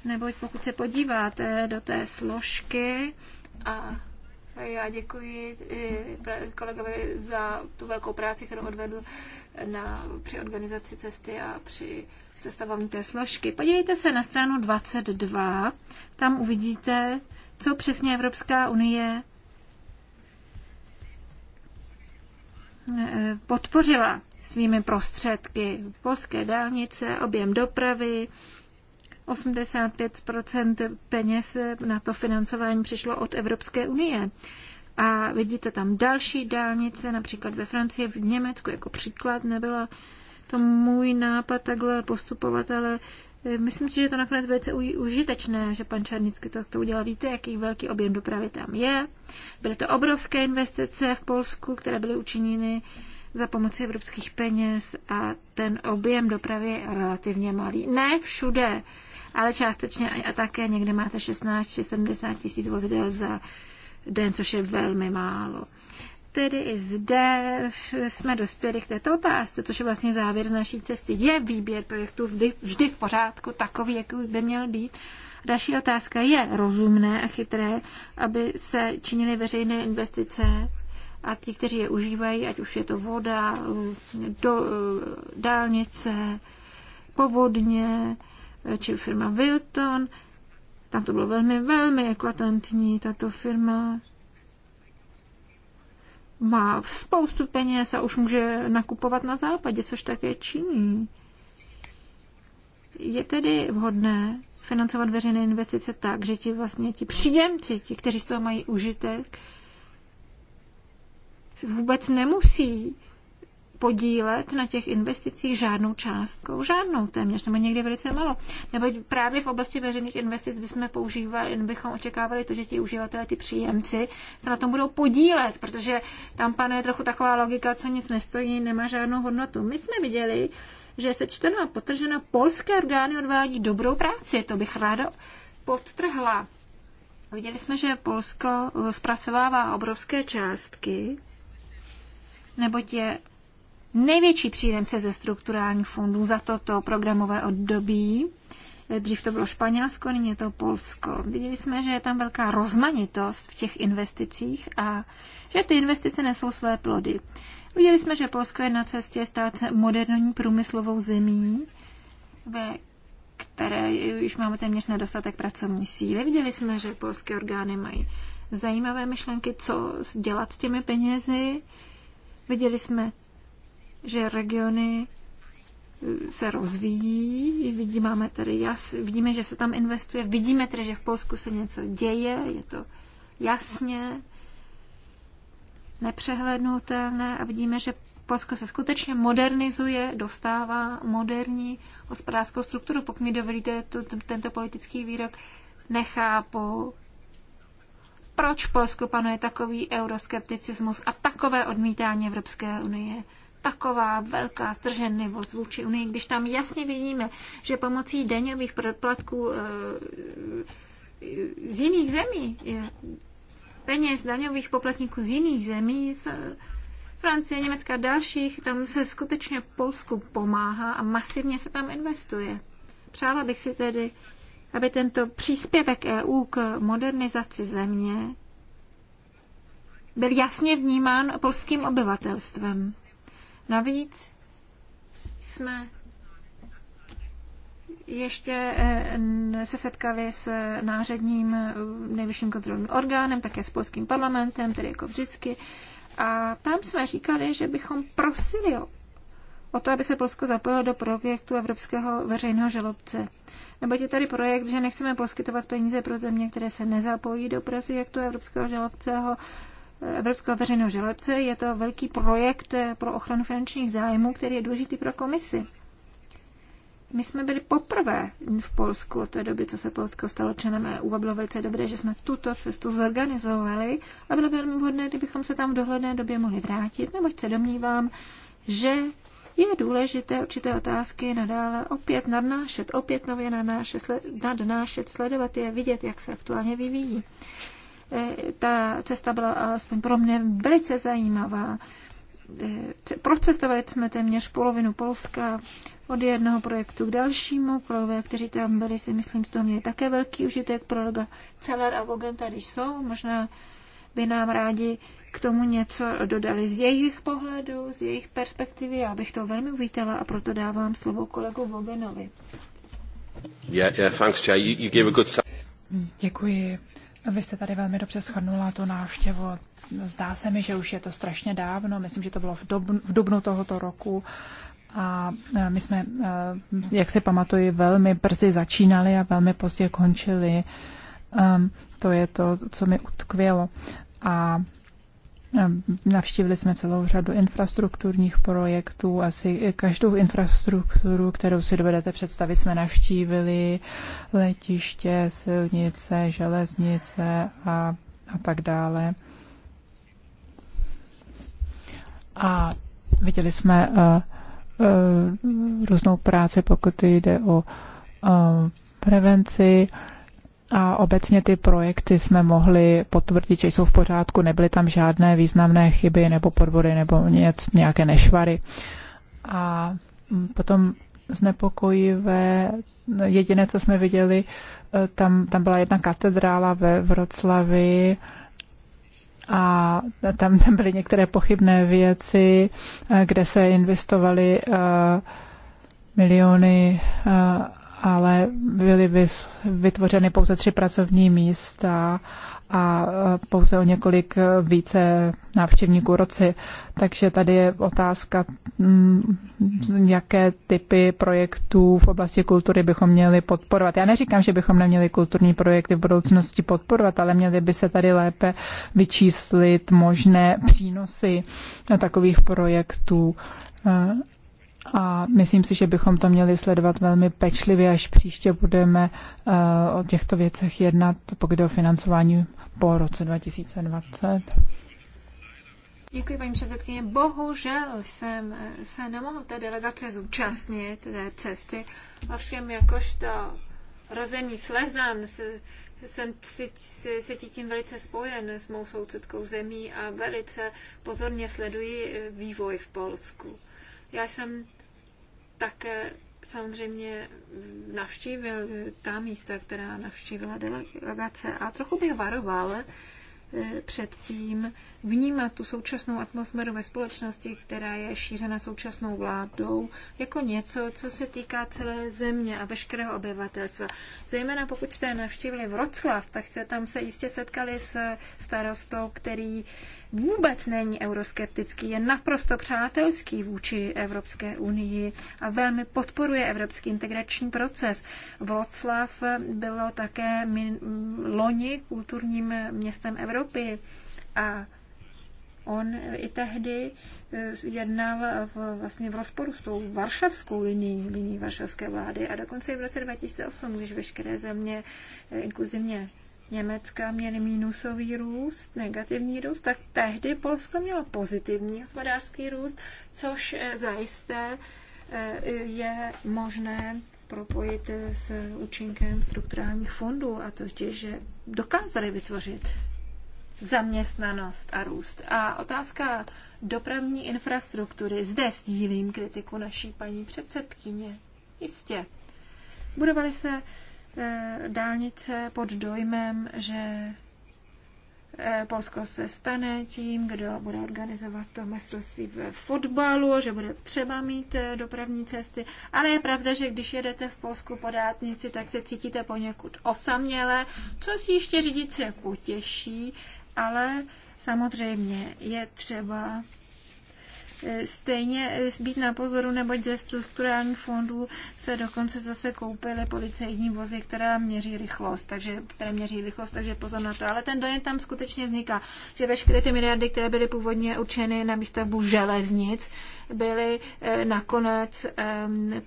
neboť pokud se podíváte do té složky a já děkuji eh, kolegovi za tu velkou práci, kterou odvedl na, při organizaci cesty a při sestavování té složky. Podívejte se na stranu 22, tam uvidíte, co přesně Evropská unie podpořila svými prostředky polské dálnice, objem dopravy, 85 peněz na to financování přišlo od Evropské unie. A vidíte tam další dálnice, například ve Francii, v Německu jako příklad, nebyla to můj nápad takhle postupovat, ale Myslím si, že je to nakonec velice užitečné, že pan Černický to, to udělal. Víte, jaký velký objem dopravy tam je. Byly to obrovské investice v Polsku, které byly učiněny za pomoci evropských peněz a ten objem dopravy je relativně malý. Ne všude, ale částečně a také někde máte 16 či 70 tisíc vozidel za den, což je velmi málo tedy i zde jsme dospěli k této otázce, což je vlastně závěr z naší cesty. Je výběr projektů vždy, vždy v pořádku, takový, jaký by měl být? Další otázka je rozumné a chytré, aby se činily veřejné investice a ti, kteří je užívají, ať už je to voda, do, dálnice, povodně, či firma Wilton, tam to bylo velmi, velmi eklatantní, tato firma má spoustu peněz a už může nakupovat na západě, což také činí. Je tedy vhodné financovat veřejné investice tak, že ti vlastně ti příjemci, ti, kteří z toho mají užitek, vůbec nemusí podílet na těch investicích žádnou částkou, žádnou téměř, nebo někdy velice malo. neboť právě v oblasti veřejných investic bychom používali, bychom očekávali to, že ti uživatelé, ti příjemci se na tom budou podílet, protože tam panuje trochu taková logika, co nic nestojí, nemá žádnou hodnotu. My jsme viděli, že se čtená potržena polské orgány odvádí dobrou práci, to bych ráda podtrhla. Viděli jsme, že Polsko eh, zpracovává obrovské částky, neboť je největší příjemce ze strukturálních fondů za toto programové období. Dřív to bylo Španělsko, nyní je to Polsko. Viděli jsme, že je tam velká rozmanitost v těch investicích a že ty investice nesou své plody. Viděli jsme, že Polsko je na cestě stát se moderní průmyslovou zemí, ve které už máme téměř nedostatek pracovní síly. Viděli jsme, že polské orgány mají zajímavé myšlenky, co dělat s těmi penězi. Viděli jsme že regiony eh, se rozvíjí, vidíme, tady jas, vidíme, že se tam investuje, vidíme tedy, že v Polsku se něco děje, je to jasně nepřehlednutelné a vidíme, že Polsko se skutečně modernizuje, dostává moderní hospodářskou strukturu. Pokud mi dovolíte to, tento politický výrok, nechápu, proč v Polsku panuje takový euroskepticismus a takové odmítání Evropské unie taková velká zdrženlivost vůči Unii, když tam jasně vidíme, že pomocí daňových proplatků eh, z jiných zemí, peněz daňových poplatníků z jiných zemí, z Francie, Německa a dalších, tam se skutečně Polsku pomáhá a masivně se tam investuje. Přála bych si tedy, aby tento příspěvek EU k modernizaci země byl jasně vnímán polským obyvatelstvem. Navíc jsme ještě eh, se setkali s eh, nářadním eh, nejvyšším kontrolním orgánem, také s polským parlamentem, tedy jako vždycky. A tam jsme říkali, že bychom prosili o, o to, aby se Polsko zapojilo do projektu Evropského veřejného žalobce. Nebo je tady projekt, že nechceme poskytovat peníze pro země, které se nezapojí do projektu Evropského žalobceho Evropského veřejného žalobce. Je to velký projekt pro ochranu finančních zájmů, který je důležitý pro komisi. My jsme byli poprvé v Polsku od té doby, co se Polsko stalo členem EU a bylo velice dobré, že jsme tuto cestu zorganizovali a bylo velmi vhodné, kdybychom se tam v dohledné době mohli vrátit, neboť se domnívám, že je důležité určité otázky nadále opět nadnášet, opět nově nadnášet, sledovat je, vidět, jak se aktuálně vyvíjí. Eh, ta cesta byla alespoň pro mě velice zajímavá. Eh, procestovali jsme téměř polovinu Polska od jednoho projektu k dalšímu. Kolegové, kteří tam byli, si myslím, z toho měli také velký užitek. Prologa Celer a Vogen tady jsou. Možná by nám rádi k tomu něco dodali z jejich pohledu, z jejich perspektivy. Já bych to velmi uvítala a proto dávám slovo kolegu Vogenovi. Yeah, yeah, thanks, Jay. You, you gave a good... Děkuji. Vy jste tady velmi dobře schrnula tu návštěvu. Zdá se mi, že už je to strašně dávno. Myslím, že to bylo v dubnu, v dubnu tohoto roku. A e, my jsme, e, jak si pamatuju, velmi brzy začínali a velmi pozdě končili. Ehm, to je to, co mi utkvělo. A Ehm, navštívili jsme celou řadu infrastrukturních projektů, asi každou infrastrukturu, kterou si dovedete představit, jsme navštívili letiště, silnice, železnice a, a tak dále. A viděli jsme uh, uh, různou práci, pokud jde o uh, prevenci. Uh, a obecně ty projekty jsme mohli potvrdit, že jsou v pořádku, nebyly tam žádné významné chyby nebo podvody nebo něc, nějaké nešvary. A potom znepokojivé. Jediné, co jsme viděli, eh, tam, tam byla jedna katedrála ve Vroclavi a tam, tam byly některé pochybné věci, eh, kde se investovaly eh, miliony ale byly vytvořeny pouze tři pracovní místa a pouze o několik více návštěvníků roci. Takže tady je otázka, mm, jaké typy projektů v oblasti kultury bychom měli podporovat. Já neříkám, že bychom neměli kulturní projekty v budoucnosti podporovat, ale měli by se tady lépe vyčíslit možné přínosy takových projektů a myslím si, že bychom to měli sledovat velmi pečlivě, až příště budeme eh, o těchto věcech jednat, pokud je o financování po roce 2020. Děkuji, paní předsedkyně. Bohužel jsem se nemohl té delegace zúčastnit té cesty, ovšem jakožto rození slezan jsem si, si, se tím velice spojen s mou sousedkou zemí a velice pozorně sleduji eh, vývoj v Polsku. Já jsem tak samozřejmě navštívil ta místa, která navštívila delegace a trochu bych varoval eh, před tím vnímat tu současnou atmosféru ve společnosti, která je šířena současnou vládou, jako něco, co se týká celé země a veškerého obyvatelstva. Zejména pokud jste navštívili Vroclav, tak jste tam se jistě setkali s starostou, který vůbec není euroskeptický, je naprosto přátelský vůči Evropské unii a velmi podporuje evropský integrační proces. Vroclav bylo také loni kulturním městem Evropy a on i tehdy eh, jednal v, vlastně v rozporu s tou varšavskou linií, linií varšavské vlády a dokonce i v roce 2008, když veškeré země eh, inkluzivně Německa měly mínusový růst, negativní růst, tak tehdy Polsko mělo pozitivní hospodářský růst, což eh, zajisté eh, je možné propojit s účinkem strukturálních fondů a totiž, že dokázali vytvořit zaměstnanost a růst. A otázka dopravní infrastruktury. Zde sdílím kritiku naší paní předsedkyně. Jistě. Budovaly se Eh, dálnice pod dojmem, že eh, Polsko se stane tím, kdo bude organizovat to mistrovství v fotbalu, že bude třeba mít eh, dopravní cesty. Ale je pravda, že když jedete v Polsku po dálnici, tak se cítíte poněkud osaměle, co si ještě řidiče potěší, ale samozřejmě je třeba Eh, stejně eh, být na pozoru, neboť ze strukturálních fondů se dokonce zase koupily policejní vozy, která měří rychlost, takže, které měří rychlost, takže pozor na to. Ale ten dojem tam skutečně vzniká, že veškeré ty miliardy, které byly původně určeny na výstavbu železnic, byly eh, nakonec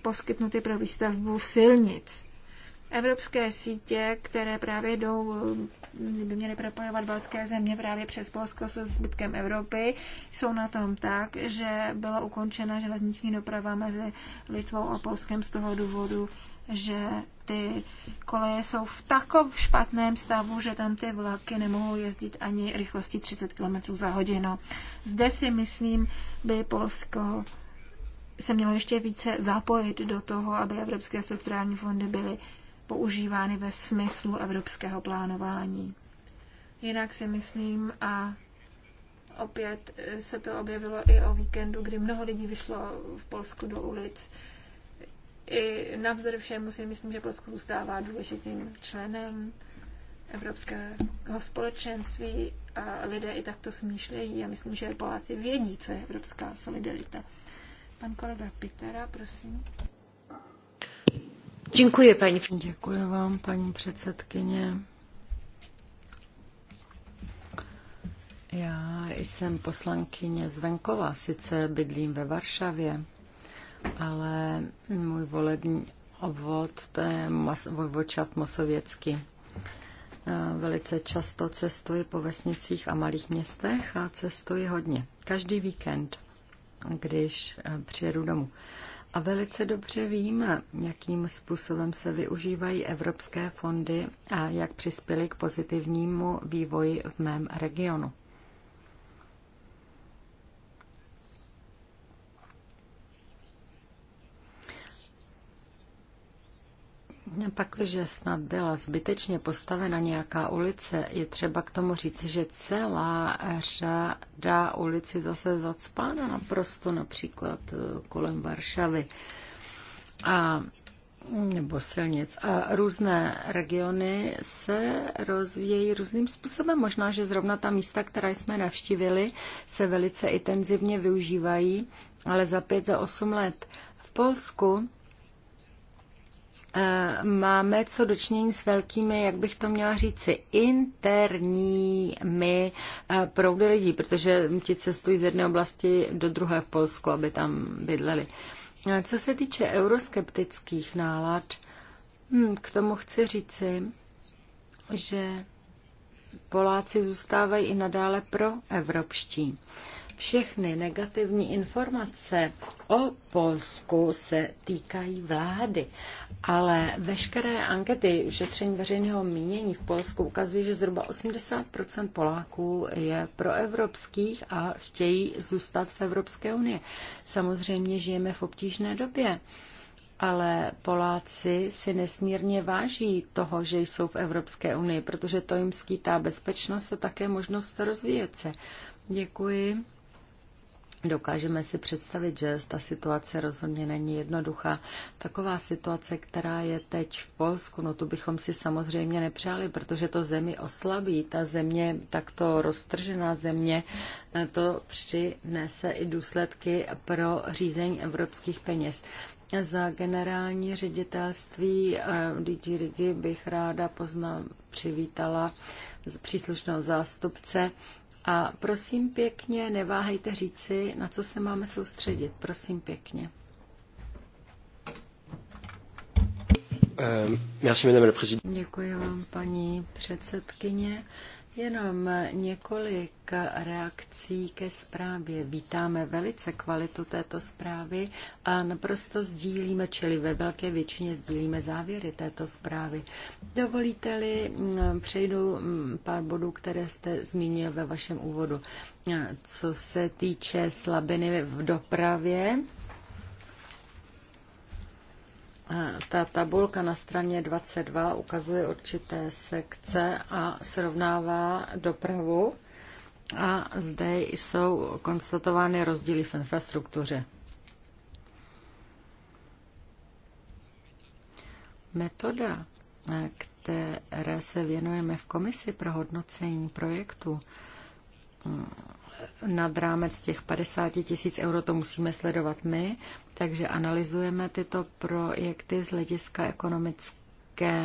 poskytnuty pro výstavbu silnic evropské sítě, které právě jdou by měly propojovat baltské země právě přes Polsko se zbytkem Evropy, jsou na tom tak, že byla ukončena železniční doprava mezi Litvou a Polskem z toho důvodu, že ty koleje jsou v takov špatném stavu, že tam ty vlaky nemohou jezdit ani rychlostí 30 km za hodinu. Zde si myslím, by Polsko se mělo ještě více zapojit do toho, aby evropské strukturální fondy byly používány ve smyslu evropského plánování. Jinak si myslím, a opět se to objevilo i o víkendu, kdy mnoho lidí vyšlo v Polsku do ulic, i navzdory všemu si myslím, že Polsko zůstává důležitým členem evropského společenství a lidé i takto smýšlejí a myslím, že Poláci vědí, co je evropská solidarita. Pan kolega Pitera, prosím. Děkuji, paní. Děkuji vám, paní předsedkyně. Já jsem poslankyně z venkova, sice bydlím ve Varšavě, ale můj volební obvod, to je mas- vojvočat Mosověcky. Velice často cestuji po vesnicích a malých městech a cestuji hodně. Každý víkend, když eh, přijedu domů. A velice dobře víme, jakým způsobem se využívají evropské fondy a jak přispěly k pozitivnímu vývoji v mém regionu. Pakliže snad byla zbytečně postavena nějaká ulice, je třeba k tomu říci, že celá řada ulic je zase zacpána naprosto, například eh, kolem Varšavy. A nebo silnic. A různé regiony se rozvíjejí různým způsobem. Možná, že zrovna ta místa, která jsme navštívili, se velice intenzivně využívají, ale za pět, za osm let. V Polsku Eh, máme co dočinění s velkými, jak bych to měla říci, interními eh, proudy lidí, protože ti cestují z jedné oblasti do druhé v Polsku, aby tam bydleli. Eh, co se týče euroskeptických nálad, hm, k tomu chci říci, že Poláci zůstávají i nadále pro evropští. Všechny negativní informace o Polsku se týkají vlády, ale veškeré ankety ušetření veřejného mínění v Polsku ukazují, že zhruba 80 Poláků je proevropských a chtějí zůstat v Evropské unii. Samozřejmě žijeme v obtížné době ale Poláci si nesmírně váží toho, že jsou v Evropské unii, protože to jim skýtá bezpečnost a také možnost rozvíjet se. Děkuji. Dokážeme si představit, že ta situace rozhodně není jednoduchá. Taková situace, která je teď v Polsku, no tu bychom si samozřejmě nepřáli, protože to zemi oslabí. Ta země, takto roztržená země, eh, to přinese i důsledky pro řízení evropských peněz. Za generální ředitelství eh, DG Rigi bych ráda poznám, přivítala příslušného zástupce a prosím pěkně, neváhejte říci, na co se máme soustředit. Prosím pěkně. Ehm, Děkuji vám, paní předsedkyně. Jenom několik reakcí ke zprávě. Vítáme velice kvalitu této zprávy a naprosto sdílíme, čili ve velké většině sdílíme závěry této zprávy. Dovolíte-li, mm, přejdu mm, pár bodů, které jste zmínil ve vašem úvodu. Co se týče slabiny v dopravě, ta tabulka na straně 22 ukazuje určité sekce a srovnává dopravu. A zde jsou konstatovány rozdíly v infrastruktuře. Metoda, které se věnujeme v komisi pro hodnocení projektu, nad rámec těch 50 tisíc euro, to musíme sledovat my, takže analyzujeme tyto projekty z hlediska ekonomické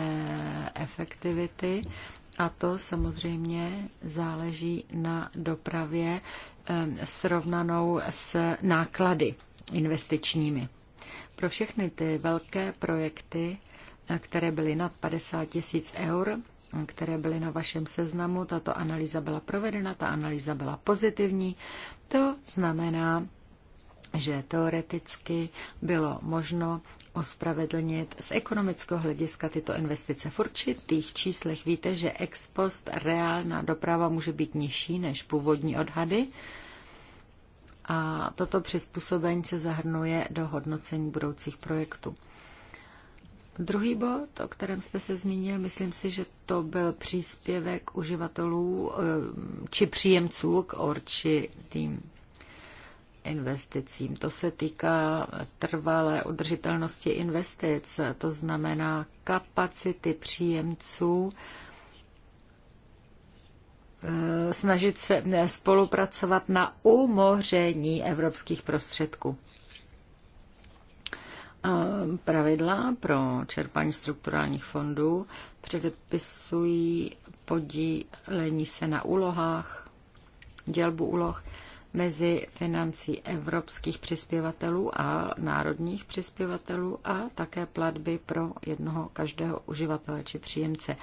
efektivity a to samozřejmě záleží na dopravě eh, srovnanou s náklady investičními. Pro všechny ty velké projekty, eh, které byly nad 50 tisíc eur, které byly na vašem seznamu. Tato analýza byla provedena, ta analýza byla pozitivní. To znamená, že teoreticky bylo možno ospravedlnit z ekonomického hlediska tyto investice. V určitých číslech víte, že ex post reálná doprava může být nižší než původní odhady a toto přizpůsobení se zahrnuje do hodnocení budoucích projektů. Druhý bod, o kterém jste se zmínil, myslím si, že to byl příspěvek uživatelů eh, či příjemců k orči tým investicím. To se týká trvalé udržitelnosti investic, to znamená kapacity příjemců eh, snažit se eh, spolupracovat na umoření evropských prostředků. Pravidla pro čerpání strukturálních fondů předepisují podílení se na úlohách, dělbu úloh mezi financí evropských přispěvatelů a národních přispěvatelů a také platby pro jednoho každého uživatele či příjemce.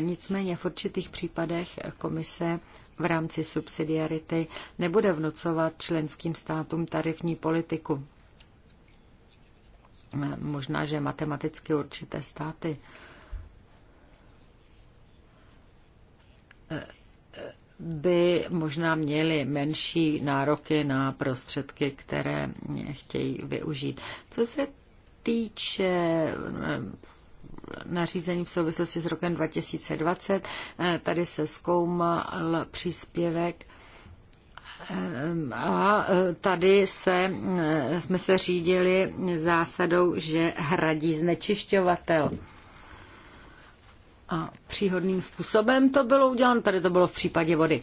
Nicméně v určitých případech komise v rámci subsidiarity nebude vnucovat členským státům tarifní politiku. Možná, že matematicky určité státy eh, eh, by možná měli menší nároky na prostředky, které chtějí využít. Co se týče eh, nařízení v souvislosti s rokem 2020, tady se zkoumal příspěvek a tady se, jsme se řídili zásadou, že hradí znečišťovatel. A příhodným způsobem to bylo uděláno, tady to bylo v případě vody.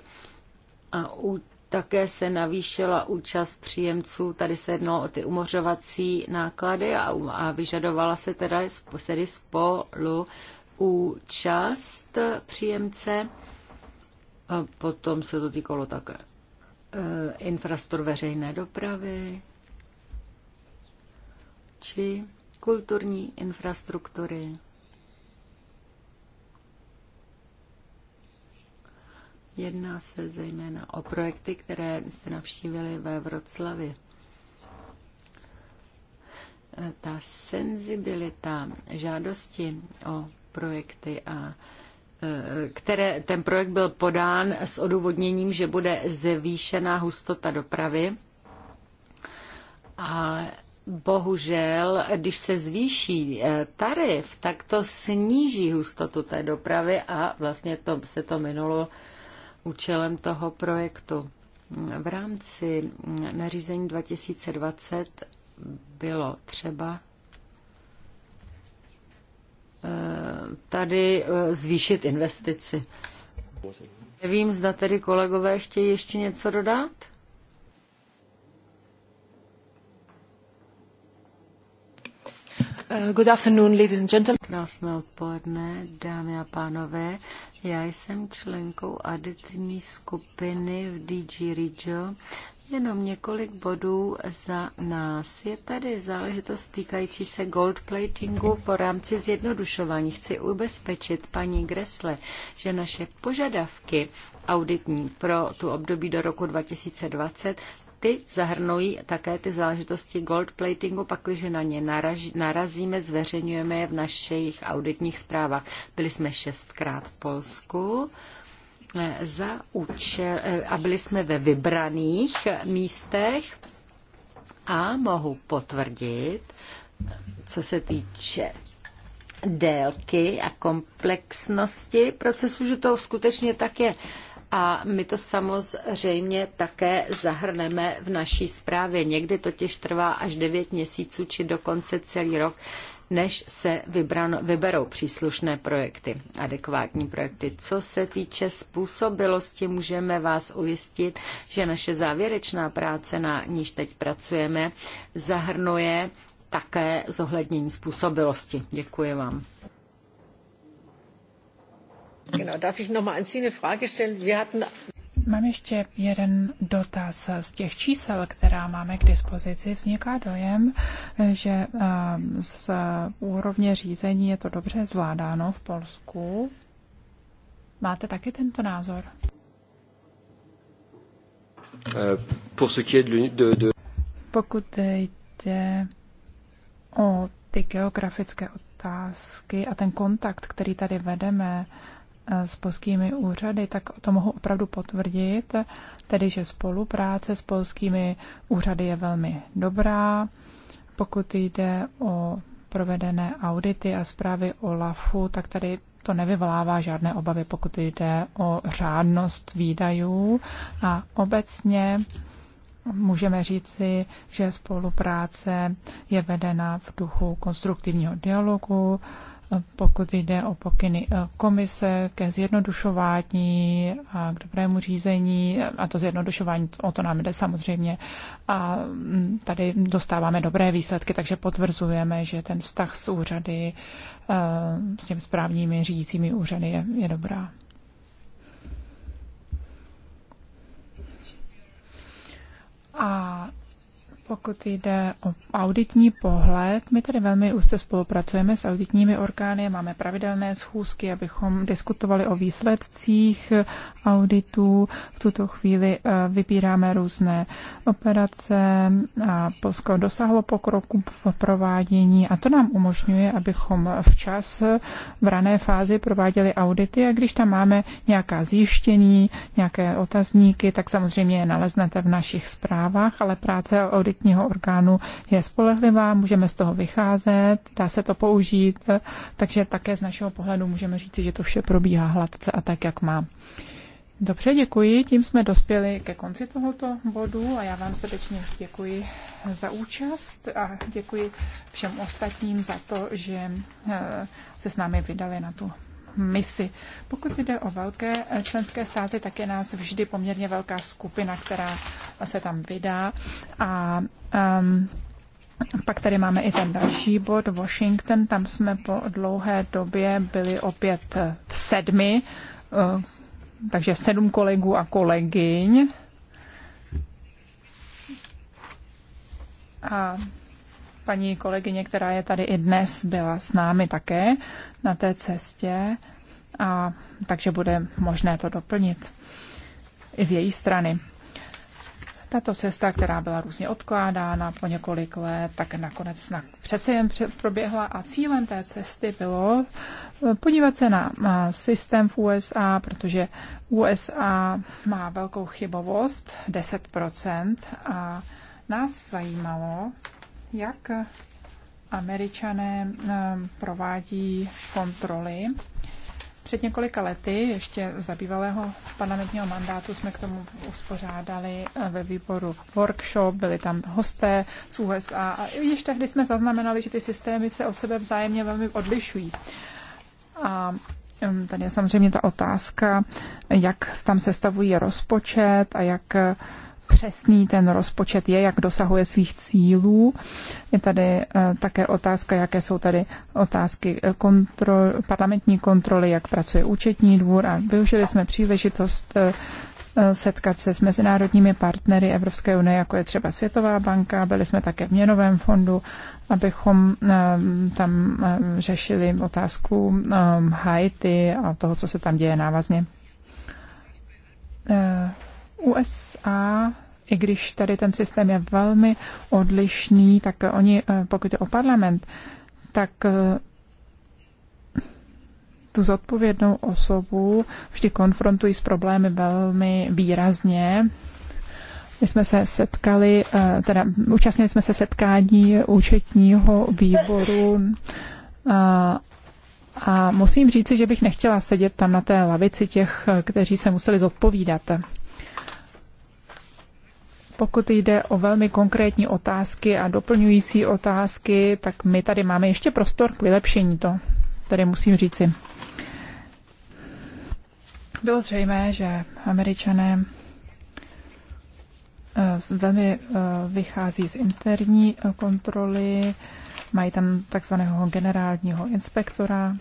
A u, také se navýšila účast příjemců, tady se jednalo o ty umořovací náklady a, a vyžadovala se teda, tedy spolu účast příjemce. A potom se to týkalo také Eh, infrastruktur veřejné dopravy či kulturní infrastruktury. Jedná se zejména o projekty, které jste navštívili ve Vroclavě. Eh, ta senzibilita žádosti o projekty a které ten projekt byl podán s odůvodněním, že bude zvýšená hustota dopravy, ale bohužel, když se zvýší eh, tarif, tak to sníží hustotu té dopravy a vlastně to, se to minulo účelem toho projektu. V rámci mm, nařízení 2020 bylo třeba tady eh, zvýšit investici. Nevím, zda tedy kolegové chtějí ještě něco dodat? Eh, good afternoon, ladies and gentlemen. Krásné odpoledne, dámy a pánové. Já jsem členkou aditní skupiny v DG Regio Jenom několik bodů za nás. Je tady záležitost týkající se gold platingu v rámci zjednodušování. Chci ubezpečit paní Gresle, že naše požadavky auditní pro tu období do roku 2020 ty zahrnují také ty záležitosti gold platingu, pakliže na ně naraž, narazíme, zveřejňujeme je v našich auditních zprávách. Byli jsme šestkrát v Polsku Eh, za účel, eh, a byli jsme ve vybraných místech a mohu potvrdit, co se týče délky a komplexnosti procesu, že to skutečně tak je. A my to samozřejmě také zahrneme v naší zprávě. Někdy totiž trvá až 9 měsíců či dokonce celý rok, než se vybran, vyberou příslušné projekty, adekvátní projekty. Co se týče způsobilosti, můžeme vás ujistit, že naše závěrečná práce, na níž teď pracujeme, zahrnuje také zohlednění způsobilosti. Děkuji vám. Genau, darf ich noch mal an Sie eine Frage stellen? Wir hatten Mám ještě jeden dotaz. Z těch čísel, která máme k dispozici, vzniká dojem, že eh, z úrovně řízení je to dobře zvládáno v Polsku. Máte taky tento názor? Eh, Pokud jde o ty geografické otázky a ten kontakt, který tady vedeme Eh, s polskými úřady, tak to mohu opravdu potvrdit, tedy že spolupráce s polskými úřady je velmi dobrá. Pokud jde o provedené audity a zprávy o LAFU, tak tady to nevyvolává žádné obavy, pokud jde o řádnost výdajů. A obecně můžeme říci, že spolupráce je vedena v duchu konstruktivního dialogu, pokud jde o pokyny e, komise ke zjednodušování a k dobrému řízení, a to zjednodušování, o to nám jde samozřejmě, a mm, tady dostáváme dobré výsledky, takže potvrzujeme, že ten vztah s úřady, e, s těmi správními řídícími úřady je, je dobrá. A pokud jde o auditní pohled, my tady velmi úzce spolupracujeme s auditními orgány, máme pravidelné schůzky, abychom diskutovali o výsledcích auditů. V tuto chvíli eh, vybíráme různé operace a Polsko dosáhlo pokroku v provádění a to nám umožňuje, abychom včas v rané fázi prováděli audity a když tam máme nějaká zjištění, nějaké otazníky, tak samozřejmě je naleznete v našich zprávách, ale práce audit auditního orgánu je spolehlivá, můžeme z toho vycházet, dá se to použít, takže také z našeho pohledu můžeme říci, že to vše probíhá hladce a tak, jak má. Dobře, děkuji. Tím jsme dospěli ke konci tohoto bodu a já vám srdečně děkuji za účast a děkuji všem ostatním za to, že eh, se s námi vydali na tu misi. Pokud jde o velké členské státy, tak je nás vždy poměrně velká skupina, která se tam vydá. A um, pak tady máme i ten další bod, Washington, tam jsme po dlouhé době byli opět v sedmi, uh, takže sedm kolegů a kolegyň. A Paní kolegyně, která je tady i dnes, byla s námi také na té cestě, a takže bude možné to doplnit i z její strany. Tato cesta, která byla různě odkládána po několik let, tak nakonec na, přece jen proběhla a cílem té cesty bylo eh, podívat se na systém v USA, protože USA má velkou chybovost, 10%, a nás zajímalo, jak američané ehm, provádí kontroly. Před několika lety, ještě za bývalého parlamentního mandátu, jsme k tomu uspořádali eh, ve výboru workshop, byli tam hosté z USA a již tehdy jsme zaznamenali, že ty systémy se od sebe vzájemně velmi odlišují. A ehm, tady je samozřejmě ta otázka, jak tam sestavují rozpočet a jak přesný ten rozpočet je, jak dosahuje svých cílů. Je tady eh, také otázka, jaké jsou tady otázky eh, kontrol, parlamentní kontroly, jak pracuje účetní dvůr a využili jsme příležitost eh, setkat se s mezinárodními partnery Evropské unie, jako je třeba Světová banka, byli jsme také v Měnovém fondu, abychom tam řešili otázku Haiti a toho, co se tam děje návazně. USA, i když tady ten systém je velmi odlišný, tak oni, eh, pokud je o parlament, tak eh, tu zodpovědnou osobu vždy konfrontují s problémy velmi výrazně. My jsme se setkali, eh, teda účastnili jsme se setkání účetního výboru a, a musím říci, že bych nechtěla sedět tam na té lavici těch, kteří se museli zodpovídat. Pokud jde o velmi konkrétní otázky a doplňující otázky, tak my tady máme ještě prostor k vylepšení, to tady musím říci. Bylo zřejmé, že američané eh, velmi eh, vychází z interní eh, kontroly, mají tam takzvaného generálního inspektora,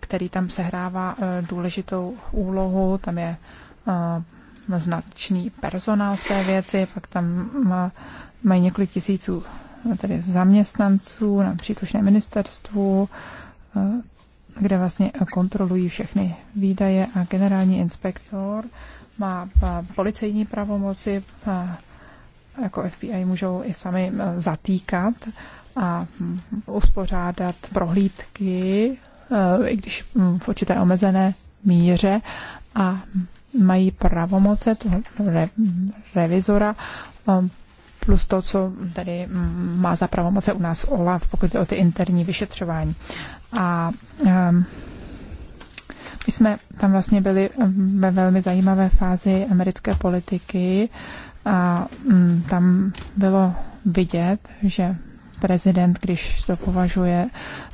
který tam sehrává důležitou úlohu, tam je značný personál v té věci, pak tam mm, mají několik tisíců eh, tedy zaměstnanců na příslušné ministerstvu, eh, kde vlastně kontrolují všechny výdaje a generální inspektor má eh, policejní pravomoci, jako FBI můžou i sami zatýkat a mm, uspořádat prohlídky, i když mm, v určité omezené míře a mají pravomoce toho re, revizora um, plus to, co tady mm, má za pravomoce u nás OLAF, pokud jde o ty interní vyšetřování. A um, my jsme tam vlastně byli um, ve velmi zajímavé fázi americké politiky a um, tam bylo vidět, že prezident, když to považuje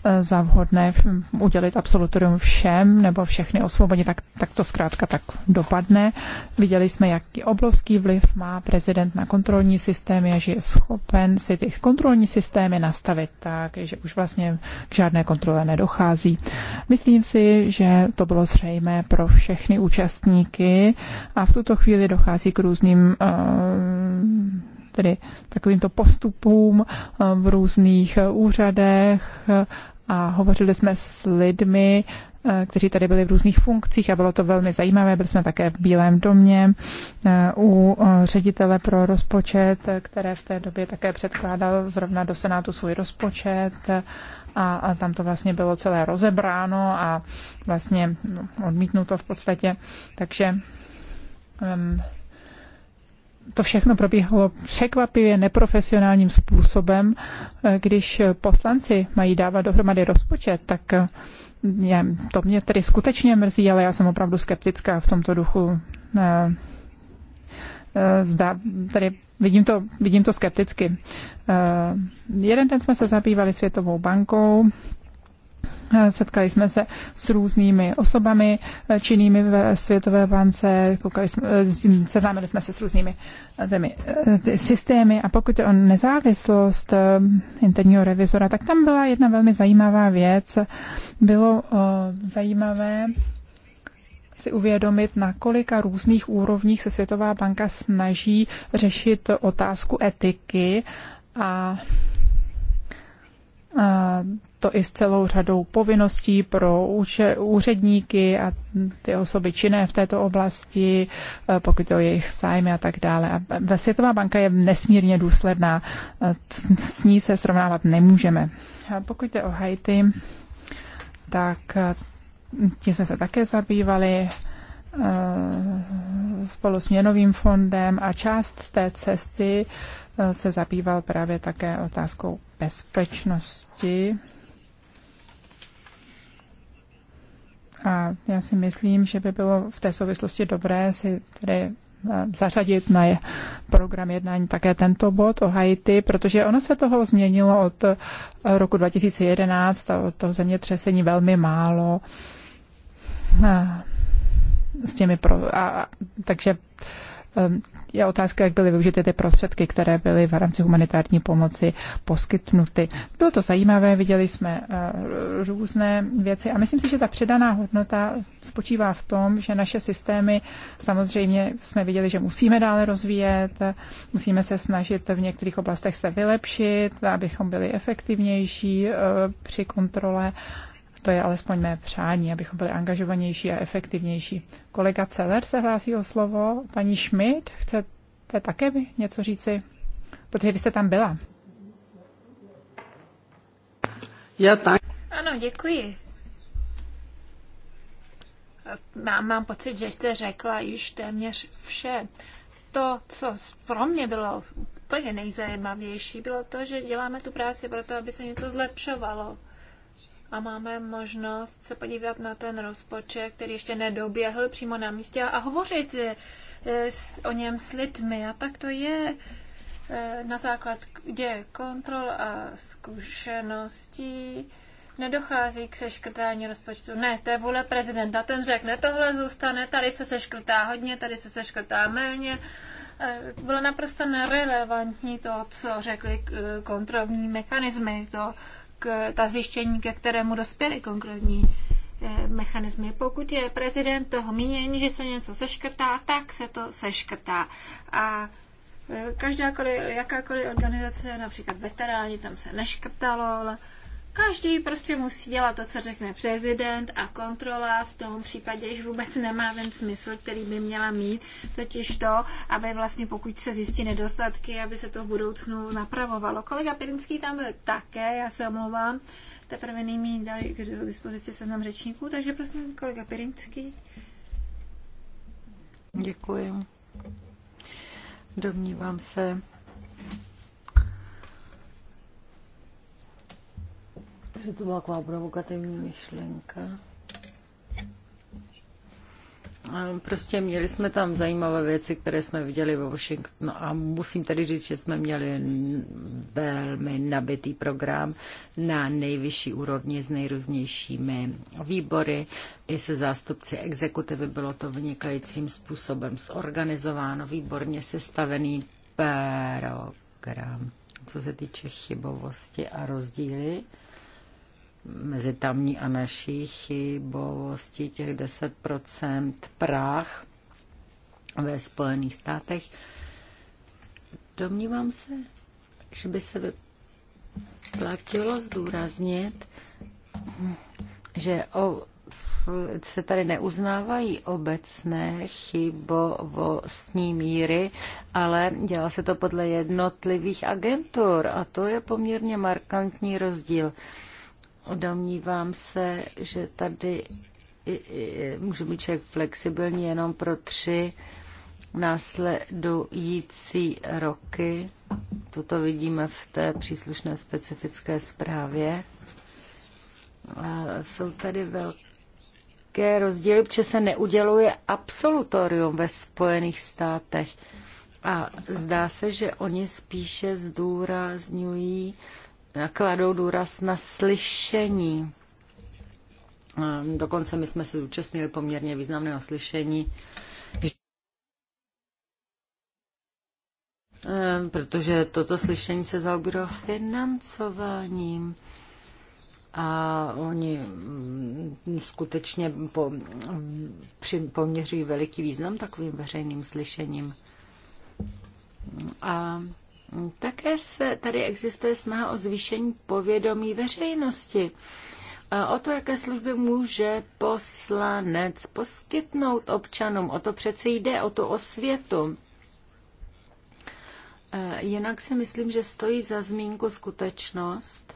eh, za vhodné udělit absolutorium všem nebo všechny osvobodit, tak, tak to zkrátka tak dopadne. Viděli jsme, jaký obrovský vliv má prezident na kontrolní systémy a že je schopen si ty kontrolní systémy nastavit tak, že už vlastně k žádné kontrole nedochází. Myslím si, že to bylo zřejmé pro všechny účastníky a v tuto chvíli dochází k různým uh, tedy takovýmto postupům eh, v různých eh, úřadech eh, a hovořili jsme s lidmi, kteří tady byli v různých funkcích a bylo to velmi zajímavé. Byli jsme také v Bílém domě u ředitele pro rozpočet, které v té době také předkládal zrovna do Senátu svůj rozpočet a, a tam to vlastně bylo celé rozebráno a vlastně no, odmítnuto v podstatě. Takže um, to všechno probíhalo překvapivě neprofesionálním způsobem. E, když poslanci mají dávat dohromady rozpočet, tak e, je to mě tedy skutečně mrzí, ale já jsem opravdu skeptická v tomto duchu. E, zdá, tady vidím to, vidím to skepticky. Jeden den jsme se zabývali Světovou bankou Setkali jsme se s různými osobami eh, činnými ve Světové bance, eh, seznámili jsme se s různými eh, těmi, ty systémy a pokud je o nezávislost interního revizora, tak tam byla jedna velmi zajímavá věc. Bylo zajímavé si uvědomit, na kolika různých úrovních se Světová banka snaží řešit otázku etiky a, a to i s celou řadou povinností pro úředníky a ty osoby činné v této oblasti, eh, pokud to jejich zájmy a tak dále. A Světová banka je nesmírně důsledná, eh, s ní se srovnávat nemůžeme. A pokud jde o Haiti, tak eh, tím jsme se také zabývali spolu s měnovým fondem a část té cesty se zabýval právě také otázkou bezpečnosti A já si myslím, že by bylo v té souvislosti dobré si tedy eh, zařadit na program jednání také tento bod o Haiti, protože ono se toho změnilo od eh, roku 2011 a od toho zemětřesení velmi málo. A s těmi pro, a, a, takže Ehm, je otázka, jak byly využity ty prostředky, které byly v rámci humanitární pomoci poskytnuty. Bylo to zajímavé, viděli jsme eh, různé věci a myslím si, že ta předaná hodnota spočívá v tom, že naše systémy samozřejmě jsme viděli, že musíme dále rozvíjet, musíme se snažit v některých oblastech se vylepšit, abychom byli efektivnější eh, při kontrole to je alespoň mé přání, abychom byli angažovanější a efektivnější. Kolega Celer se hlásí o slovo. Paní Schmidt, chcete také něco říci? Protože vy jste tam byla. Já tak. Ano, děkuji. Mám, mám pocit, že jste řekla již téměř vše. To, co pro mě bylo úplně nejzajímavější, bylo to, že děláme tu práci pro to, aby se něco zlepšovalo a máme možnost se podívat na ten rozpočet, který ještě nedoběhl přímo na místě a hovořit eh, o něm s lidmi. A tak to je eh, na základě kontrol a zkušeností nedochází k seškrtání rozpočtu. Ne, to je vůle prezidenta. Ten řekne, tohle zůstane, tady se seškrtá hodně, tady se seškrtá méně. Eh, bylo naprosto nerelevantní to, co řekli kontrolní mechanismy. To ta zjištění, ke kterému dospěly konkrétní eh, mechanismy. Pokud je prezident toho mínění, že se něco seškrtá, tak se to seškrtá. A eh, každá jakákoliv organizace, například veteráni, tam se neškrtalo, ale Každý prostě musí dělat to, co řekne prezident a kontrola v tom případě, že vůbec nemá ten smysl, který by měla mít, totiž to, aby vlastně pokud se zjistí nedostatky, aby se to v budoucnu napravovalo. Kolega Pirinský tam byl také, já se omlouvám, teprve nyní dali k dispozici seznam řečníků, takže prosím, kolega Pirinský. Děkuji. Domnívám se, že to byla taková provokativní myšlenka. Prostě měli jsme tam zajímavé věci, které jsme viděli ve Washingtonu no a musím tedy říct, že jsme měli velmi nabitý program na nejvyšší úrovni s nejrůznějšími výbory. I se zástupci exekutivy bylo to vynikajícím způsobem zorganizováno, výborně sestavený program. Co se týče chybovosti a rozdíly, mezi tamní a naší chybovosti těch 10% práh ve Spojených státech. Domnívám se, že by se platilo zdůraznit, že o, se tady neuznávají obecné chybovostní míry, ale dělá se to podle jednotlivých agentur a to je poměrně markantní rozdíl. Odomnívám se, že tady může být člověk flexibilní jenom pro tři následující roky. Toto vidíme v té příslušné specifické zprávě. A jsou tady velké rozdíly, protože se neuděluje absolutorium ve Spojených státech. A zdá se, že oni spíše zdůrazňují kladou důraz na slyšení. Dokonce my jsme se zúčastnili poměrně významného slyšení, ehm, protože toto slyšení se zaobíralo financováním a oni mm, skutečně po, při, poměřují veliký význam takovým veřejným slyšením. A také se tady existuje snaha o zvýšení povědomí veřejnosti o to, jaké služby může poslanec poskytnout občanům. O to přece jde, o tu osvětu. E, jinak si myslím, že stojí za zmínku skutečnost,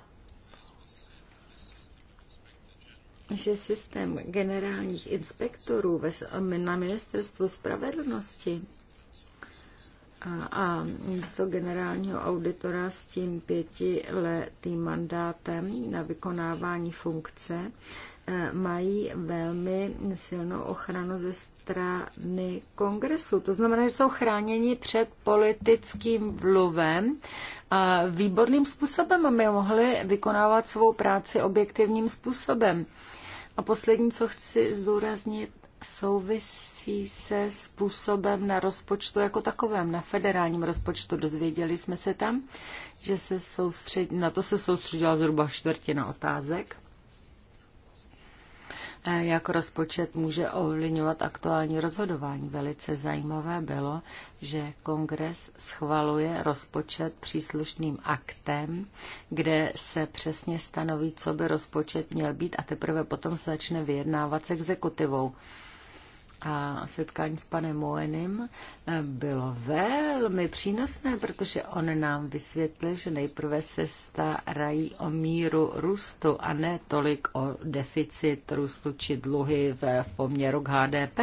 že systém generálních inspektorů na ministerstvu spravedlnosti a místo generálního auditora s tím pětiletým mandátem na vykonávání funkce eh, mají velmi silnou ochranu ze strany kongresu. To znamená, že jsou chráněni před politickým vlivem a výborným způsobem, aby mohli vykonávat svou práci objektivním způsobem. A poslední, co chci zdůraznit, souvisí se způsobem na rozpočtu jako takovém, na federálním rozpočtu. Dozvěděli jsme se tam, že se soustředí, na to se soustředila zhruba čtvrtina otázek jak rozpočet může ovlivňovat aktuální rozhodování. Velice zajímavé bylo, že kongres schvaluje rozpočet příslušným aktem, kde se přesně stanoví, co by rozpočet měl být a teprve potom se začne vyjednávat s exekutivou a setkání s panem Moenem eh, bylo velmi přínosné, protože on nám vysvětlil, že nejprve se starají o míru růstu a ne tolik o deficit růstu či dluhy v, poměru k HDP.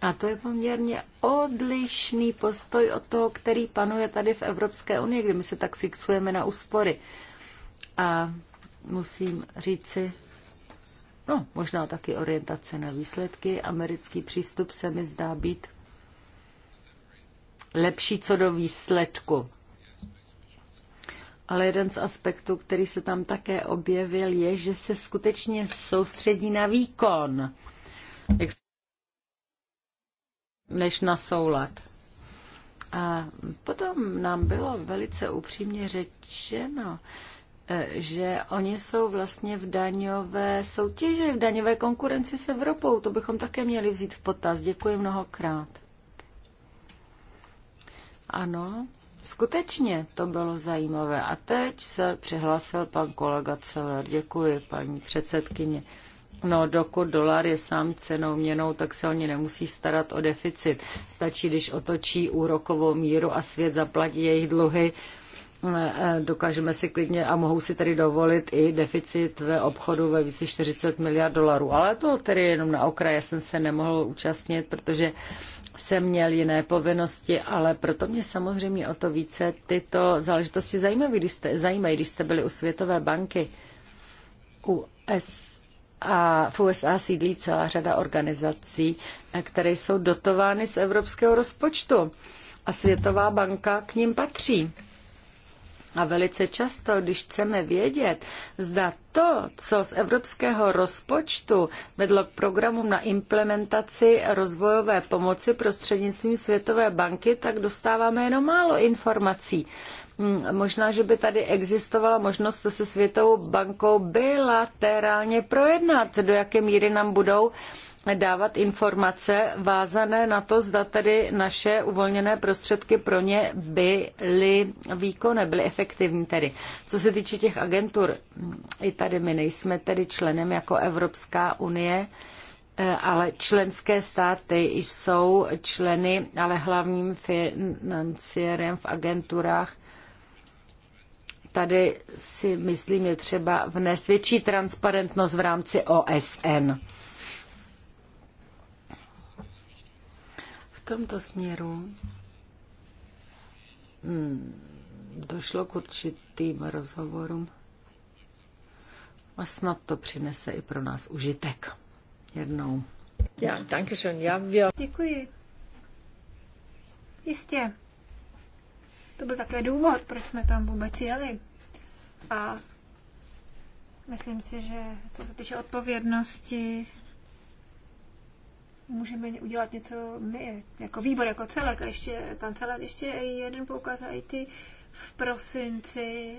A to je poměrně odlišný postoj od toho, který panuje tady v Evropské unii, kde my se tak fixujeme na úspory. A musím říci, No, možná taky orientace na výsledky. Americký přístup se mi zdá být lepší co do výsledku. Ale jeden z aspektů, který se tam také objevil, je, že se skutečně soustředí na výkon než na soulad. A potom nám bylo velice upřímně řečeno, že oni jsou vlastně v daňové soutěži, v daňové konkurenci s Evropou. To bychom také měli vzít v potaz. Děkuji mnohokrát. Ano, skutečně to bylo zajímavé. A teď se přihlásil pan kolega Celer. Děkuji, paní předsedkyně. No, dokud dolar je sám cenou měnou, tak se oni nemusí starat o deficit. Stačí, když otočí úrokovou míru a svět zaplatí jejich dluhy dokážeme si klidně a mohou si tedy dovolit i deficit ve obchodu ve výši 40 miliard dolarů. Ale to tedy jenom na okraj, já jsem se nemohl účastnit, protože jsem měl jiné povinnosti, ale proto mě samozřejmě o to více tyto záležitosti zajímají, když jste, zajímají, když jste byli u Světové banky. u S a v USA sídlí celá řada organizací, které jsou dotovány z evropského rozpočtu a Světová banka k ním patří. A velice často, když chceme vědět, zda to, co z evropského rozpočtu vedlo k programům na implementaci rozvojové pomoci prostřednictvím Světové banky, tak dostáváme jenom málo informací. Hmm, možná, že by tady existovala možnost se Světovou bankou bilaterálně projednat, do jaké míry nám budou dávat informace vázané na to, zda tedy naše uvolněné prostředky pro ně byly výkonné, byly efektivní tedy. Co se týče těch agentur, i tady my nejsme tedy členem jako Evropská unie, eh, ale členské státy jsou členy, ale hlavním financiérem v agenturách tady si myslím je třeba vnést větší transparentnost v rámci OSN. tomto směru hmm, došlo k určitým rozhovorům a snad to přinese i pro nás užitek jednou. Já danke schön. Děkuji. Jistě. To byl také důvod, proč jsme tam vůbec jeli. A myslím si, že co se týče odpovědnosti, můžeme udělat něco my, jako výbor, jako celek. A ještě, pan Celek, ještě jeden poukaz ty v prosinci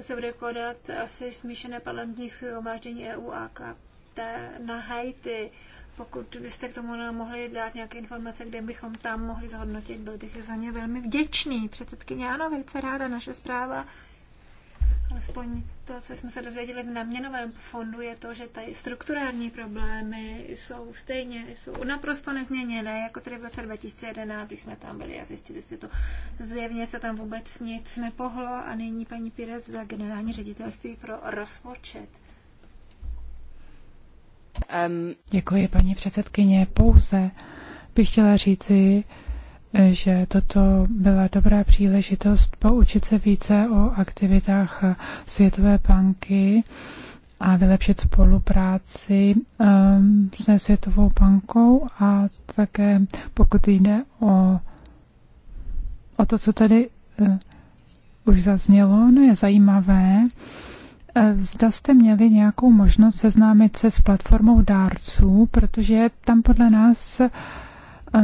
se bude konat asi smíšené parlamentní schromáždění EU a KT na Haiti. Pokud byste k tomu mohli dát nějaké informace, kde bychom tam mohli zhodnotit, byl bych za ně velmi vděčný. Předsedkyně, ano, velice ráda naše zpráva Alespoň to, co jsme se dozvěděli v naměnovém fondu, je to, že tady strukturální problémy jsou stejně, jsou naprosto nezměněné, jako tedy v roce 2011, když jsme tam byli a zjistili si to. Zjevně se tam vůbec nic nepohlo a nyní paní Pires za generální ředitelství pro rozpočet. Um. Děkuji, paní předsedkyně. Pouze bych chtěla říci, že toto byla dobrá příležitost poučit se více o aktivitách Světové banky a vylepšit spolupráci um, se Světovou bankou a také pokud jde o, o to, co tady uh, už zaznělo, no je zajímavé, eh, Zda jste měli nějakou možnost seznámit se s platformou dárců, protože tam podle nás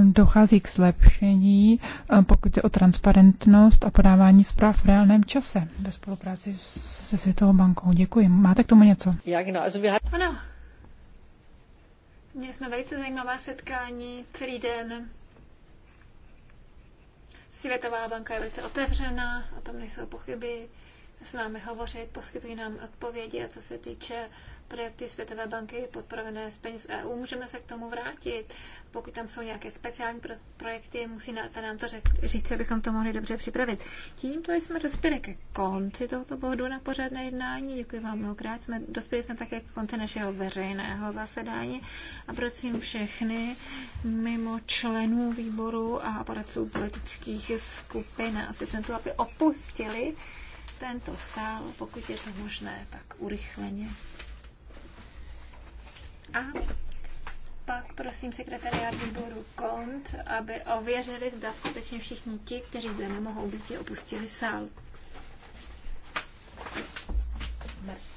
dochází k zlepšení, eh, pokud je o transparentnost a podávání zpráv v reálném čase ve spolupráci se Světovou bankou. Děkuji. Máte k tomu něco? No, ano. Měli jsme velice zajímavé setkání celý den. Světová banka je velice otevřená, o tom nejsou pochyby, s námi hovořit, poskytují nám odpovědi a co se týče uh, projekty Světové banky podporované z peněz EU. Můžeme se k tomu vrátit. Pokud tam jsou nějaké speciální pro- projekty, musí na, to nám to řek- říct, abychom to mohli dobře připravit. Tímto jsme dospěli ke konci tohoto bodu na pořádné jednání. Děkuji vám mnohokrát. Jsme, dospěli jsme také k konci našeho veřejného zasedání a prosím všechny mimo členů výboru a poradců politických skupin a asistentů, aby opustili tento sál, pokud je to možné, tak urychleně. A pak prosím sekretariát výboru KONT, aby ověřili, zda skutečně všichni ti, kteří zde nemohou být, opustili sál. Merci.